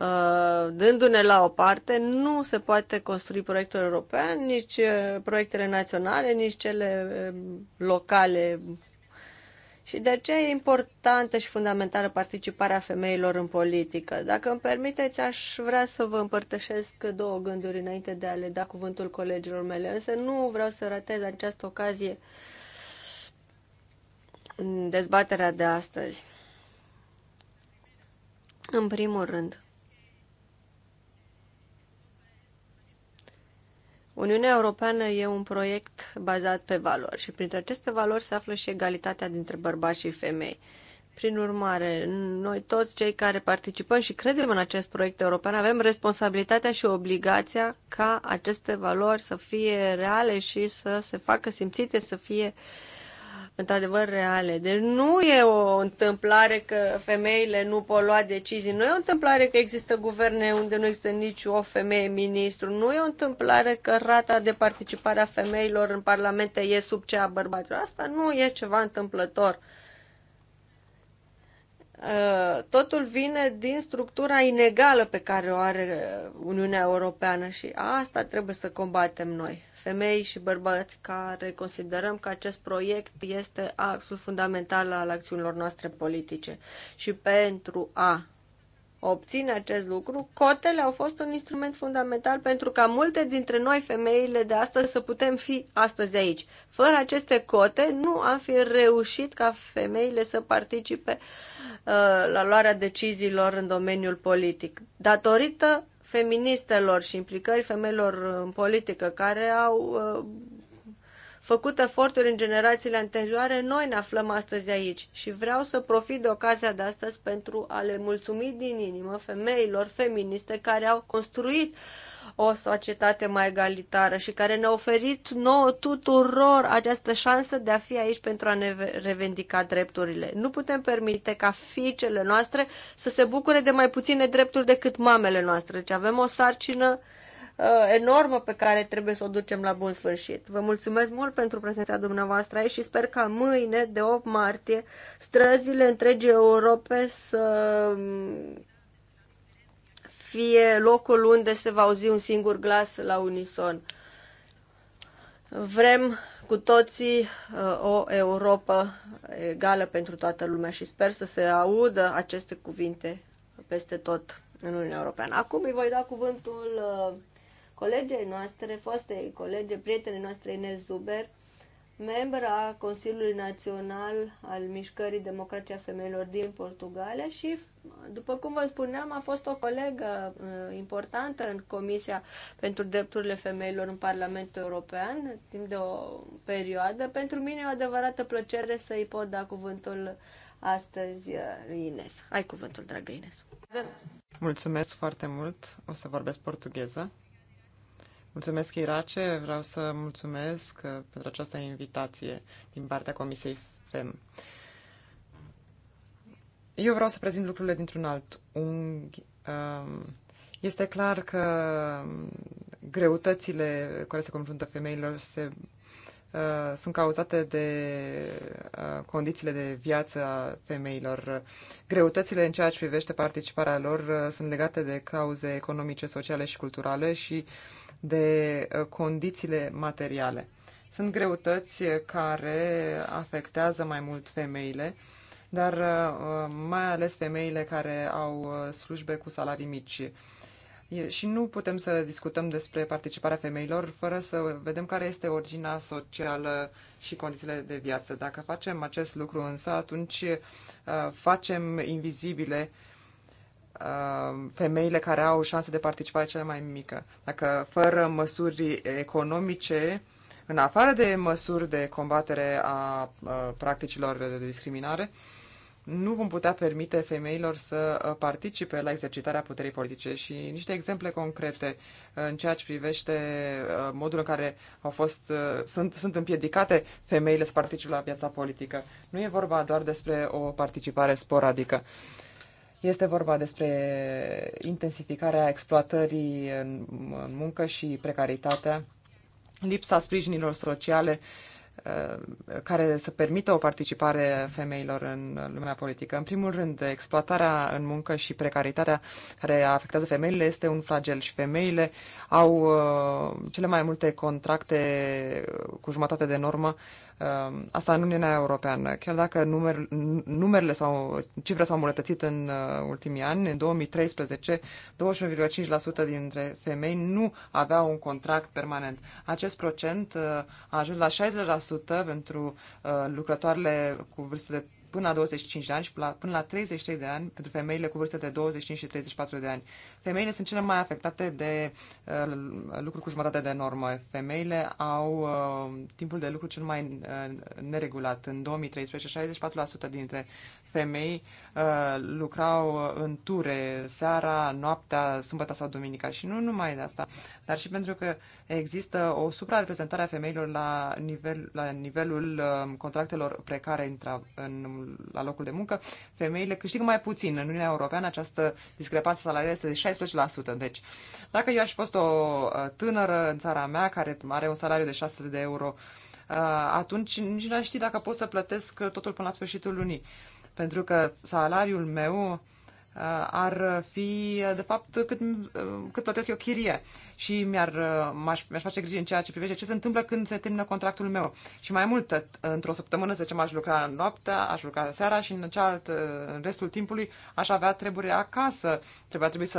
Speaker 4: Uh, dându-ne la o parte, nu se poate construi proiectul european, nici uh, proiectele naționale, nici cele uh, locale. Și de ce e importantă și fundamentală participarea femeilor în politică? Dacă îmi permiteți, aș vrea să vă împărtășesc două gânduri înainte de a le da cuvântul colegilor mele, însă nu vreau să ratez această ocazie în dezbaterea de astăzi. În primul rând, Uniunea Europeană e un proiect bazat pe valori și printre aceste valori se află și egalitatea dintre bărbați și femei. Prin urmare, noi toți cei care participăm și credem în acest proiect european avem responsabilitatea și obligația ca aceste valori să fie reale și să se facă simțite, să fie uh, într-adevăr reale. Deci nu e o întâmplare că femeile nu pot lua decizii, nu e o întâmplare că există guverne unde nu există nici o femeie ministru, nu e o întâmplare că rata de participare a femeilor în parlamente e sub cea a bărbaților. Asta nu e ceva întâmplător. Uh, totul vine din structura inegală pe care o are Uniunea Europeană și asta trebuie să combatem noi femei și bărbați care considerăm că acest proiect este axul fundamental al acțiunilor noastre politice. Și pentru a obține acest lucru, cotele au fost un instrument fundamental pentru ca multe dintre noi, femeile de astăzi, să putem fi astăzi aici. Fără aceste cote, nu am fi reușit ca femeile să participe uh, la luarea deciziilor în domeniul politic. Datorită feministelor și implicării femeilor în politică, care au uh, făcut eforturi în generațiile anterioare, noi ne aflăm astăzi aici și vreau să profit de ocazia de astăzi pentru a le mulțumi din inimă femeilor feministe care au construit uh, o societate mai egalitară și care ne-a oferit nouă tuturor această șansă de a fi aici pentru a ne revendica drepturile. Nu putem permite ca fiicele noastre să se bucure de mai puține drepturi decât mamele noastre. Deci avem o sarcină uh, enormă pe care trebuie să o ducem la bun sfârșit. Vă mulțumesc mult pentru prezența dumneavoastră aici și sper ca mâine, de 8 martie, străzile întregii Europe să fie locul unde se va auzi un singur glas la unison. Vrem cu toții uh, o Europa egală pentru toată lumea și sper să se audă aceste cuvinte peste tot în Uniunea Europeană. Acum îi voi da cuvântul uh, colegei noastre, foste colege, prietenei noastre Inez Zuber, membra a Consiliului Național al Mișcării Democrația Femeilor din Portugalia și, după cum vă spuneam, a fost o colegă uh, importantă în Comisia pentru Drepturile Femeilor în Parlamentul European, timp de o perioadă. Pentru mine e o adevărată plăcere să îi pot da cuvântul astăzi uh, Ines. Ai cuvântul, dragă Ines.
Speaker 3: Mulțumesc foarte mult. O să vorbesc portugheză. Mulțumesc, Irace. Vreau să mulțumesc uh, pentru această invitație din partea Comisiei FEM. Eu vreau să prezint lucrurile dintr-un alt unghi. Um, este clar că um, greutățile cu care se confruntă femeilor se, uh, sunt cauzate de uh, condițiile de viață a femeilor. Greutățile în ceea ce privește participarea lor sunt legate de cauze economice, sociale și culturale și uh, de uh, condițiile materiale. Sunt greutăți uh, care afectează mai mult femeile, dar uh, mai ales femeile care au slujbe cu salarii mici. Și nu putem să discutăm despre participarea femeilor fără să vedem care este originea socială și condițiile de viață. Dacă facem acest lucru însă, atunci facem invizibile uh, Uh, femeile care au șanse de participare cele mai mică. Dacă fără măsuri economice, în afară de măsuri de combatere a uh, practicilor de discriminare, nu vom putea permite femeilor să uh, participe la exercitarea puterii politice și niște exemple concrete în ceea ce privește modul în care au fost, sunt, sunt împiedicate femeile să participe la piața politică. Nu e vorba doar despre o participare sporadică. Uh, este vorba despre intensificarea exploatării în, în muncă și precaritatea, lipsa sprijinilor sociale uh, care să permită o participare femeilor în lumea politică. În primul rând, exploatarea în muncă și precaritatea care afectează femeile este un flagel și femeile au uh, cele mai multe contracte cu jumătate de normă Um, asta în Uniunea Europeană. Chiar dacă numer, numerele sau cifrele s-au îmbunătățit în uh, ultimii ani, în 2013, 21,5% dintre femei nu aveau un contract permanent. Acest procent uh, a ajuns la 60% pentru uh, lucrătoarele cu vârste de până la 25 de ani, și până la 33 de ani pentru femeile cu vârste de 25 și 34 de ani. Femeile sunt cele mai afectate de uh, lucruri cu jumătate de normă. Femeile au uh, timpul de lucru cel mai uh, neregulat. În 2013, 64% dintre femei uh, lucrau în ture seara, noaptea, sâmbătă sau duminica și nu numai de asta, dar și pentru că există o suprareprezentare a femeilor la, nivel, la nivelul uh, contractelor precare intra, în, la locul de muncă, femeile câștigă mai puțin. În Uniunea Europeană această discrepanță salarială este de 16%. Deci, dacă eu aș fi fost o uh, tânără în țara mea care are un salariu de 600 de euro, uh, atunci nici nu aș ști dacă pot să plătesc totul până la sfârșitul lunii pentru că salariul meu uh, ar fi, de fapt, cât, uh, cât plătesc eu chirie și mi-ar, uh, m-aș, mi-aș face griji în ceea ce privește ce se întâmplă când se termină contractul meu. Și mai mult, într-o săptămână, să zicem, aș lucra noaptea, aș lucra seara și în cealaltă, în restul timpului, aș avea treburi acasă, trebuia trebui să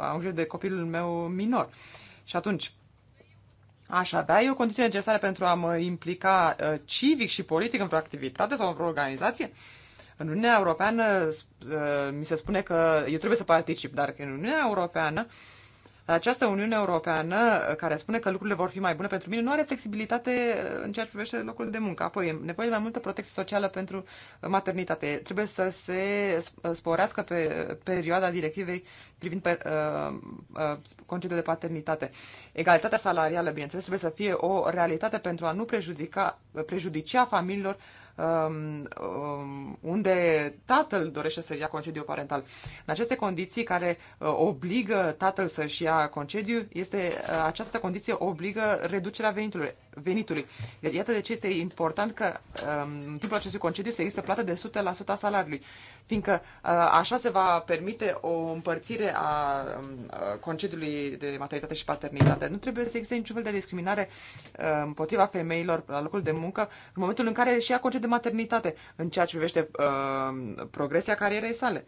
Speaker 3: am grijă de copilul meu minor. Și atunci, Aș avea eu condiții necesare pentru a mă implica civic și politic într-o activitate sau într-o organizație? Uh, în Uniunea Europeană ă, mi se spune că eu trebuie să particip, dar că în Uniunea Europeană această Uniune Europeană ă, care spune că lucrurile vor fi mai bune pentru mine nu are flexibilitate ă, în ceea ce privește locul de muncă. Apoi, nevoie de mai multă protecție socială pentru maternitate. Trebuie să se sporească pe perioada directivei privind pe, uh, uh, concediul de paternitate. Egalitatea salarială, bineînțeles, trebuie să fie o realitate pentru a nu prejudica, prejudicia familiilor um, um, unde tatăl dorește să ia concediu parental. În aceste condiții care uh, obligă tatăl să-și ia concediu, este uh, această condiție obligă reducerea venitului. venitului. Iată de ce este important că um, în timpul acestui concediu să există plată de 100% a salariului fiindcă uh, așa se va permite o împărțire a um, uh, concediului de maternitate și paternitate. Nu trebuie să existe niciun fel de discriminare uh, împotriva femeilor la locul de muncă în momentul în care și ia concediu de maternitate în ceea ce privește progresia carierei sale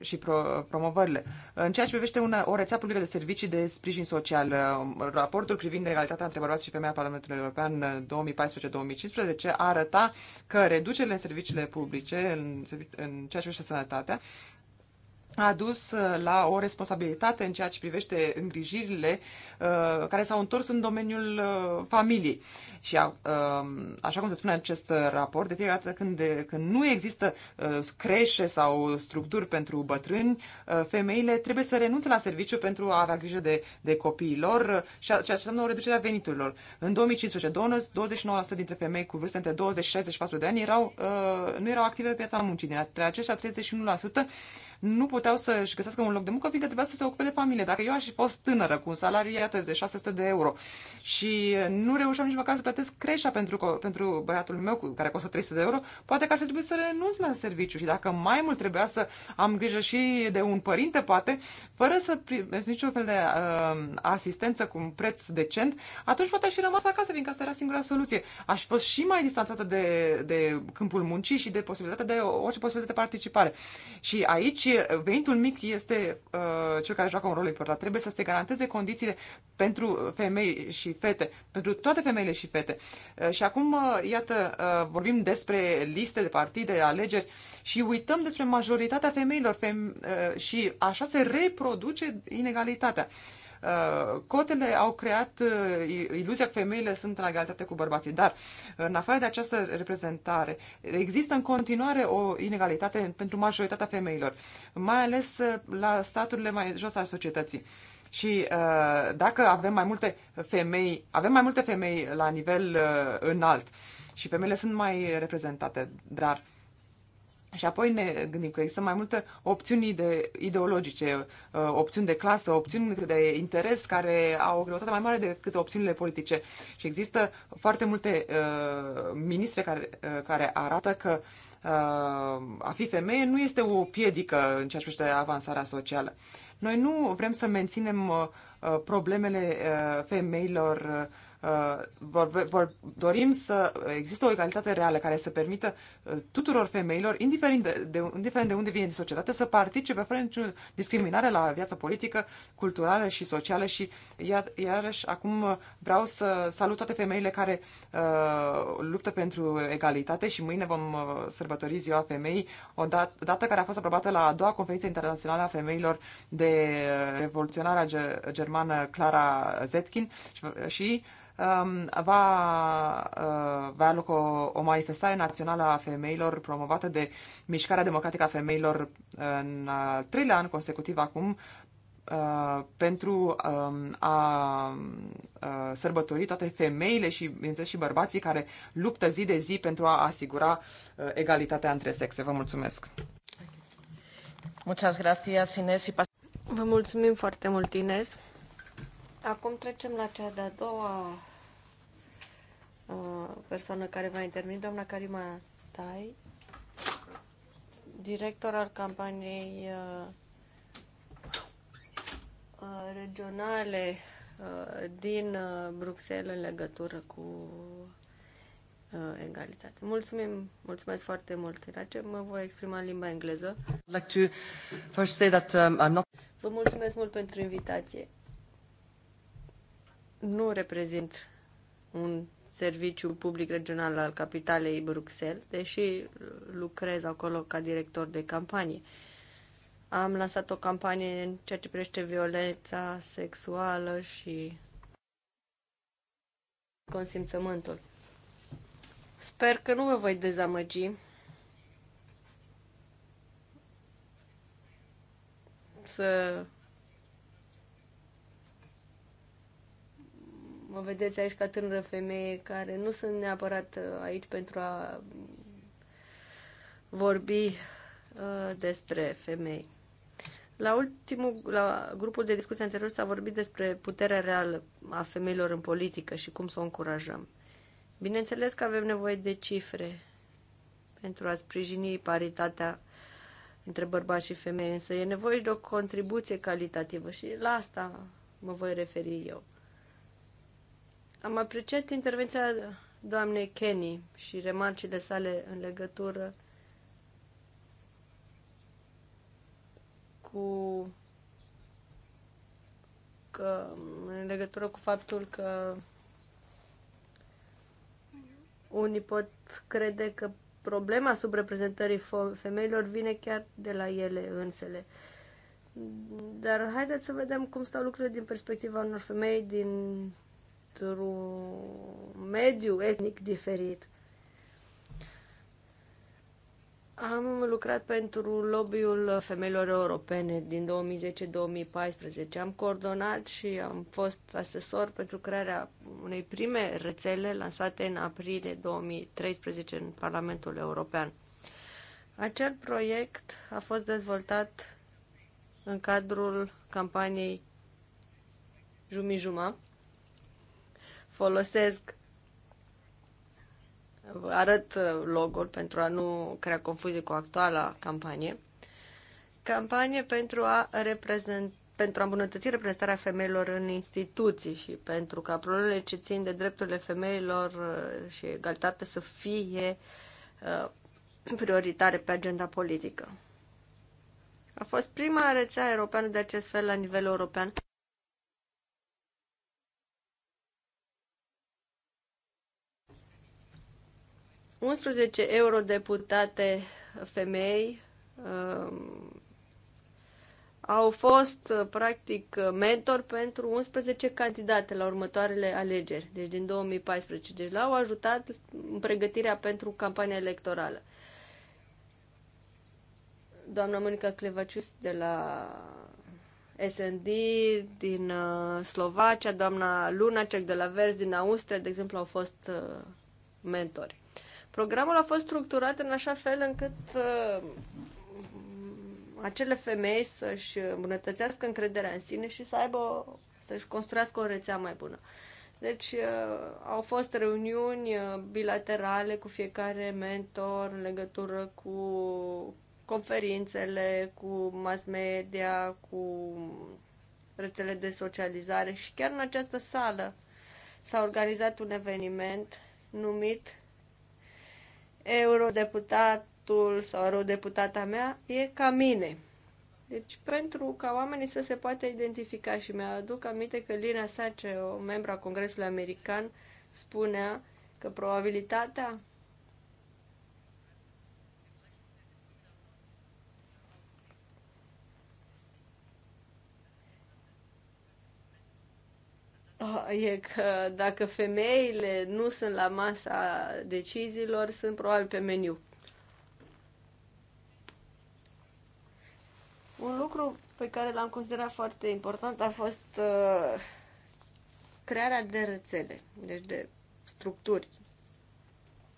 Speaker 3: și pro, promovările. În ceea ce privește una, o rețea publică de servicii de sprijin social, um, raportul privind egalitatea între bărbați și femei a Parlamentului European 2014-2015 uh, arăta că reducerile în serviciile publice, în, în ceea ce privește sănătatea, a dus uh, la o responsabilitate în ceea ce privește îngrijirile uh, care s-au întors în domeniul uh, familiei. Și um, așa cum se spune în acest raport, de fiecare dată când, de, când nu există creșe sau structuri pentru bătrâni, femeile trebuie să renunțe la serviciu pentru a avea grijă de, de lor și ceea ce înseamnă o reducere a veniturilor. În 2015, 29% dintre femei cu vârste între 20 și 64 de ani erau, nu erau active pe piața muncii. Dintre aceștia, 31% nu puteau să-și găsească un loc de muncă, fiindcă trebuia să se ocupe de familie. Dacă eu aș fi fost tânără cu un salariu, iată, de 600 de euro și nu reușeam nici măcar să plătesc creșa pentru, pentru băiatul meu, care costă 300 de euro, poate că ar fi trebuit să renunț la serviciu și dacă mai mult trebuia să am grijă și de un părinte, poate, fără să primesc niciun fel de uh, asistență cu un preț decent, atunci poate aș fi rămas acasă, fiindcă asta era singura soluție. Aș fi fost și mai distanțată de, de câmpul muncii și de posibilitatea de orice posibilitate de participare. Și aici venitul mic este uh, cel care joacă un rol important. Trebuie să se garanteze condițiile pentru femei și fete, pentru toate femeile și fete. Uh, și acum, uh, iată, uh, vorbim despre liste de partide, alegeri și uităm despre majoritatea femeilor fem- uh, și așa se reproduce inegalitatea. Uh, Uh, cotele au creat uh, iluzia că femeile sunt în egalitate cu bărbații. Dar, în afară de această reprezentare, există în continuare o inegalitate pentru majoritatea femeilor, mai ales uh, la staturile mai jos ale societății. Și dacă avem mai multe femei, avem mai multe femei la nivel înalt și femeile sunt mai reprezentate, dar și apoi ne gândim că există mai multe opțiuni ide- ideologice, uh, opțiuni de clasă, opțiuni de interes care au o greutate mai mare decât opțiunile politice. Și există foarte multe uh, ministre care, uh, care arată că uh, a fi femeie nu este o piedică în ceea ce privește avansarea socială. Noi nu vrem să menținem uh, problemele uh, femeilor uh, Uh, vor, vor, dorim să există o egalitate reală care să permită uh, tuturor femeilor, indiferent de, de, indiferent de unde vine din societate, să participe fără nicio discriminare la viața politică, culturală și socială și iar, iarăși acum uh, vreau să salut toate femeile care uh, luptă pentru egalitate și mâine vom sărbători ziua femeii, o dat, dată care a fost aprobată la a doua conferință internațională a femeilor de revoluționarea germană Clara Zetkin și, și Um, va, uh, va avea loc o, o manifestare națională a femeilor promovată de Mișcarea Democratică a Femeilor în al treilea an consecutiv acum uh, pentru um, a uh, sărbători toate femeile și, bineînțeles, și bărbații care luptă zi de zi pentru a asigura egalitatea între
Speaker 4: sexe. Vă mulțumesc!
Speaker 1: Muchas gracias, Inés. Vă mulțumim
Speaker 4: foarte mult, Inés. Acum trecem la cea de-a doua uh, persoană care va interveni, doamna Karima Tai, director al campaniei uh, uh, regionale din Bruxelles în legătură cu egalitate. Mulțumim, mulțumesc foarte mult. Ce mă voi exprima în limba engleză.
Speaker 3: Like to first say that, um, I'm not...
Speaker 4: Vă mulțumesc mult pentru invitație nu reprezint un serviciu public regional al capitalei Bruxelles, deși lucrez acolo ca director de campanie. Am lansat o campanie în ceea ce privește violența sexuală și consimțământul. Sper că nu vă voi dezamăgi. Să Mă vedeți aici ca tânără femeie care nu sunt neapărat uh, aici pentru a vorbi uh, despre femei. La ultimul, la grupul de discuție anterior s-a vorbit despre puterea reală a femeilor în politică și cum să o încurajăm. Bineînțeles că avem nevoie de cifre pentru a sprijini paritatea între bărbați și femei, însă e nevoie și de o contribuție calitativă și la asta mă voi referi eu. Am apreciat intervenția doamnei Kenny și remarcile sale în legătură cu că în legătură cu faptul că unii pot crede că problema subreprezentării femeilor vine chiar de la ele însele. Dar haideți să vedem cum stau lucrurile din perspectiva unor femei din într-un mediu etnic diferit. Am lucrat pentru lobby-ul femeilor europene din 2010-2014. Am coordonat și am fost asesor pentru crearea unei prime rețele lansate în aprilie 2013 în Parlamentul European. Acel proiect a fost dezvoltat în cadrul campaniei Jumijuma folosesc arăt uh, logo-ul pentru a nu crea confuzie cu actuala campanie. Campanie pentru a reprezenta pentru a îmbunătăți reprezentarea femeilor în instituții și pentru ca problemele ce țin de drepturile femeilor uh, și egalitate să fie uh, prioritare pe agenda politică. A fost prima rețea europeană de acest fel la nivel european. 11 eurodeputate femei um, au fost uh, practic mentor pentru 11 candidate la următoarele alegeri, deci din 2014. Deci l-au ajutat în pregătirea pentru campania electorală. Doamna Monica Clevacius de la SND din uh, Slovacia, doamna Lunacek de la Vers din Austria, de exemplu, au fost uh, mentori. Programul a fost structurat în așa fel încât uh, acele femei să-și îmbunătățească încrederea în sine și să aibă, să-și construiască o rețea mai bună. Deci uh, au fost reuniuni uh, bilaterale cu fiecare mentor în legătură cu conferințele, cu mass media, cu rețele de socializare și chiar în această sală s-a organizat un eveniment numit eurodeputatul sau eurodeputata mea e ca mine. Deci pentru ca oamenii să se poată identifica și mi-aduc aminte că Lina Sace, o membru a Congresului American, spunea că probabilitatea Ah, e că dacă femeile nu sunt la masa deciziilor, sunt probabil pe meniu. Un lucru pe care l-am considerat foarte important a fost uh, crearea de rețele, deci de structuri,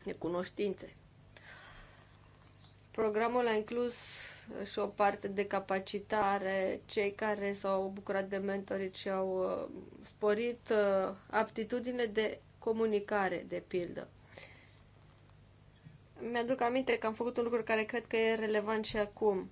Speaker 4: de cunoștințe. Programul a inclus și o parte de capacitare. Cei care s-au bucurat de mentorii și au uh, sporit uh, aptitudine de comunicare, de pildă. Mi-aduc aminte că am făcut un lucru care cred că e relevant și acum.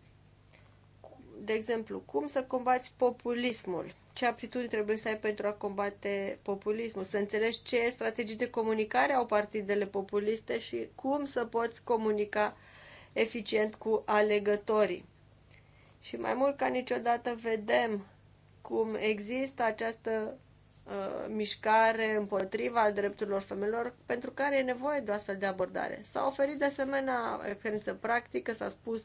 Speaker 4: De exemplu, cum să combați populismul? Ce aptitudini trebuie să ai pentru a combate populismul? Să înțelegi ce strategii de comunicare au partidele populiste și cum să poți comunica uh, eficient cu alegătorii. Și mai mult ca niciodată vedem cum există această uh, mișcare împotriva drepturilor femeilor pentru care e nevoie de o astfel de abordare. S-a oferit de asemenea experiență practică, s-a spus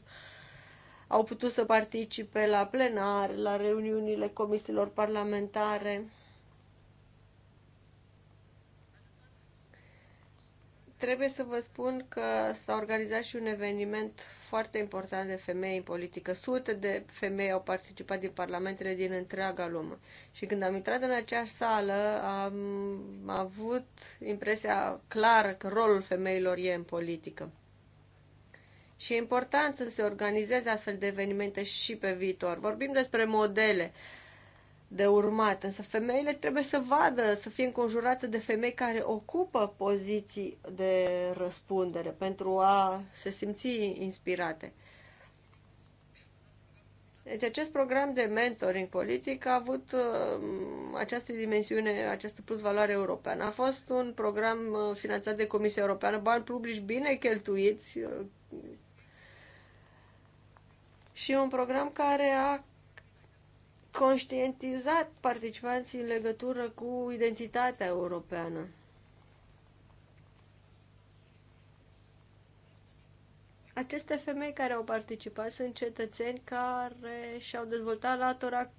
Speaker 4: au putut să participe la plenar, la reuniunile comisiilor parlamentare Trebuie să vă spun că s-a organizat și un eveniment foarte important de femei în politică. Sute de femei au participat din parlamentele din întreaga lume. Și când am intrat în aceeași sală, am avut impresia clară că rolul femeilor e în politică. Și e important să se organizeze astfel de evenimente și pe viitor. Vorbim despre modele. Uh, de urmat. Însă femeile trebuie să vadă, să fie înconjurate de femei care ocupă poziții de răspundere pentru a se simți inspirate. Deci acest program de mentoring politic a avut uh, această dimensiune, această plus valoare europeană. A fost un program uh, finanțat de Comisia Europeană, bani publici bine cheltuiți uh, și un program care a conștientizat participanții în legătură cu identitatea europeană. Aceste femei care au participat sunt cetățeni care și-au dezvoltat latura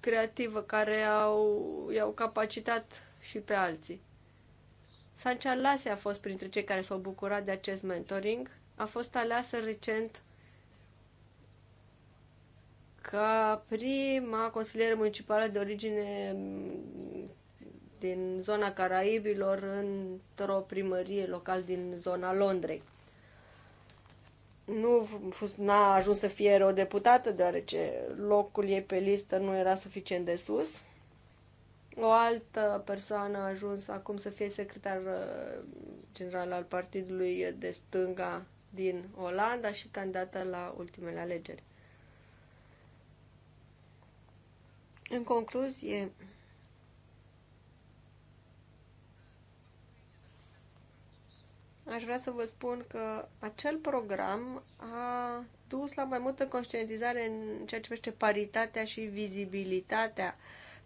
Speaker 4: creativă, care au, i-au capacitat și pe alții. Sancea Lase a fost printre cei care s-au bucurat de acest mentoring. A fost aleasă recent ca prima consilieră municipală de origine din zona Caraibilor într-o primărie local din zona Londrei. Nu n-a ajuns să fie o deputată deoarece locul ei pe listă nu era suficient de sus. O altă persoană a ajuns acum să fie secretar uh, general al partidului de stânga din Olanda și candidată la ultimele alegeri. În concluzie, aș vrea să vă spun că acel program a dus la mai multă conștientizare în ceea ce privește paritatea și vizibilitatea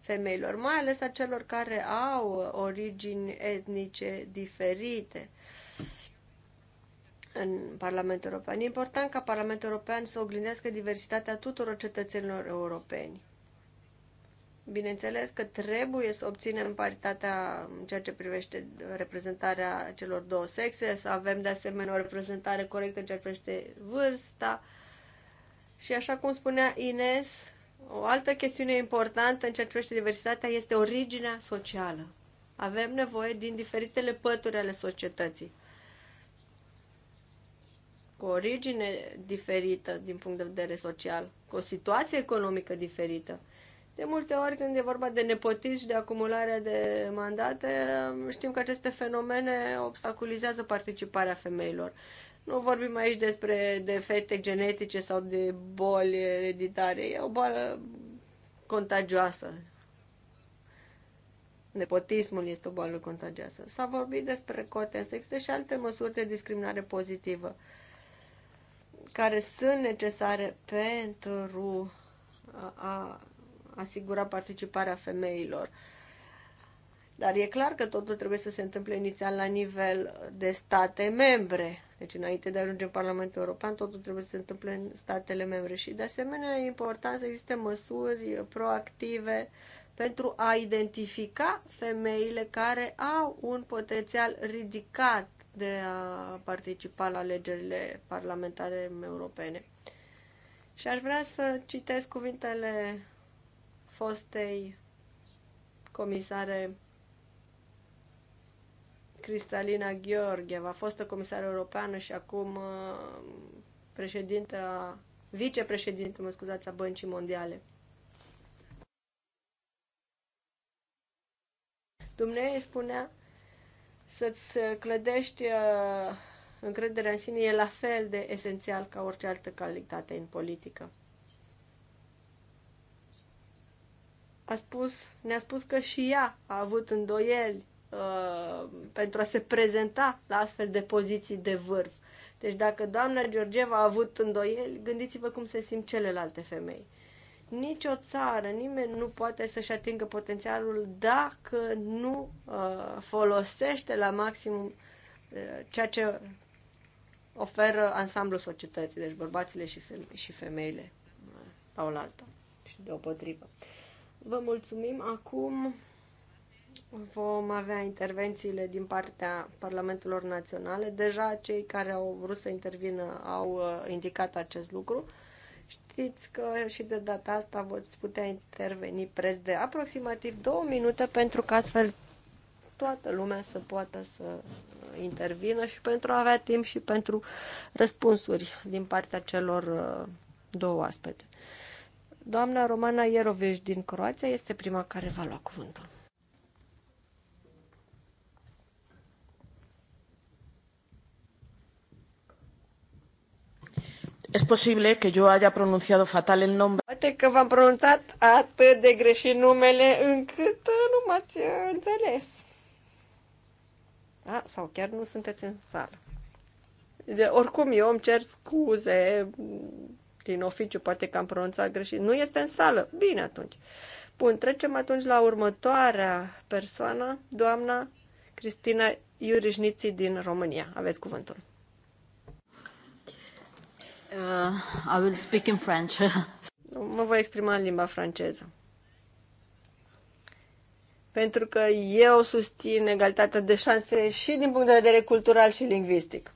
Speaker 4: femeilor, mai ales a celor care au origini etnice diferite în Parlamentul European. E important ca Parlamentul European să oglindească diversitatea tuturor cetățenilor europeni. Bineînțeles că trebuie să obținem paritatea în ceea ce privește reprezentarea celor două sexe, să avem de asemenea o reprezentare corectă în ceea ce privește vârsta. Și așa cum spunea Ines, o altă chestiune importantă în ceea ce privește diversitatea este originea socială. Avem nevoie din diferitele pături ale societății cu o origine diferită din punct de vedere social, cu o situație economică diferită. De multe ori, când e vorba de nepotism, de acumularea de mandate, știm că aceste fenomene obstaculizează participarea femeilor. Nu vorbim aici despre defecte genetice sau de boli ereditare. E o boală contagioasă. Nepotismul este o boală contagioasă. S-a vorbit despre cote în sex, și alte măsuri de discriminare pozitivă care sunt necesare pentru a asigura participarea femeilor. Dar e clar că totul trebuie să se întâmple inițial la nivel de state membre. Deci înainte de a ajunge în Parlamentul European, totul trebuie să se întâmple în statele membre. Și de asemenea e important să existe măsuri proactive pentru a identifica femeile care au un potențial ridicat de a participa la alegerile parlamentare europene. Și aș vrea să citesc cuvintele fostei comisare Cristalina Gheorgheva, fostă comisară europeană și acum uh, președinta, vicepreședinte, mă scuzați, a Băncii Mondiale. Dumnezeu spunea să-ți clădești uh, încrederea în sine e la fel de esențial ca orice altă calitate în politică. a spus, ne-a spus că și ea a avut îndoieli uh, pentru a se prezenta la astfel de poziții de vârf. Deci dacă doamna Georgieva a avut îndoieli, gândiți-vă cum se simt celelalte femei. Nici o țară, nimeni nu poate să-și atingă potențialul dacă nu uh, folosește la maximum uh, ceea ce oferă ansamblul societății, deci bărbațile și, feme- și femeile uh, la oaltă și deopotrivă. Uh, Vă mulțumim. Acum vom avea intervențiile din partea Parlamentelor Naționale. Deja cei care au vrut să intervină au uh, indicat acest lucru. Știți că și de data asta voți putea interveni preț de aproximativ două minute pentru că astfel toată lumea să poată să intervină și pentru a avea timp și pentru răspunsuri din partea celor uh, două aspecte. Doamna Romana Ieroveș din Croația este prima care va lua cuvântul. Es posible que yo haya pronunciado fatal el nombre. Poate că v-am pronunțat atât de greșit numele încât nu m-ați înțeles. A, sau chiar nu sunteți în sală. De, oricum, eu îmi cer scuze în oficiu, poate că am pronunțat greșit, nu este în sală. Bine atunci. Bun, trecem atunci la următoarea persoană, doamna Cristina Iurișniții din România. Aveți cuvântul. Uh, I will speak in French. mă voi exprima în limba franceză. Pentru că eu susțin egalitatea de șanse și din punct de vedere cultural și lingvistic.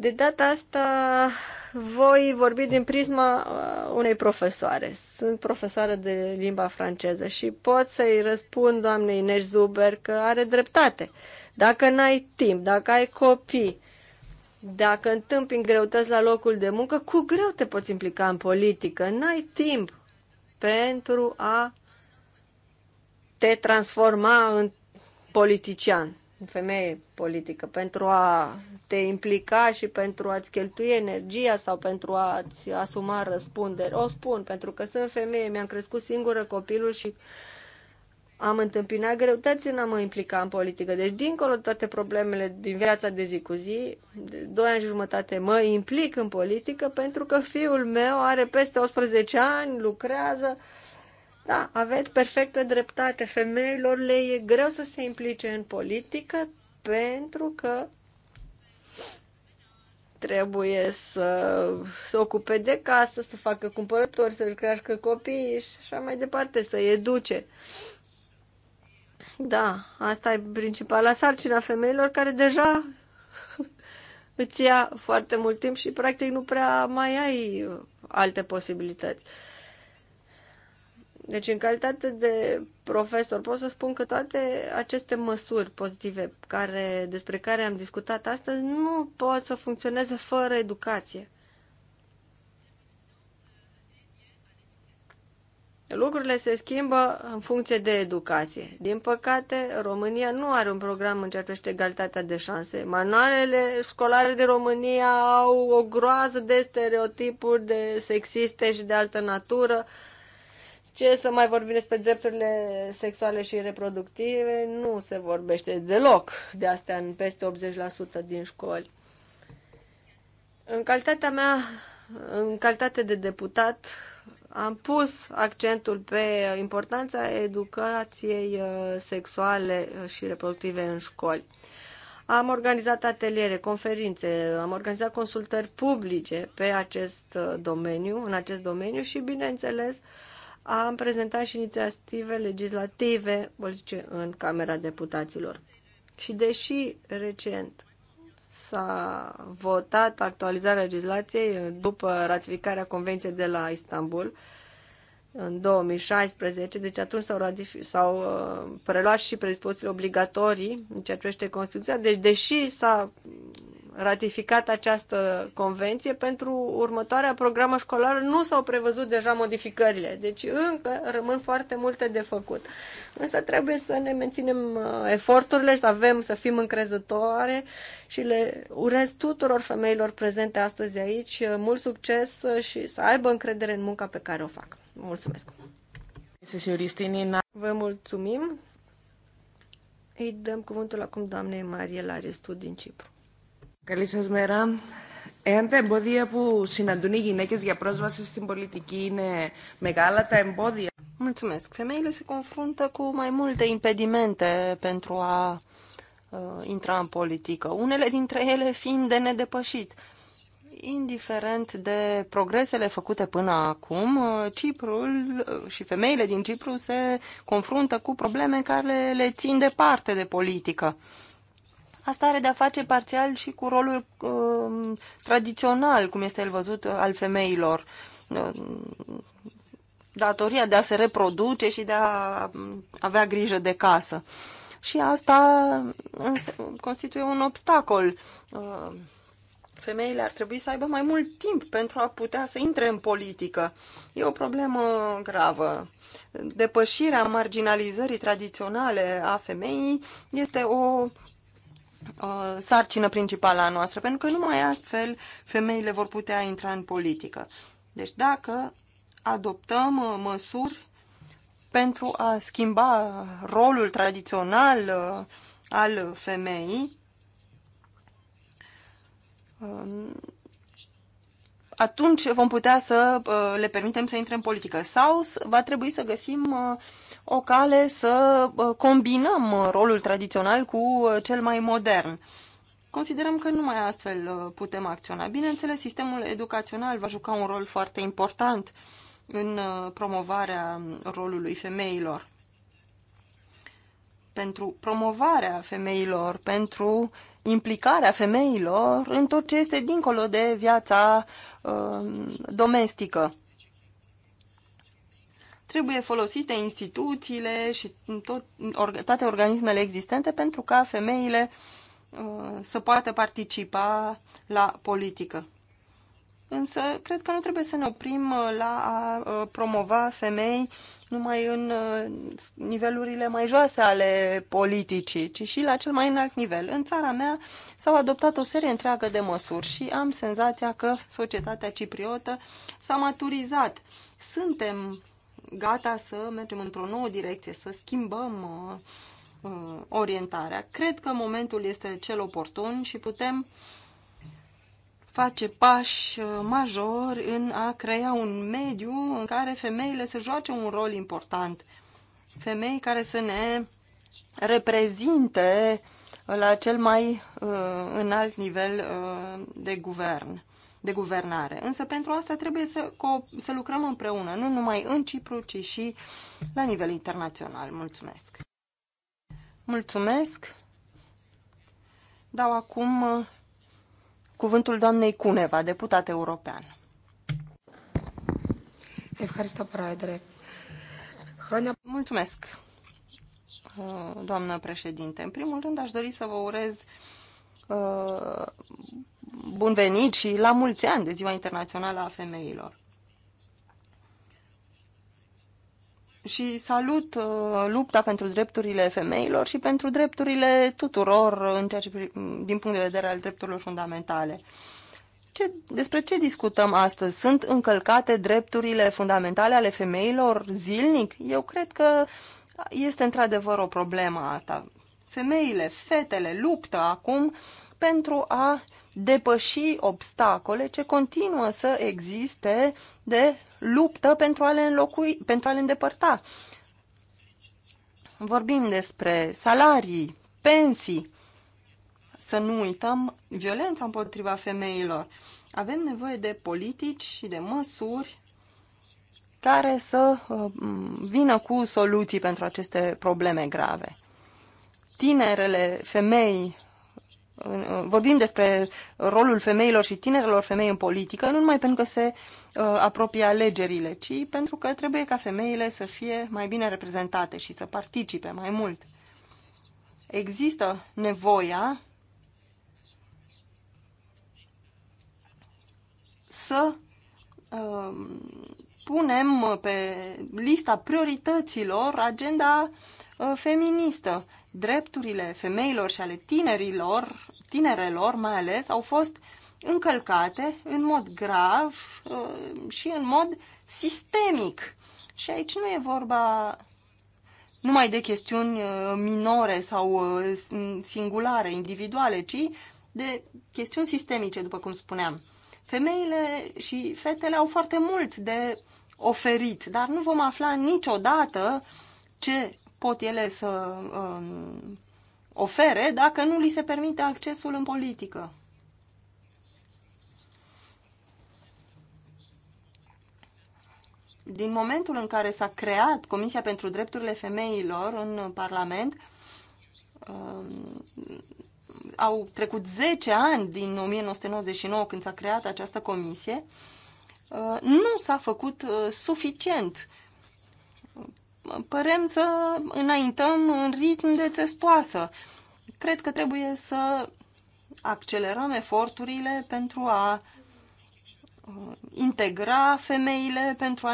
Speaker 4: De data asta voi vorbi din prisma uh, unei profesoare. Sunt profesoară de limba franceză și pot să-i răspund doamnei Neș Zuber că are dreptate. Dacă n-ai timp, dacă ai copii, dacă întâmpini greutăți la locul de muncă, cu greu te poți implica în politică. N-ai timp pentru a te transforma în politician femeie politică, pentru a te implica și pentru a-ți cheltui energia sau pentru a-ți asuma răspunderi. O spun, pentru că sunt femeie, mi-am crescut singură copilul și am întâmpinat greutăți în a mă implica în politică. Deci, dincolo de toate problemele din viața de zi cu zi, de doi ani și jumătate mă implic în politică pentru că fiul meu are peste 18 ani, lucrează, da, aveți perfectă dreptate. Femeilor le e greu să se implice în politică pentru că trebuie să se ocupe de casă, să facă cumpărători, să-și crească copiii și așa mai departe, să educe. Da, asta e principala sarcina femeilor care deja îți ia foarte mult timp și practic nu prea mai ai alte posibilități. Deci, în calitate de profesor, pot să spun că toate aceste măsuri pozitive care, despre care am discutat astăzi nu pot să funcționeze fără educație. Lucrurile se schimbă în funcție de educație. Din păcate, România nu are un program în ceea ce privește egalitatea de șanse. Manualele școlare de România au o groază de stereotipuri de sexiste și de altă natură. Uh, ce să mai vorbim despre drepturile sexuale și reproductive? Nu se vorbește deloc de astea în peste 80% din școli. În calitatea mea, în calitate de deputat, am pus accentul pe importanța educației uh, sexuale uh, și reproductive în școli. Am organizat ateliere, conferințe, am organizat consultări publice pe acest uh, domeniu, în acest domeniu și, bineînțeles, uh, am prezentat și inițiative legislative politice în Camera Deputaților. Și deși recent s-a votat actualizarea legislației după ratificarea Convenției de la Istanbul în 2016, deci atunci s-au, s-au uh, preluat și predispozițiile obligatorii în ceea ce privește Constituția, deci deși s-a ratificat această convenție, pentru următoarea programă școlară nu s-au prevăzut deja modificările, deci încă rămân foarte multe de făcut. Însă trebuie să ne menținem uh, eforturile, să avem, să fim încrezătoare și le urez tuturor femeilor prezente astăzi aici uh, mult succes uh, și să aibă încredere în munca pe care o fac. Mulțumesc! Vă mulțumim! Îi dăm cuvântul acum doamnei Mariela Laristu din Cipru. Καλή σα μέρα. Εάν τα εμπόδια που συναντούν οι γυναίκε για πρόσβαση στην πολιτική είναι μεγάλα τα
Speaker 2: εμπόδια... Mulțumesc. Femeile se confruntă cu mai multe impedimente pentru a uh, intra în politică, unele dintre ele fiind de nedepășit. Indiferent de progresele făcute până acum, ă, Ciprul ă, și femeile din Cipru se confruntă cu probleme care le țin departe de politică. Uh, Asta are de-a face parțial și cu rolul uh, tradițional, cum este el văzut, uh, al femeilor. Uh, datoria de a se reproduce și de a um, avea grijă de casă. Și asta um, constituie un obstacol. Uh, femeile ar trebui să aibă mai mult timp pentru a putea să intre în politică. E o problemă gravă. Depășirea marginalizării tradiționale a femeii este o Uh, sarcină principală a noastră, pentru că numai astfel femeile vor putea intra în politică. Deci dacă adoptăm uh, măsuri pentru a schimba rolul tradițional uh, al femeii, um, atunci vom putea să le permitem să intre în politică. Sau va trebui să găsim o cale să combinăm uh, rolul tradițional cu uh, cel mai modern. Considerăm că numai astfel uh, putem acționa. Bineînțeles, sistemul educațional va juca un rol foarte important în promovarea um, rolului femeilor. Pentru promovarea femeilor, pentru implicarea femeilor în tot ce este dincolo de viața uh, domestică trebuie folosite instituțiile și tot, or, toate organismele existente pentru ca femeile uh, să poată participa la politică. Însă, cred că nu trebuie să ne oprim uh, la a uh, promova femei numai în uh, nivelurile mai joase ale politicii, ci și la cel mai înalt nivel. În țara mea s-au adoptat o serie întreagă de măsuri și am senzația că societatea cipriotă s-a maturizat. Suntem gata să mergem într-o nouă direcție, să schimbăm uh, uh, orientarea. Cred că momentul este cel oportun și putem face pași uh, majori în a crea un mediu în care femeile să joace un rol important. Femei care să ne reprezinte la cel mai uh, înalt nivel uh, de guvern de guvernare. Însă pentru asta trebuie să, să lucrăm împreună, nu numai în Cipru, ci și la nivel internațional. Mulțumesc! Mulțumesc! Dau acum uh, cuvântul doamnei Cuneva, deputat european. Mulțumesc, uh, doamnă președinte. În primul rând, aș dori să vă urez uh, bun venit și la mulți ani de Ziua Internațională a Femeilor. Și salut uh, lupta pentru drepturile femeilor și pentru drepturile tuturor în ceea ce, din punct de vedere al drepturilor fundamentale. Ce, despre ce discutăm astăzi? Sunt încălcate drepturile fundamentale ale femeilor zilnic? Eu cred că este într-adevăr o problemă asta. Femeile, fetele luptă acum pentru a uh, depăși obstacole ce continuă să existe de luptă pentru a le, înlocui, pentru a le îndepărta. Vorbim despre salarii, pensii, să nu uităm violența împotriva femeilor. Avem nevoie de politici și de măsuri care să uh, vină cu soluții pentru aceste probleme grave. Tinerele femei Uh, vorbim despre rolul femeilor și tinerelor femei în politică, nu numai pentru că se uh, apropie alegerile, ci pentru că trebuie ca femeile să fie mai bine reprezentate și să participe mai mult. Există nevoia să uh, punem pe lista priorităților agenda uh, feministă drepturile femeilor și ale tinerilor, tinerelor mai ales, au fost încălcate în mod grav uh, și în mod sistemic. Și aici nu e vorba numai de chestiuni uh, minore sau uh, singulare, individuale, ci de chestiuni sistemice, după cum spuneam. Femeile și fetele au foarte mult de oferit, dar nu vom afla niciodată ce pot ele să um, ofere dacă nu li se permite accesul în politică. Din momentul în care s-a creat Comisia pentru Drepturile Femeilor în Parlament, um, au trecut 10 ani din 1999 când s-a creat această comisie, uh, nu s-a făcut uh, suficient părem să înaintăm în ritm de țestoasă. Cred că trebuie să accelerăm eforturile pentru a uh, integra femeile, pentru a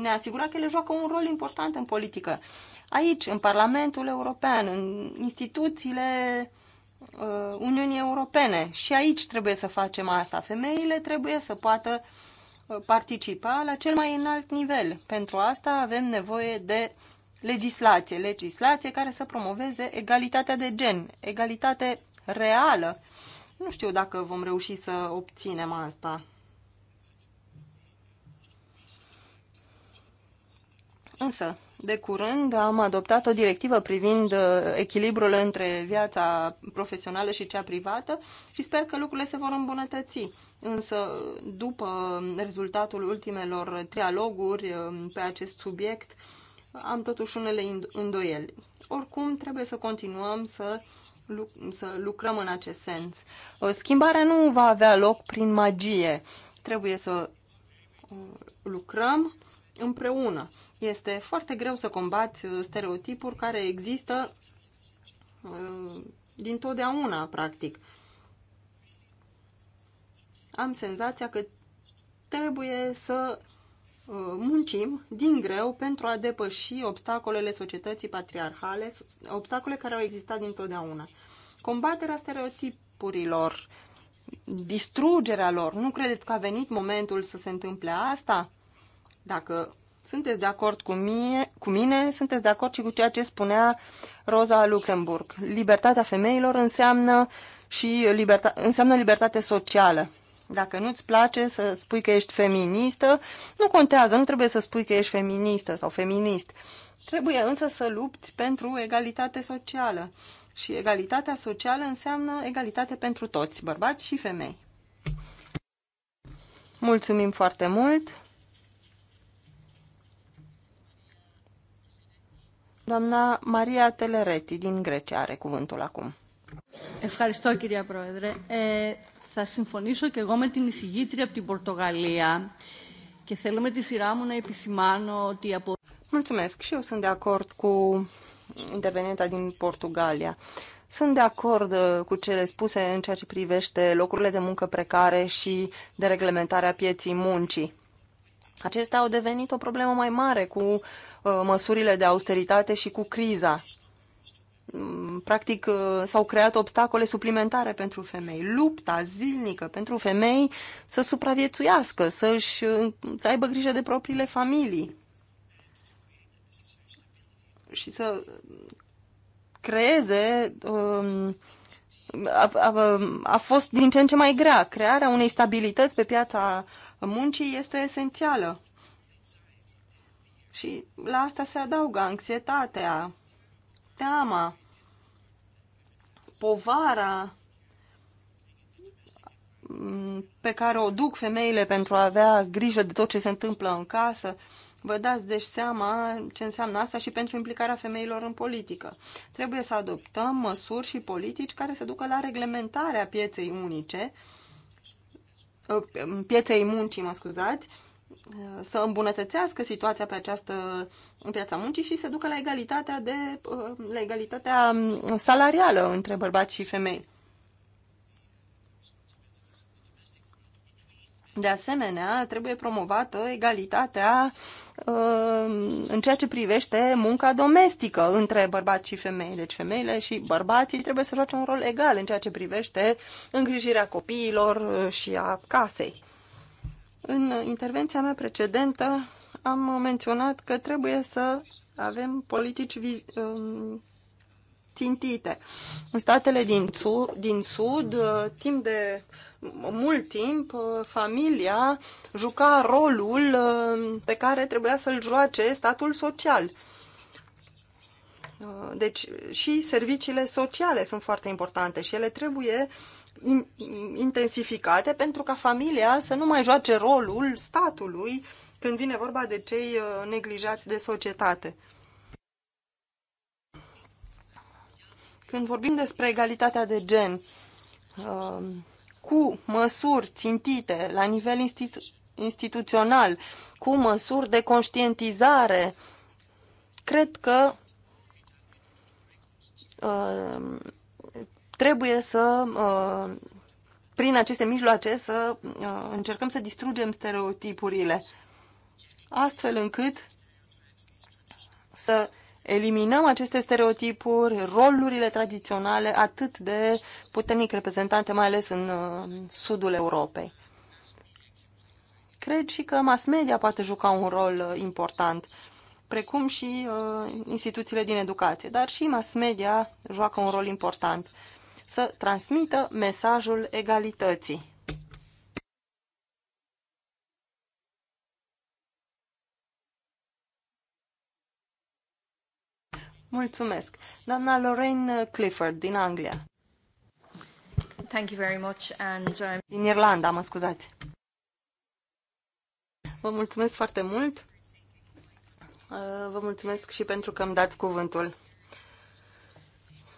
Speaker 2: ne asigura că ele joacă un rol important în politică. Aici, în Parlamentul European, în instituțiile uh, Uniunii Europene. Și aici trebuie să facem asta. Femeile trebuie să poată uh, participa la cel mai înalt nivel. Pentru asta avem nevoie de legislație, legislație care să promoveze egalitatea de gen, egalitate reală. Nu știu dacă vom reuși să obținem asta. Însă, de curând am adoptat o directivă privind uh, echilibrul între viața profesională și cea privată și sper că lucrurile se vor îmbunătăți. Însă, după rezultatul ultimelor trialoguri um, pe acest subiect, am totuși unele îndoieli. Oricum, trebuie să continuăm să, să lucrăm în acest sens. Uh, schimbarea nu va avea loc prin magie. Trebuie să uh, lucrăm împreună. Este foarte greu să combați uh, stereotipuri care există uh, din totdeauna, practic. Am senzația că trebuie să uh, muncim din greu pentru a depăși obstacolele societății patriarhale, obstacole care au existat din totdeauna. Combaterea stereotipurilor, distrugerea lor, nu credeți că a venit momentul să se întâmple asta? Dacă sunteți de acord cu mine, cu mine, sunteți de acord și cu ceea ce spunea Rosa Luxemburg. Libertatea femeilor înseamnă și liberta, înseamnă libertate socială. Dacă nu-ți place să spui că ești feministă, nu contează, nu trebuie să spui că ești feministă sau feminist. Trebuie însă să lupți pentru egalitate socială. Și egalitatea socială înseamnă egalitate pentru toți, bărbați și femei. Mulțumim foarte mult! Doamna Maria Telereti din Grecia are cuvântul acum.
Speaker 4: Ευχαριστώ κυρία Πρόεδρε. Ε, θα συμφωνήσω και εγώ με την εισηγήτρια από την Πορτογαλία και θέλω με τη σειρά μου να επισημάνω ότι
Speaker 2: από... Mulțumesc și eu sunt de acord cu intervenienta din Portugalia. Sunt de acord uh, cu cele spuse în ceea ce privește locurile de muncă precare și de reglementarea pieții muncii. Acestea au devenit o problemă mai mare cu Uh, măsurile de austeritate și cu criza. Mm, practic uh, s-au creat obstacole suplimentare pentru femei. Lupta zilnică pentru femei să supraviețuiască, să, -și, uh, să aibă grijă de propriile familii și să creeze um, a, a, a fost din ce în ce mai grea. Crearea unei stabilități pe piața muncii este esențială. Și la asta se adaugă anxietatea, teama, povara mm, pe care o duc femeile pentru a avea grijă de tot ce se întâmplă în casă. Vă dați deci seama ce înseamnă asta și pentru implicarea femeilor în politică. Trebuie să adoptăm măsuri și politici care să ducă la reglementarea pieței unice, pieței muncii, mă scuzați, să îmbunătățească situația pe această în piața muncii și să ducă la egalitatea, de, uh, la egalitatea um, salarială între bărbați și femei. De asemenea, trebuie promovată egalitatea um, în ceea ce privește munca domestică între bărbați și femei. Deci femeile și bărbații trebuie să joace un rol egal în ceea ce privește îngrijirea copiilor uh, și a casei. În intervenția mea precedentă am menționat că trebuie să avem politici um, țintite. În statele din, sud, din sud, uh, timp de mult timp, uh, familia juca rolul uh, pe care trebuia să-l joace statul social. Deci și serviciile sociale sunt foarte importante și ele trebuie uh, in, intensificate pentru ca familia să nu mai joace rolul statului când vine vorba de cei uh, neglijați de societate. Când vorbim despre egalitatea de gen, uh, cu măsuri țintite la nivel institu instituțional, cu măsuri de conștientizare, cred că uh, trebuie să, uh, prin aceste mijloace, să uh, încercăm să distrugem stereotipurile, astfel încât să eliminăm aceste stereotipuri, rolurile tradiționale atât de puternic reprezentante, mai ales în uh, sudul Europei. Cred și că mass media poate juca un rol important, precum și uh, instituțiile din educație, dar și mass media joacă un rol important să transmită mesajul egalității. Mulțumesc. Doamna Lorraine Clifford din Anglia.
Speaker 4: Thank you very much and, um...
Speaker 2: Din Irlanda, mă scuzați. Vă mulțumesc foarte mult. Uh, vă mulțumesc și pentru că îmi dați cuvântul.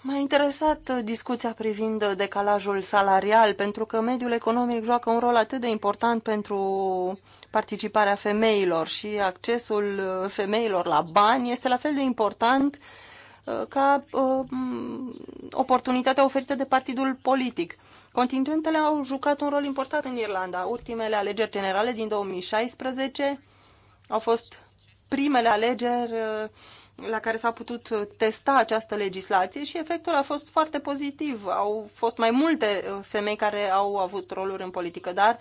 Speaker 2: M-a interesat uh, discuția privind uh, decalajul salarial, pentru că mediul economic joacă un rol atât de important pentru participarea femeilor și accesul uh, femeilor la bani este la fel de important ca oportunitatea oferită de partidul politic. Contingentele au jucat un rol important în Irlanda. Ultimele alegeri generale din 2016 au fost primele alegeri la care s-a putut testa această legislație și efectul a fost foarte pozitiv. Au fost mai multe uh, femei care au avut roluri în politică, dar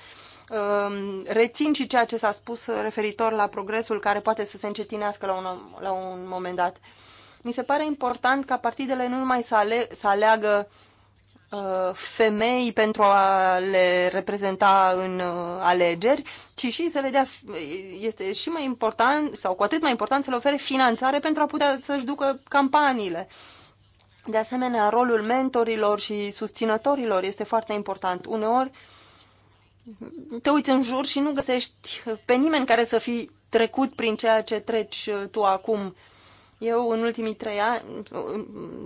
Speaker 2: um, rețin și ceea ce s-a spus referitor la progresul care poate să se încetinească la un, la un moment dat. Mi se pare important ca partidele nu numai să, ale, să aleagă Uh, femei pentru a le reprezenta în uh, alegeri, ci și să le dea, este și mai important, sau cu atât mai important, să le ofere finanțare pentru a putea să-și ducă campaniile. De asemenea, rolul mentorilor și susținătorilor este foarte important. Uneori te uiți în jur și nu găsești pe nimeni care să fi trecut prin ceea ce treci uh, tu acum. Uh, eu în ultimii trei ani,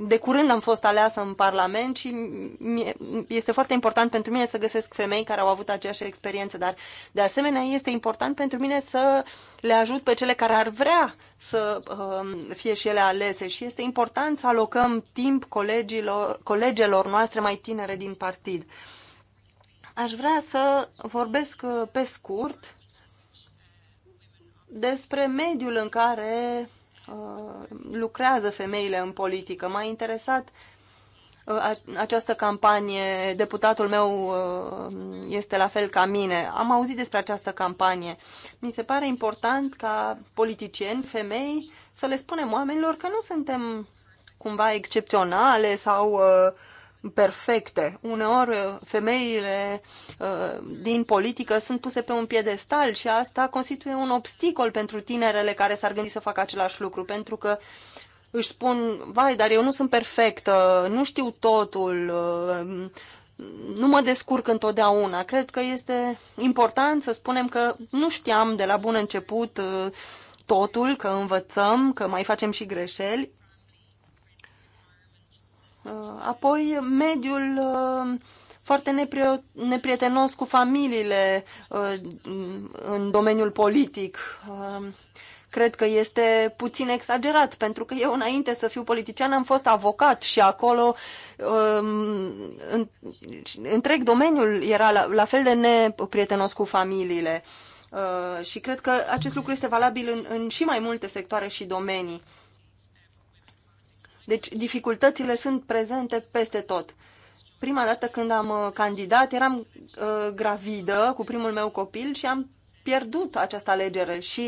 Speaker 2: de curând am fost aleasă în Parlament și este foarte important pentru mine să găsesc femei care au avut aceeași experiență, dar de asemenea este important pentru mine să le ajut pe cele care ar vrea să um, fie și ele alese și este important să alocăm timp colegilor, colegelor noastre mai tinere din partid. Aș vrea să vorbesc uh, pe scurt despre mediul în care Uh, lucrează femeile în politică. M-a interesat uh, această campanie, deputatul meu uh, este la fel ca mine. Am auzit despre această campanie. Mi se pare important ca politicieni, femei, să le spunem oamenilor că nu suntem cumva excepționale sau uh, perfecte. Uneori femeile uh, din politică sunt puse pe un piedestal și asta constituie un obstacol pentru tinerele care s-ar gândi să facă același lucru, pentru că își spun, vai, dar eu nu sunt perfectă, nu știu totul, uh, nu mă descurc întotdeauna. Cred că este important să spunem că nu știam de la bun început uh, totul, că învățăm, că mai facem și greșeli Uh, apoi, mediul uh, foarte neprietenos cu familiile uh, în domeniul politic. Cred că este puțin exagerat, pentru că eu înainte să fiu politician am fost avocat și acolo um, întreg domeniul era la, fel de neprietenos cu familiile. Și cred că acest lucru este valabil în, în și mai multe sectoare și domenii deci dificultățile sunt prezente peste tot. Prima dată când am uh, candidat eram uh, gravidă cu primul meu copil și am pierdut această alegere și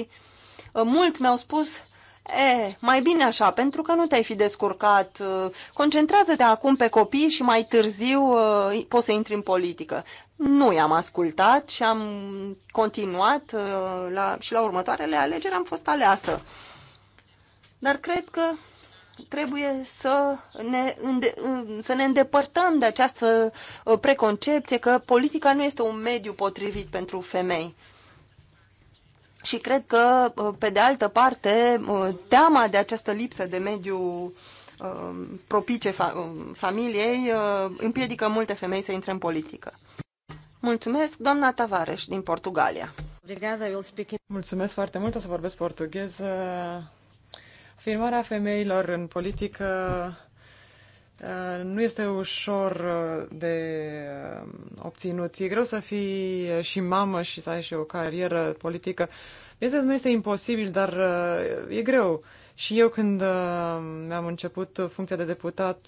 Speaker 2: uh, mulți mi-au spus E, mai bine așa, pentru că nu te-ai fi descurcat. Uh, concentrează-te acum pe copii și mai târziu uh, poți să intri în politică. Nu i-am ascultat și am continuat la, și la următoarele alegeri am fost aleasă. Dar cred că trebuie să ne, înde- să ne îndepărtăm de această uh, preconcepție că politica nu este un mediu potrivit pentru femei. Și cred că, uh, pe de altă parte, uh, teama de această lipsă de mediu propice familiei împiedică multe femei să intre în politică. Mulțumesc, doamna Tavares din Portugalia.
Speaker 3: Mulțumesc foarte mult, o să vorbesc portugheză. Filmarea femeilor în politică uh, nu este ușor uh, de uh, obținut. E greu să fii și mamă și să ai și o carieră politică. Bineînțeles, nu este imposibil, dar e greu. Și eu când mi-am început funcția de deputat,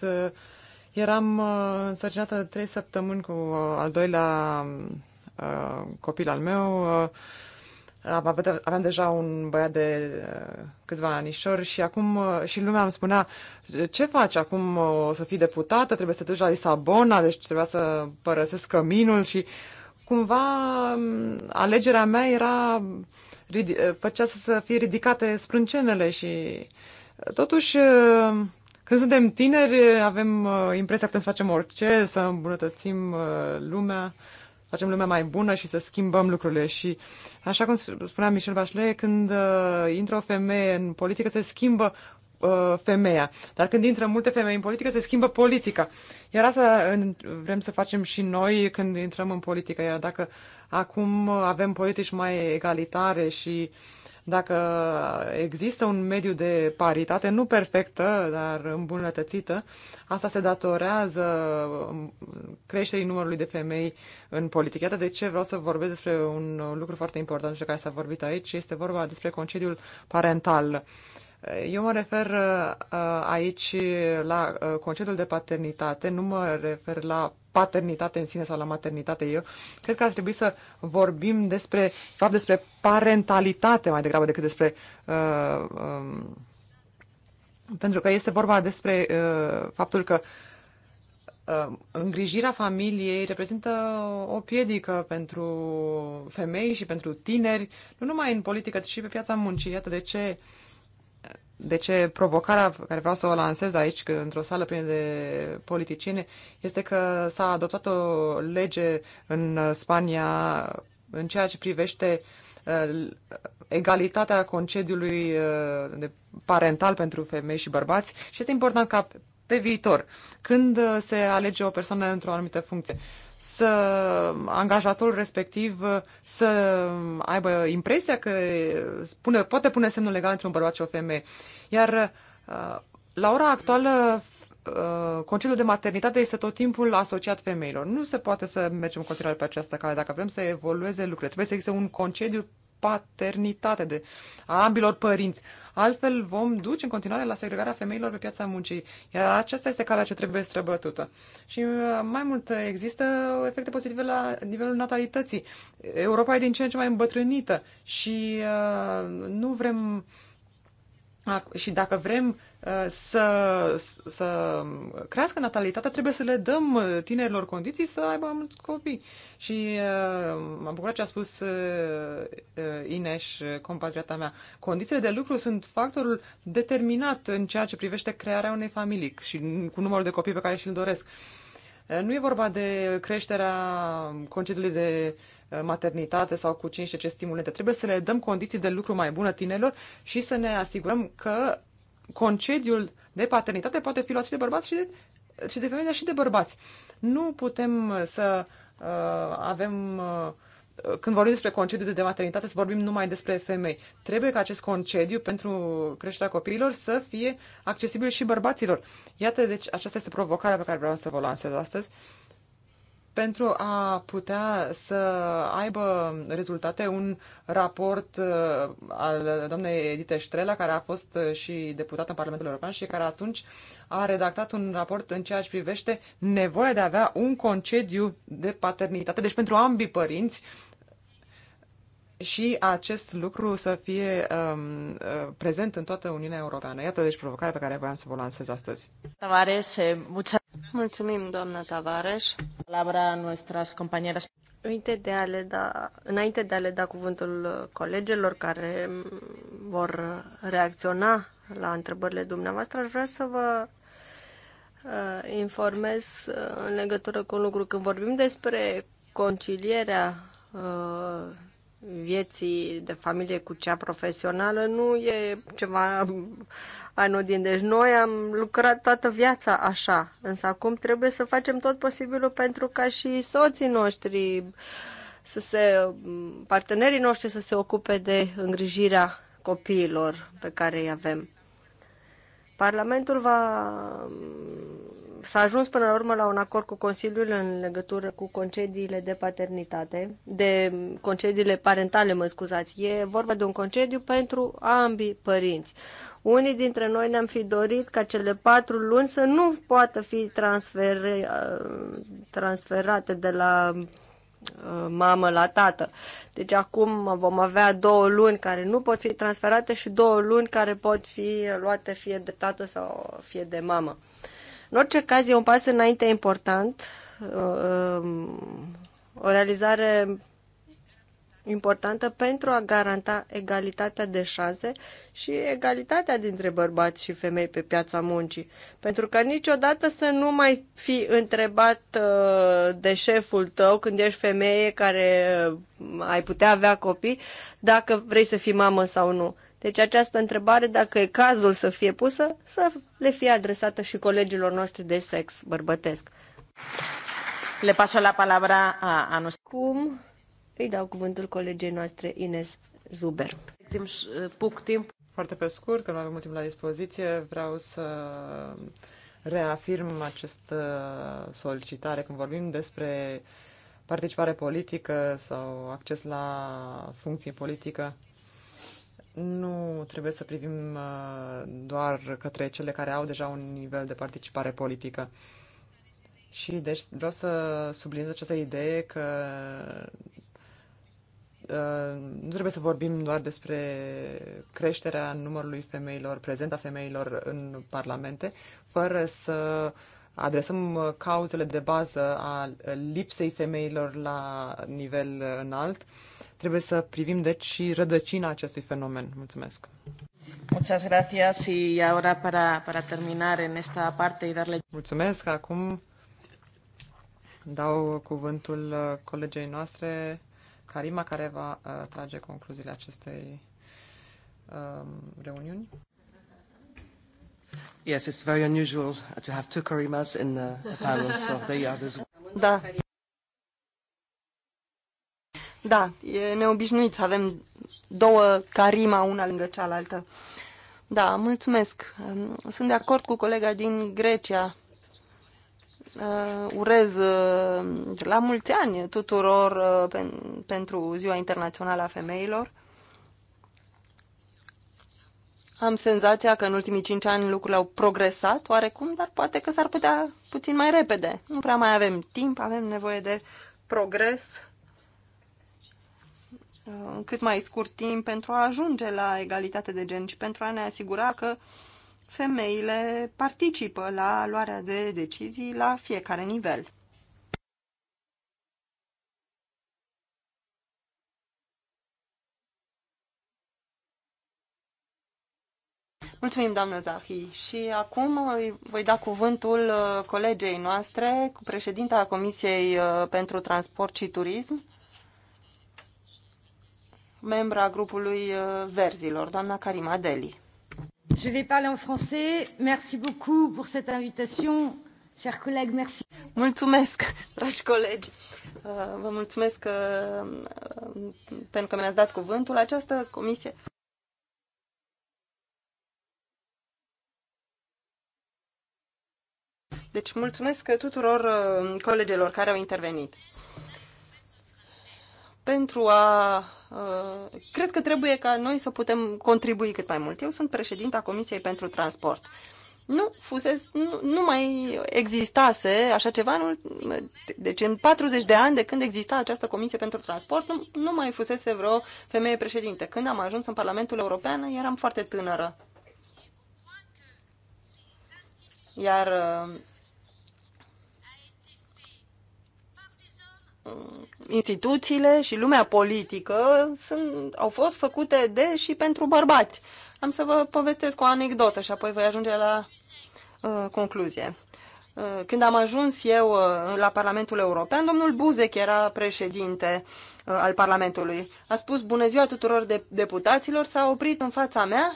Speaker 3: eram însărcinată de trei săptămâni cu al doilea copil al meu, aveam deja un băiat de uh, câțiva anișori și acum uh, și lumea îmi spunea ce faci acum o să fii deputată, trebuie să te duci la Lisabona, deci trebuia să părăsesc căminul și cumva mm, alegerea mea era uh, făcea să fie ridicate sprâncenele și totuși când suntem tineri avem impresia că putem să facem orice, să îmbunătățim lumea facem lumea mai bună și să schimbăm lucrurile. Și așa cum spunea Michel Bachelet, când uh, intră o femeie în politică, se schimbă uh, femeia. Dar când intră multe femei în politică, se schimbă politica. Iar asta în, vrem să facem și noi când intrăm în politică. Iar dacă acum avem politici mai egalitare și uh, dacă există un mediu de paritate, nu perfectă, dar îmbunătățită, asta se datorează um, creșterii numărului de femei în politică. Iată de ce vreau să vorbesc despre un lucru foarte important despre care s-a vorbit aici. Este vorba despre concediul parental. Uh, eu mă refer uh, aici la uh, concedul de paternitate, nu mă refer la paternitate în sine sau la maternitate. Eu cred că ar trebui să vorbim despre, fapt, despre parentalitate mai degrabă decât despre. Uh, um, pentru că este vorba despre uh, faptul că uh, îngrijirea familiei reprezintă o piedică pentru femei și pentru tineri, nu numai în politică, ci și pe piața muncii. Iată de ce uh, de ce provocarea care vreau să o lansez aici, că într-o sală plină de politicieni, este că s-a adoptat o lege în Spania în ceea ce privește uh, egalitatea concediului uh, de parental pentru femei și bărbați și este important ca pe viitor, când uh, se alege o persoană într-o anumită funcție, uh, să angajatorul respectiv să aibă impresia că spune, poate pune semnul legal între un bărbat și o femeie. Iar uh, la ora actuală uh, concediul de maternitate este tot timpul asociat femeilor. Nu se poate să mergem în continuare pe această cale dacă vrem să evolueze lucrurile. Trebuie să existe un concediu paternitate de a ambilor părinți. Altfel vom duce în continuare la segregarea femeilor pe piața muncii. Iar aceasta este calea ce trebuie străbătută. Și uh, mai mult există efecte pozitive la nivelul natalității. Europa e din ce în ce mai îmbătrânită și uh, nu vrem și dacă vrem să, să crească natalitatea, trebuie să le dăm tinerilor condiții să aibă mulți copii. Și uh, m-am bucurat ce a spus uh, Ineș, compatriata mea. Condițiile de lucru sunt factorul determinat în ceea ce privește crearea unei familii și cu numărul de copii pe care și-l doresc. Uh, nu e vorba de creșterea concediului de uh, maternitate sau cu 5 ce stimulente. Trebuie să le dăm condiții de lucru mai bună tinerilor și să ne asigurăm că concediul de paternitate poate fi luat și de bărbați și de, și de femei, dar și de bărbați. Nu putem uh, să uh, avem. Uh, când vorbim despre concediu de maternitate, să vorbim numai despre femei. Trebuie ca acest concediu pentru creșterea copiilor să fie accesibil și bărbaților. Iată, deci, aceasta este provocarea pe care vreau să vă lansez astăzi. Uh, pentru a putea să aibă rezultate un raport uh, al doamnei Edite Ștrela, care a fost uh, și deputată în Parlamentul European și care atunci a redactat un raport în ceea ce privește nevoia de a avea un concediu de paternitate, deci pentru ambii părinți, și acest lucru să fie um, uh, prezent în toată Uniunea Europeană. Iată deci provocarea pe care voiam să vă lansez astăzi.
Speaker 4: Tavares, eh, Mulțumim, doamna Tavares. Palabra nuestras compañeras. Uite de a le da, înainte de a le da cuvântul uh, colegilor care mm, vor reacționa la întrebările dumneavoastră, aș vrea să vă uh, informez în legătură cu un lucru. Când vorbim despre concilierea vieții de familie cu cea profesională nu e ceva anodin. Deci noi am lucrat toată viața așa, însă acum trebuie să facem tot posibilul pentru ca și soții noștri, să se, partenerii noștri să se ocupe de îngrijirea copiilor pe care îi avem. Parlamentul va s-a ajuns până la urmă la un acord cu Consiliul în legătură cu concediile de paternitate, de concediile parentale, mă scuzați. E vorba de un concediu pentru ambii părinți. Unii dintre noi ne-am fi dorit ca cele patru luni să nu poată fi transfer, uh, transferate de la uh, mamă la tată. Deci acum vom avea două luni care nu pot fi transferate și două luni care pot fi luate fie de tată sau fie de mamă. Uh, în orice caz, e un pas înainte important, uh, um, o realizare importantă pentru a garanta egalitatea de șanse și egalitatea dintre bărbați și femei pe piața muncii. Pentru că niciodată să nu mai fi întrebat uh, de șeful tău când ești femeie care uh, ai putea avea copii dacă vrei să fii mamă sau nu. Deci această întrebare, dacă e cazul să fie pusă, să le fie adresată și colegilor noștri de sex bărbătesc. Le paso la palabra a, a noastră. Cum îi dau cuvântul colegei noastre Ines Zuber. Timp, puc timp. Foarte pe scurt, că
Speaker 3: nu avem mult timp la dispoziție, vreau să reafirm această solicitare când vorbim despre participare politică sau acces la funcție politică nu trebuie să privim uh, doar către cele care au deja un nivel de participare politică. Și deci vreau să subliniez această idee că uh, nu trebuie să vorbim doar despre creșterea numărului femeilor, prezenta femeilor în parlamente, fără să adresăm cauzele de bază a lipsei femeilor la nivel înalt, Trebuie să privim, deci, și rădăcina acestui fenomen. Mulțumesc!
Speaker 1: Muchas gracias y ahora para, para terminar en esta parte y darle... Mulțumesc! Acum
Speaker 3: dau cuvântul uh, colegei noastre, Karima, care va uh, trage concluziile acestei um, reuniuni. Yes, it's very unusual to have two Karimas in the a panel, so they are this Da, da,
Speaker 2: e neobișnuit să avem două carima una lângă cealaltă. Da, mulțumesc. Sunt de acord cu colega din Grecia. Uh, urez uh, la mulți ani tuturor uh, pentru Ziua Internațională a Femeilor. Am senzația că în ultimii cinci ani lucrurile au progresat oarecum, dar poate că s-ar putea puțin mai repede. Nu prea mai avem timp, avem nevoie de progres în uh, cât mai scurt timp pentru a ajunge la egalitate de gen și pentru a ne asigura că femeile participă la luarea de decizii la fiecare nivel. Mulțumim, doamnă Zahi. Și acum voi da cuvântul uh, colegei noastre, președinta Comisiei uh, pentru Transport și Turism, membra grupului uh, Verzilor, doamna Karima Deli.
Speaker 4: Je vais parler en français. Merci beaucoup pour cette invitation. Chers collègues, merci.
Speaker 2: Mulțumesc, dragi colegi. Uh, vă mulțumesc că, uh, pentru că mi-ați dat cuvântul. Această comisie Deci mulțumesc tuturor colegilor care au intervenit. Pentru a Uh, cred că trebuie ca noi să putem contribui cât mai mult. Eu sunt președinta Comisiei pentru Transport. Nu, fusez, nu, nu mai existase așa ceva, nu, deci în 40 de ani de când exista această comisie pentru transport, nu, nu mai fusese vreo femeie președinte. Când am ajuns în Parlamentul European, eram foarte tânără. Iar uh, Uh, instituțiile și lumea politică sunt, au fost făcute de și pentru bărbați. Am să vă povestesc o anecdotă și apoi voi ajunge la uh, concluzie. Uh, când am ajuns eu uh, la Parlamentul European, domnul Buzek era președinte al Parlamentului. A spus bună ziua tuturor de- deputaților, s-a oprit în fața mea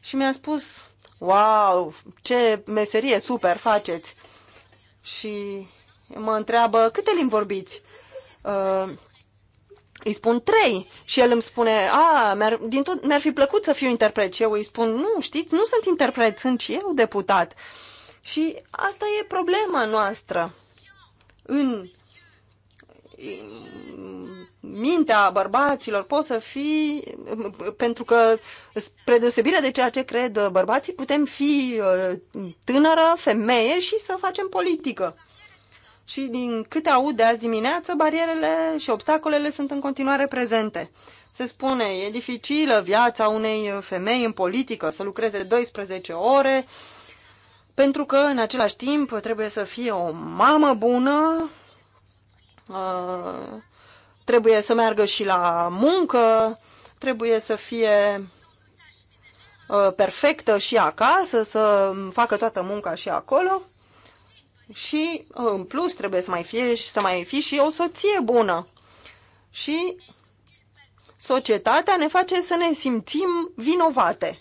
Speaker 2: și mi-a spus, wow, ce meserie super faceți! Și mă întreabă, câte limbi vorbiți? uh, îi spun trei și el îmi spune, a, mi-ar, din tot, mi-ar fi plăcut să fiu interpret și eu îi spun, nu, știți, nu sunt interpret, sunt și eu deputat. Și asta e problema noastră. În mintea bărbaților poți să fi, pentru că, spre deosebire de ceea ce cred bărbații, putem fi uh, tânără, femeie și să facem politică și din câte aud de azi dimineață, barierele și obstacolele sunt în continuare prezente. Se spune, e dificilă viața unei femei în politică să lucreze 12 ore, pentru că în același timp trebuie să fie o mamă bună, uh, trebuie să meargă și la muncă, trebuie să fie uh, perfectă și acasă, să facă toată munca și acolo și în plus trebuie să mai fie să mai fi și o soție bună. Și societatea ne face să ne simțim vinovate.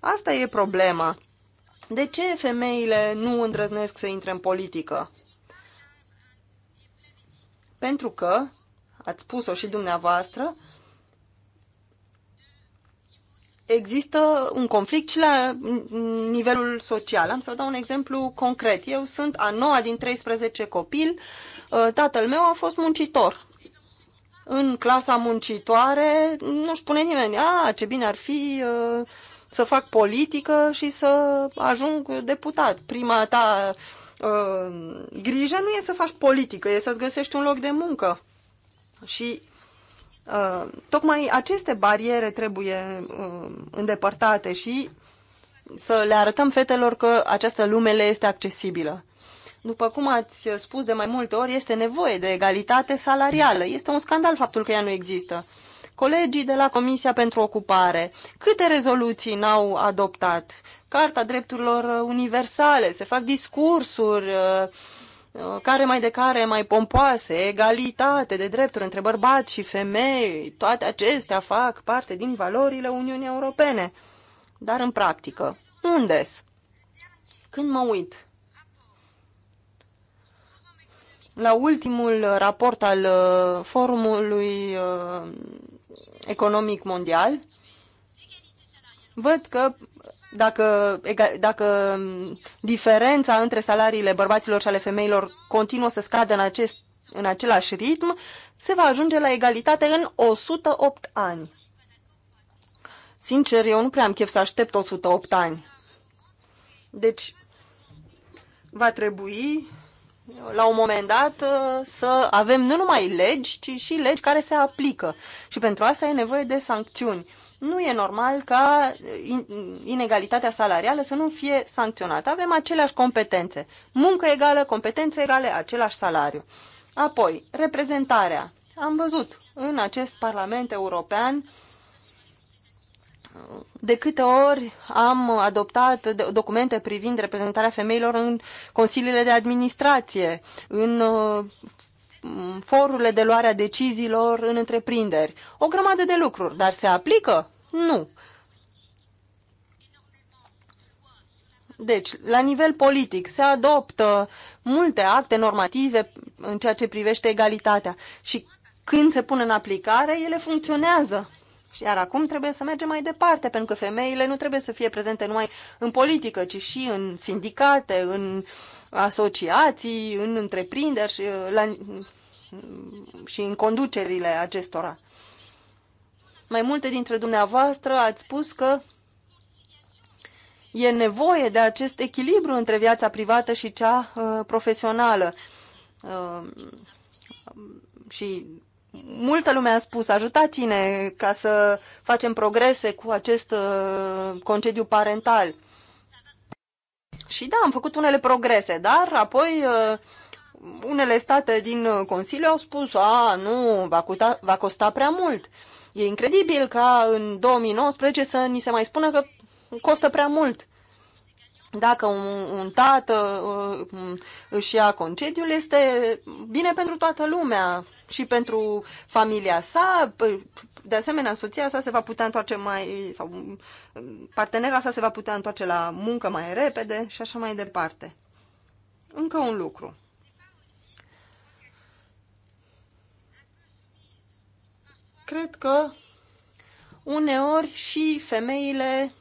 Speaker 2: Asta e problema. De ce femeile nu îndrăznesc să intre în politică? Pentru că, ați spus-o și dumneavoastră, există un conflict și la nivelul social. Am să dau un exemplu concret. Eu sunt a noua din 13 copil, uh, tatăl meu a fost muncitor. În clasa muncitoare nu spune nimeni, a, ce bine ar fi uh, să fac politică și să ajung deputat. Prima ta uh, grijă nu e să faci politică, e să-ți găsești un loc de muncă. Și Uh, tocmai aceste bariere trebuie uh, îndepărtate și să le arătăm fetelor că această lume le este accesibilă. După cum ați spus de mai multe ori, este nevoie de egalitate salarială. Este un scandal faptul că ea nu există. Colegii de la Comisia pentru Ocupare, câte rezoluții n-au adoptat? Carta drepturilor universale, se fac discursuri, uh, Uh, care mai de care mai pompoase, egalitate de drepturi între bărbați și femei, toate acestea fac parte din valorile Uniunii Europene. Dar în practică, unde -s? Când mă uit la ultimul raport al uh, Forumului uh, Economic Mondial, văd că dacă, dacă diferența între salariile bărbaților și ale femeilor continuă să scadă în, acest, în același ritm, se va ajunge la egalitate în 108 ani. Sincer, eu nu prea am chef să aștept 108 ani. Deci, va trebui la un moment dat să avem nu numai legi, ci și legi care se aplică. Și pentru asta e nevoie de sancțiuni nu e normal ca inegalitatea salarială să nu fie sancționată. Avem aceleași competențe. Muncă egală, competențe egale, același salariu. Apoi, reprezentarea. Am văzut în acest Parlament European de câte ori am adoptat documente privind reprezentarea femeilor în consiliile de administrație, în uh, forurile de luare a deciziilor în întreprinderi. O grămadă de lucruri, dar se aplică nu. Deci, la nivel politic, se adoptă multe acte normative în ceea ce privește egalitatea și când se pun în aplicare, ele funcționează. Iar acum trebuie să mergem mai departe, pentru că femeile nu trebuie să fie prezente numai în politică, ci și în sindicate, în asociații, în întreprinderi și, la, și în conducerile acestora. Mai multe dintre dumneavoastră ați spus că e nevoie de acest echilibru între viața privată și cea uh, profesională. Uh, și multă lume a spus, ajutați-ne ca să facem progrese cu acest uh, concediu parental. Și da, am făcut unele progrese, dar apoi uh, unele state din uh, Consiliu au spus, a, nu, va, cuta, va costa prea mult. Uh, E incredibil ca în 2019 să ni se mai spună că costă prea mult. Dacă un, un tată uh, um, își ia concediul, este bine pentru toată lumea și pentru familia sa. Păi, de asemenea, soția sa se va putea întoarce mai... sau um, partenera sa se va putea întoarce la muncă mai repede și așa mai departe. Încă un lucru. cred că uneori și femeile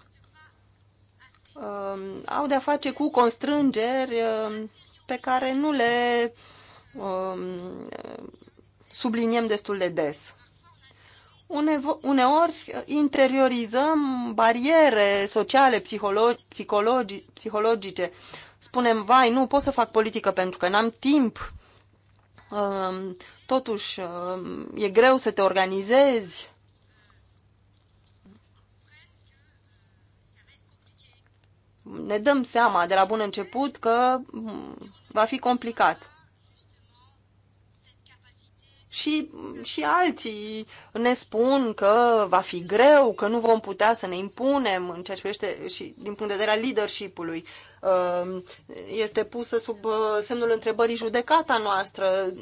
Speaker 2: uh, au de-a face cu constrângeri uh, pe care nu le uh, subliniem destul de des. Unevo uneori interiorizăm bariere sociale, psiholo psihologi psihologice. Spunem, vai, nu pot să fac politică pentru că n-am timp. Totuși, uh, e greu să te organizezi. Ne dăm seama de la bun început că mm, va fi complicat și, și alții ne spun că va fi greu, că nu vom putea să ne impunem în ceea ce privește și din punct de vedere al leadership-ului. Um, este pusă sub uh, semnul întrebării judecata noastră,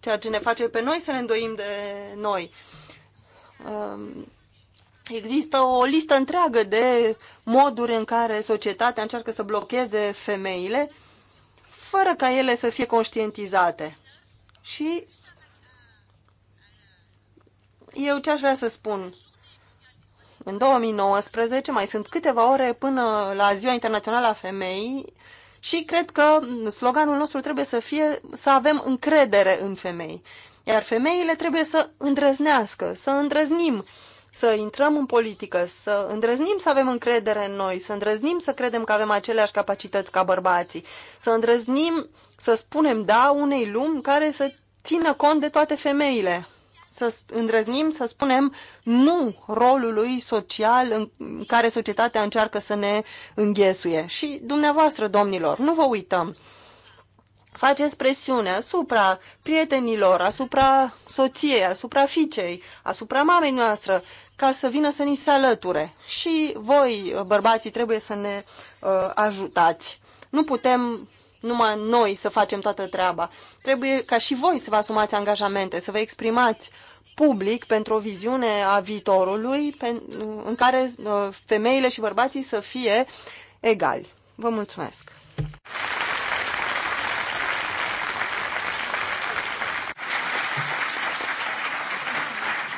Speaker 2: ceea ce ne face pe noi să ne îndoim de noi. Um, există o listă întreagă de moduri în care societatea încearcă să blocheze femeile fără ca ele să fie conștientizate. Și eu ce aș vrea să spun? În 2019 mai sunt câteva ore până la Ziua Internațională a Femeii și cred că sloganul nostru trebuie să fie să avem încredere în femei. Iar femeile trebuie să îndrăznească, să îndrăznim, să intrăm în politică, să îndrăznim să avem încredere în noi, să îndrăznim să credem că avem aceleași capacități ca bărbații, să îndrăznim să spunem da unei lumi care să țină cont de toate femeile să îndrăznim să spunem nu rolului social în care societatea încearcă să ne înghesuie. Și dumneavoastră, domnilor, nu vă uităm. Faceți presiune asupra prietenilor, asupra soției, asupra fiicei, asupra mamei noastre, ca să vină să ni se alăture. Și voi, bărbații, trebuie să ne uh, ajutați. Nu putem numai noi să facem toată treaba. Trebuie ca și voi să vă asumați angajamente, să vă exprimați public pentru o viziune a viitorului în care uh, femeile și bărbații să fie egali. Vă mulțumesc!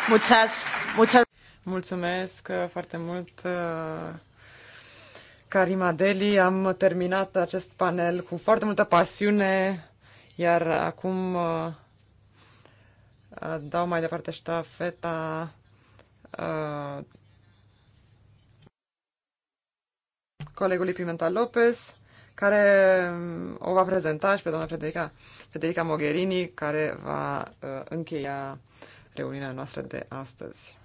Speaker 3: Muchas, muchas. Mulțumesc uh, foarte mult, uh, Karima Deli. Am terminat acest panel cu foarte multă pasiune, iar acum Uh, dau mai departe ștafeta uh, colegului Pimenta Lopez, care um, o va prezenta și pe doamna Federica, Federica Mogherini, care va uh, încheia reuniunea noastră de astăzi.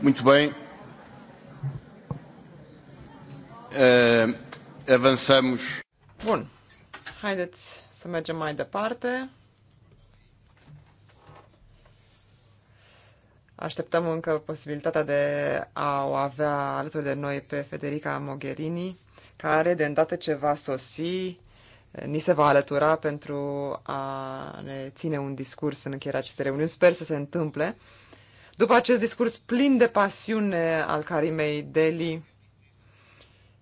Speaker 2: Muito bem. Uh,
Speaker 3: eh, avansamos. Bun. Haideți să mergem mai departe. Așteptăm încă posibilitatea de a o avea alături de noi pe Federica Mogherini, care de îndată ce va sosi ni se va alătura pentru a ne ține un discurs în încheierea acestei reuniuni. Sper să se întâmple. După acest discurs plin de pasiune al Carimei Deli,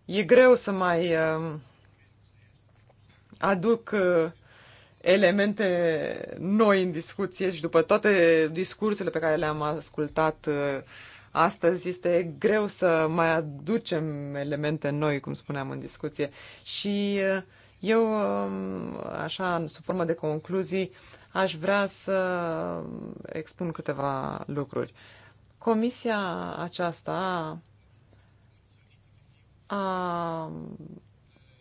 Speaker 3: e greu să mai um, aduc uh, elemente noi în discuție și după toate discursurile pe care le-am ascultat uh, astăzi, este greu să mai aducem elemente noi, cum spuneam, în discuție. Și uh, eu, um, așa, sub formă de concluzii, aș vrea să expun câteva lucruri. Comisia aceasta a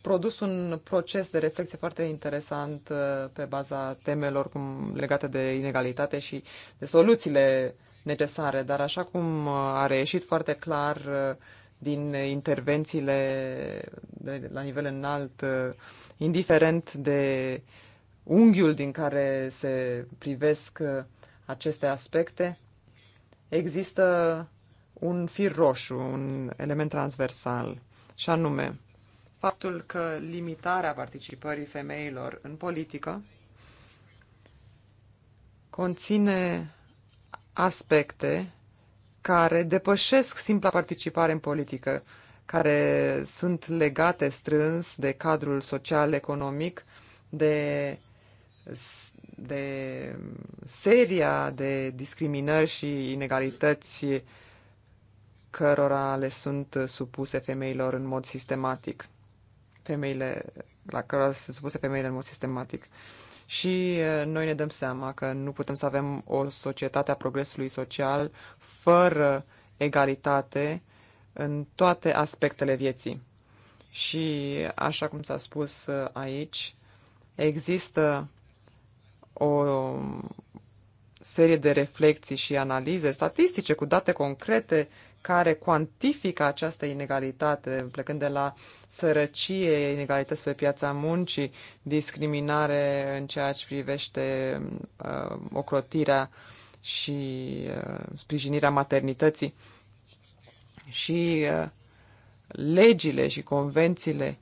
Speaker 3: produs un proces de reflexie foarte interesant uh, pe baza temelor cum, legate de inegalitate și de soluțiile necesare, dar așa cum uh, a reieșit foarte clar uh, din intervențiile de, la nivel înalt, uh, indiferent de unghiul din care se privesc uh, aceste aspecte, există un fir roșu, un element transversal, și anume faptul că limitarea participării femeilor în politică conține aspecte care depășesc simpla participare în politică, care sunt legate strâns de cadrul social-economic, de, de seria de discriminări și inegalități cărora le sunt supuse femeilor în mod sistematic. Femeile la cărora sunt supuse femeile în mod sistematic. Și eh, noi ne dăm seama că nu putem să avem o societate a progresului social fără egalitate în toate aspectele vieții. Și, așa cum s-a spus uh, aici, există o serie de reflexii și analize statistice cu date concrete care cuantifică această inegalitate, plecând de la sărăcie, inegalități pe piața muncii, discriminare în ceea ce privește uh, ocrotirea uh, și uh, sprijinirea maternității și uh, legile și convențiile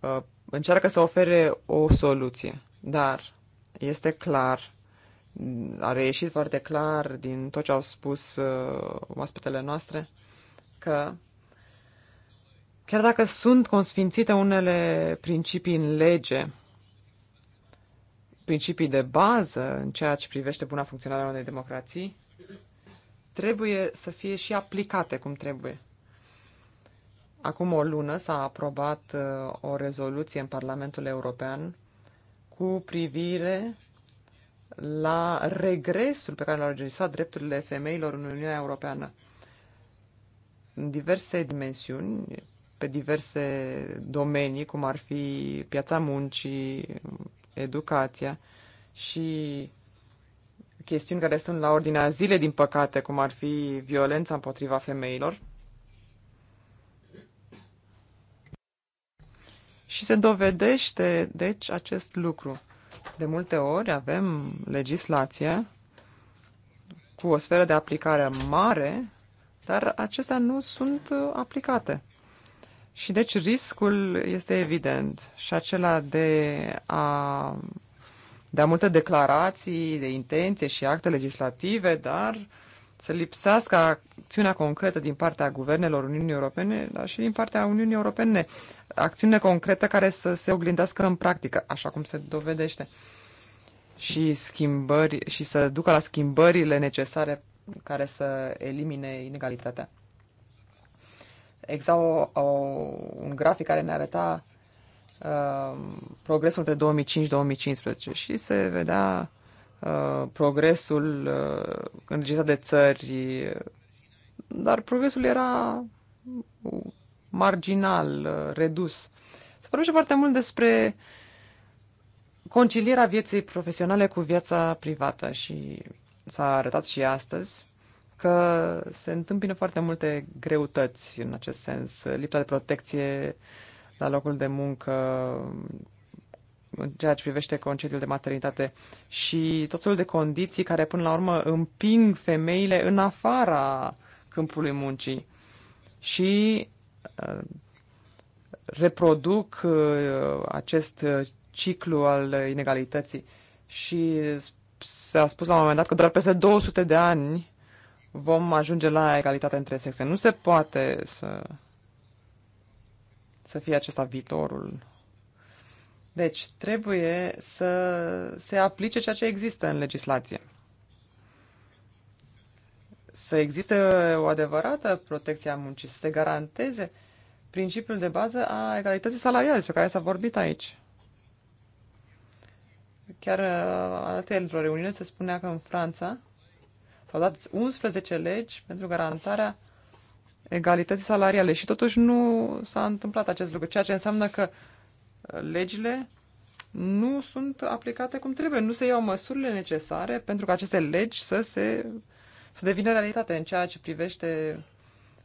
Speaker 3: uh, încearcă să ofere o soluție, dar este clar, a reieșit foarte clar din tot ce au spus oaspetele noastre, că chiar dacă sunt consfințite unele principii în lege, principii de bază în ceea ce privește buna funcționare a unei democrații trebuie să fie și aplicate cum trebuie. Acum o lună s-a aprobat uh, o rezoluție în Parlamentul European cu privire la regresul pe care l-au registrat drepturile femeilor în Uniunea Europeană. În diverse dimensiuni, pe diverse domenii, cum ar fi piața muncii, educația și chestiuni care sunt la ordinea zilei, din păcate, cum ar fi violența împotriva femeilor. Și se dovedește, deci, acest lucru. De multe ori avem legislația cu o sferă de aplicare mare, dar acestea nu sunt aplicate. Și deci riscul este evident și acela de a da a multe declarații de intenție și acte legislative, dar să lipsească acțiunea concretă din partea guvernelor Uniunii Europene, dar și din partea Uniunii Europene, acțiune concretă care să se oglindească în practică, așa cum se dovedește, și, schimbări, și să ducă la schimbările necesare care să elimine inegalitatea exact o, o, un grafic care ne arăta uh, progresul între 2005-2015 și se vedea uh, progresul uh, înregistrat de țări, uh, dar progresul era marginal, uh, redus. Se vorbește foarte mult despre concilierea vieții profesionale cu viața privată și s-a arătat și astăzi că se întâmpină foarte multe greutăți în acest sens. Lipsa de protecție la locul de muncă, în ceea ce privește concediul de maternitate și tot felul de condiții care până la urmă împing femeile în afara câmpului muncii și uh, reproduc uh, acest ciclu al inegalității. Și s-a spus la un moment dat că doar peste 200 de ani vom ajunge la egalitate între sexe. Nu se poate să, să fie acesta viitorul. Deci, trebuie să se aplice ceea ce există în legislație. Să existe o adevărată protecție a muncii, să se garanteze principiul de bază a egalității salariale despre care s-a vorbit aici. Chiar uh, alte într-o reuniune se spunea că în Franța S-au dat 11 legi pentru garantarea egalității salariale și totuși nu s-a întâmplat acest lucru, ceea ce înseamnă că uh, legile nu sunt aplicate cum trebuie, nu se iau măsurile necesare pentru ca aceste legi să se să devină realitate în ceea ce privește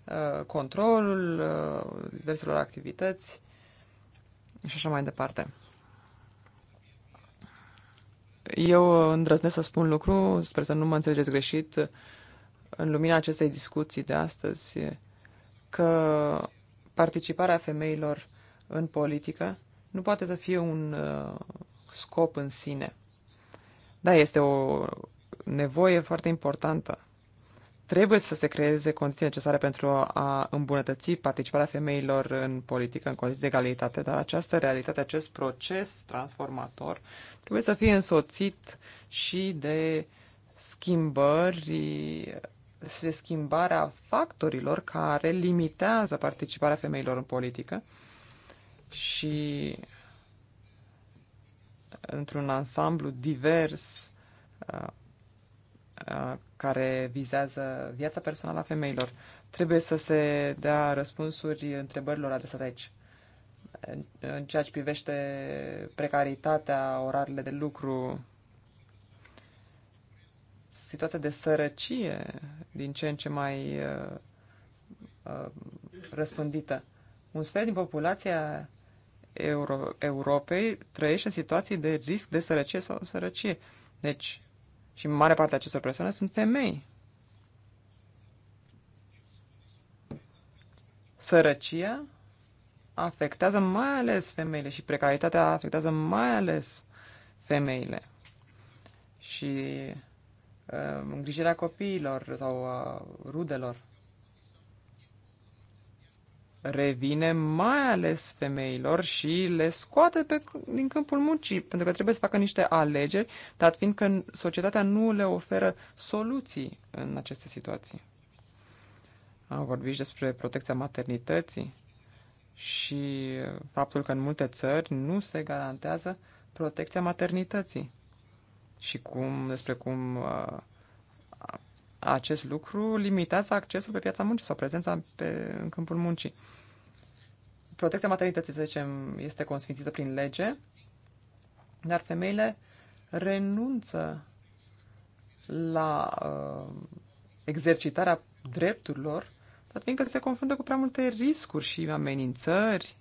Speaker 3: uh, controlul uh, diverselor activități și așa mai departe. Eu îndrăznesc să spun lucru, sper să nu mă înțelegeți greșit, în lumina acestei discuții de astăzi, că participarea femeilor în politică nu poate să fie un uh, scop în sine. Da, este o nevoie foarte importantă Trebuie să se creeze condiții necesare pentru a îmbunătăți participarea femeilor în politică, în condiții de egalitate, dar această realitate, acest proces transformator trebuie să fie însoțit și de schimbări de schimbarea factorilor care limitează participarea femeilor în politică și într-un ansamblu divers uh, uh, care vizează viața personală a femeilor. Trebuie să se dea răspunsuri întrebărilor adresate aici. În ceea ce privește precaritatea, orarele de lucru, situația de sărăcie din ce în ce mai uh, uh, răspândită. Un sfert din populația Euro- Europei trăiește în situații de risc de sărăcie sau sărăcie. Deci, și mare parte a acestor persoane sunt femei. Sărăcia afectează mai ales femeile și precaritatea afectează mai ales femeile. Și uh, îngrijirea copiilor sau uh, rudelor revine mai ales femeilor și le scoate pe, din câmpul muncii, pentru că trebuie să facă niște alegeri, dat fiindcă societatea nu le oferă soluții în aceste situații. Am vorbit și despre protecția maternității și faptul că în multe țări nu se garantează protecția maternității și cum, despre cum uh, acest lucru limitează accesul pe piața muncii sau prezența pe, în câmpul muncii. Protecția maternității, să zicem, este consfințită prin lege, dar femeile renunță la uh, exercitarea drepturilor, dar fiindcă se confruntă cu prea multe riscuri și amenințări.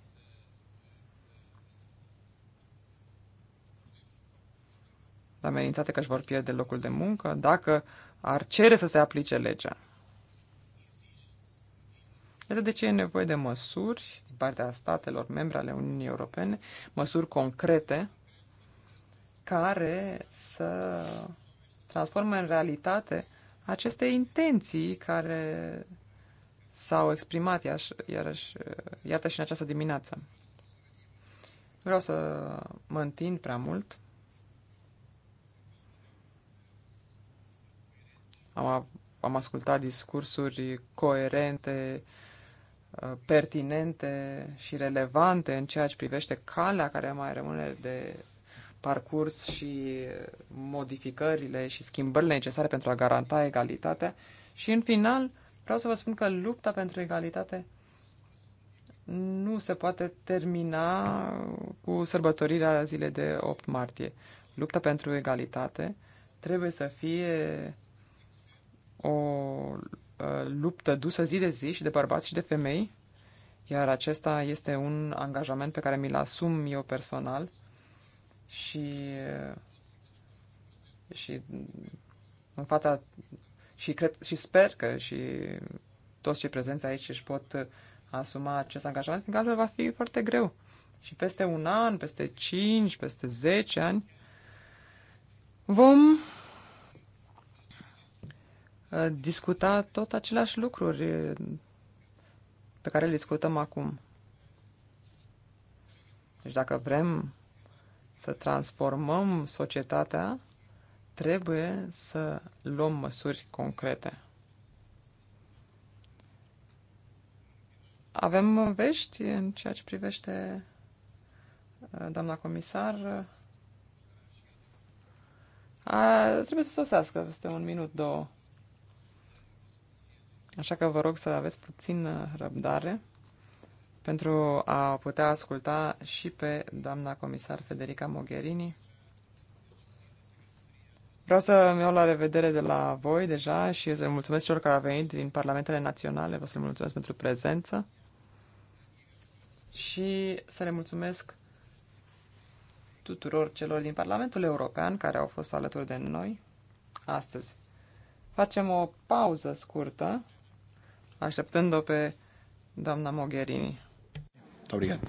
Speaker 3: Amenințate că își vor pierde locul de muncă, dacă ar cere să se aplice legea. Iată de ce e nevoie de măsuri din partea statelor membre ale Uniunii Europene, măsuri concrete care să transformă în realitate aceste intenții care s-au exprimat iași, iarăși, iată și în această dimineață. Vreau să mă întind prea mult. Am, am ascultat discursuri coerente, uh, pertinente și relevante în ceea ce privește calea care mai rămâne de parcurs și uh, modificările și schimbările necesare pentru a garanta egalitatea. Și în final, vreau să vă spun că lupta pentru egalitate nu se poate termina cu sărbătorirea zilei de 8 martie. Lupta pentru egalitate trebuie să fie o uh, luptă dusă zi de zi și de bărbați și de femei, iar acesta este un angajament pe care mi-l asum eu personal și, uh, și în fața și, cred, și sper că și toți cei prezenți aici își pot uh, asuma acest angajament, pentru că altfel va fi foarte greu. Și peste un an, peste 5, peste 10 ani, vom discuta tot aceleași lucruri pe care le discutăm acum. Deci dacă vrem să transformăm societatea, trebuie să luăm măsuri concrete. Avem vești în ceea ce privește doamna comisar. A, trebuie să sosească peste un minut, două. Așa că vă rog să aveți puțin uh, răbdare pentru a putea asculta și pe doamna comisar Federica Mogherini. Vreau să-mi iau la revedere de la voi deja și să le mulțumesc celor care au venit din Parlamentele Naționale, vă să le mulțumesc pentru prezență și să le mulțumesc tuturor celor din Parlamentul European care au fost alături de noi astăzi. Facem o pauză scurtă așteptând-o pe doamna Mogherini.
Speaker 4: Obrigado.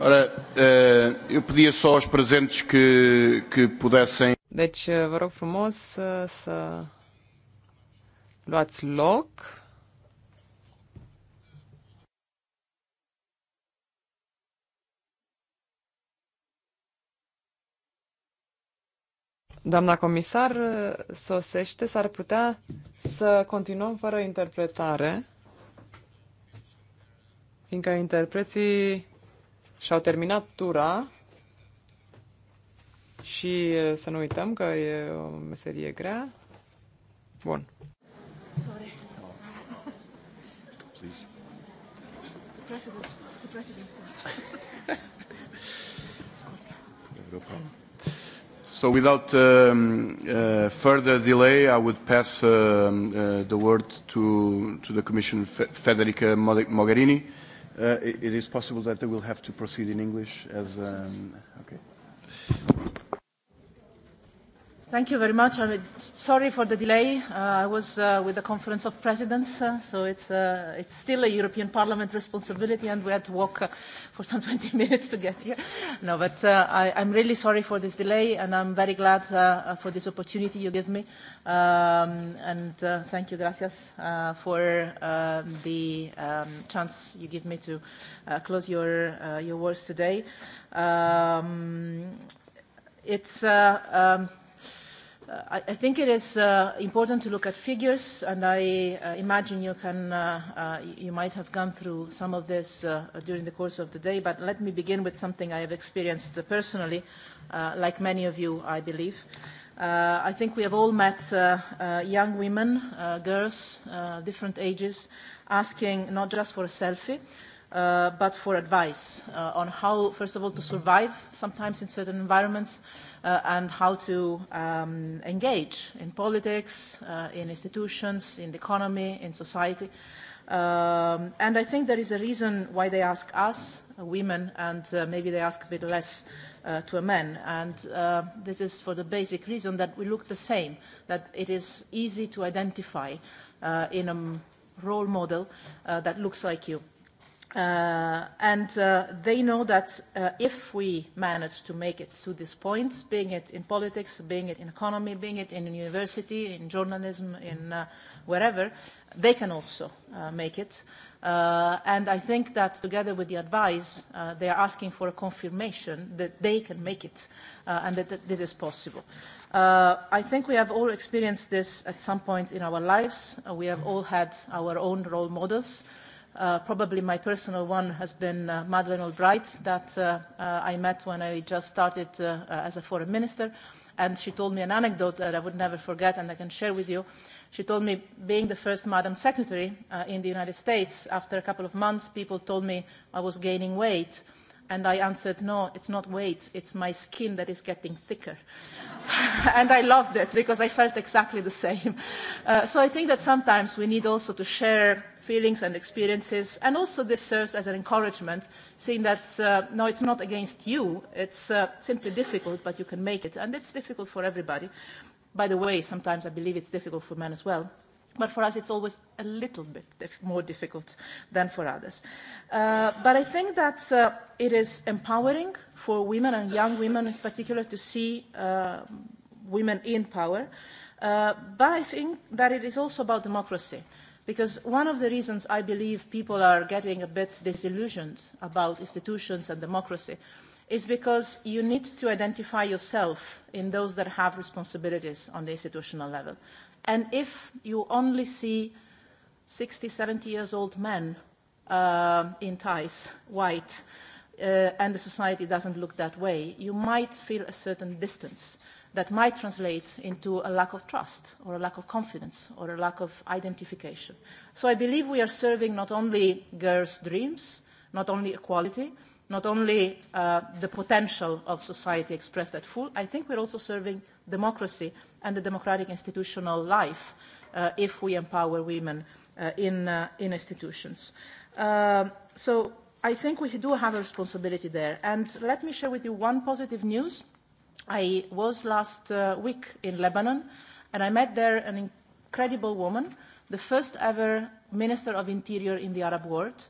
Speaker 4: Ora,
Speaker 2: eh, eu pedia só aos presentes que, que pudessem...
Speaker 3: Deci, eh, vă rog frumos să, eh, să luați loc. Doamna comisar sosește, s-ar putea să continuăm fără interpretare, fiindcă interpreții și-au terminat tura și să nu uităm că e o meserie grea. Bun.
Speaker 1: So without um, uh, further delay, I would pass uh, uh, the word to, to the Commission
Speaker 2: Federica Mogherini Uh, it, it is possible that they will have to proceed in English as... Um, okay.
Speaker 1: Thank you very much. I'm sorry for the delay. Uh, I was uh, with the Conference of Presidents, uh, so it's, uh, it's still a European Parliament responsibility, and we had to walk uh, for some 20 minutes to get here. No, but uh, I, I'm really sorry for this delay, and I'm very glad uh, uh for this opportunity you give me. Um, and uh, thank you, gracias, uh, for um, the um, chance you give me to uh, close your, uh, your words today. Um, it's... Uh, um, Uh, I, I think it is uh, important to look at figures, and I uh, imagine you, can, uh, uh, you might have gone through some of this uh, during the course of the day, but let me begin with something I have experienced personally, uh, like many of you, I believe. Uh, I think we have all met uh, uh, young women, uh, girls, uh, different ages, asking not just for a selfie, uh, but for advice uh, on how, first of all, to survive sometimes in certain environments, uh, Uh, and how to um, engage in politics, uh, in institutions, in the economy, in society. Um, and I think there is a reason why they ask us, uh, women, and uh, maybe they ask a bit less uh, to a man. And uh, this is for the basic reason that we look the same, that it is easy to identify uh, in a role model that looks like you. Uh, and uh, they know that uh, if we manage to make it to this point, being it in politics, being it in economy, being it in university, in journalism, in uh, wherever, they can also uh, make it. and I think that together with the advice, they are asking for a confirmation that they can make it and that, that, this is possible. I think we have all experienced this at some point in our lives. we have all had our own role models. Uh, Uh, probably my personal one has been uh, Madeleine Albright that uh, uh I met when I just started uh, as a foreign minister. And she told me an anecdote that I would never forget and I can share with you. She told me, being the first Madam Secretary in the United States, after a couple of months, people told me I was gaining weight. Uh, And I answered, no, it's not weight, it's my skin that is getting thicker. and I loved it because I felt exactly the same. Uh, so I think that sometimes we need also to share feelings and experiences. And also this serves as an encouragement, seeing that, uh, no, it's not against you, it's uh, simply difficult, but you can make it. And it's difficult for everybody. By the way, sometimes I believe it's difficult for men as well But for us, it's always a little bit dif more difficult than for others. Uh, but I think that uh, it is empowering for women and young women in particular to see uh, women in power. Uh, but I think that it is also about democracy. Because one of the reasons I believe people are getting a bit disillusioned about institutions and democracy is because you need to identify yourself in those that have responsibilities on the institutional level. And if you only see 60, 70 years old men uh, in ties, white, uh, and the society doesn't look that way, you might feel a certain distance that might translate into a lack of trust or a lack of confidence or a lack of identification. So I believe we are serving not only girls' dreams, not only equality, not only uh, the potential of society expressed at full, I think we're also serving democracy and the democratic institutional life uh, if we empower women uh, in, uh, in institutions. Um, so I think we do have a responsibility there. And let me share with you one positive news. I was last uh, week in Lebanon, and I met there an incredible woman, the first ever Minister of Interior in the Arab world.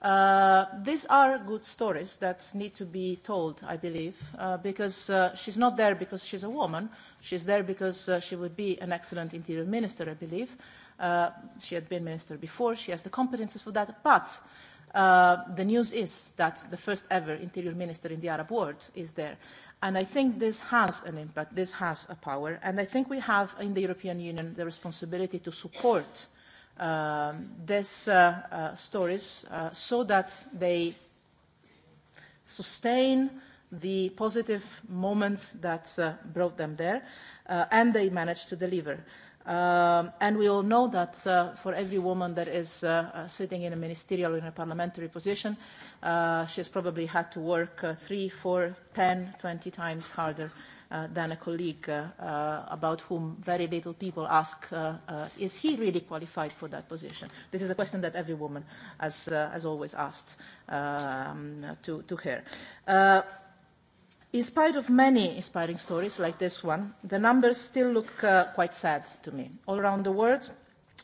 Speaker 1: Uh, these are good stories that need to be told, I believe, uh, because uh, she's not there because she's a woman, She is there because uh, she would be an excellent interior minister, I believe. Uh, she had been minister before. She has the competences for that. But uh, the news is that the first ever interior minister in the Arab world is there. And I think this has an impact. This has a power. And I think we have in the European Union the responsibility to support um, these uh, uh, stories uh, so that they sustain the positive moment that uh, brought them there, uh, and they managed to deliver. Um, and we all know that uh, for every woman that is uh, uh sitting in a ministerial or in a parliamentary position, uh, she has probably had to work uh, three, four, ten, twenty times harder uh, than a colleague uh, uh, about whom very little people ask, uh, uh, is he really qualified for that position? This is a question that every woman has, uh, has always asked um, to, to her. Uh, in spite of many inspiring stories like this one, the numbers still look uh, quite sad to me. All around the world,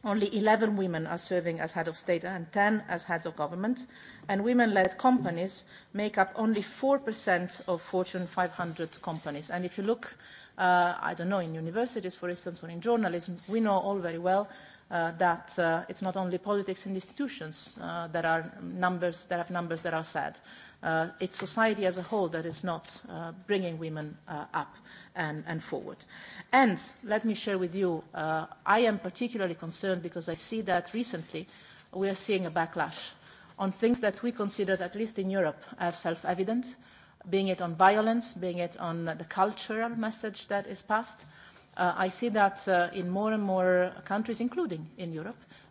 Speaker 1: only 11 women are serving as head of state and 10 as heads of government, and women-led companies make up only 4% of Fortune 500 companies. And if you look, uh, I don't know, in universities, for instance, or in journalism, we know all very well uh, that uh, it's not only politics and institutions uh, that are numbers that have numbers that are sad. Uh, it uh, it's society as a whole that is not uh, bringing women uh, up and, and forward. And let me share with you, uh, I am particularly concerned because I see that recently we are seeing a backlash on things that we considered, at least in Europe, as self-evident, being it on violence, being it on the cultural message that is passed. Uh, I see that uh, in more and more countries, including in Europe,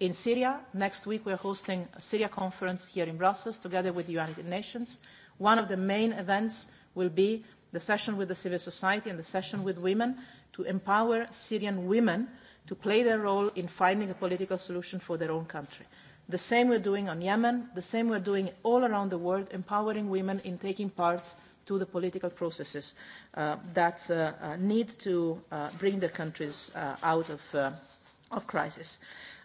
Speaker 1: In Syria, next week we are hosting a Syria conference here in Brussels together with the United Nations. One of the main events will be the session with the civil society and the session with women to empower Syrian women to play their role in finding a political solution for their own country. The same we are doing on Yemen, the same we are doing all around the world, empowering women in taking part to the political processes uh, that uh, uh, need to uh, bring their countries uh, out of, uh, of crisis.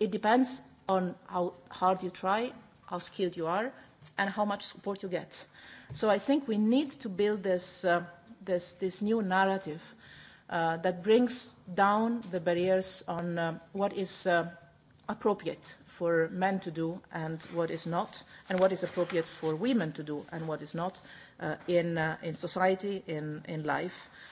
Speaker 1: it depends on how hard you try, how skilled you are, and how much support you get. So I think we need to build this, uh, this, this new narrative uh, that brings down the barriers on uh, what is uh, appropriate for men to do and what is not, and what is appropriate for women to do and what is not uh, in, uh, in society, in, in life. Uh,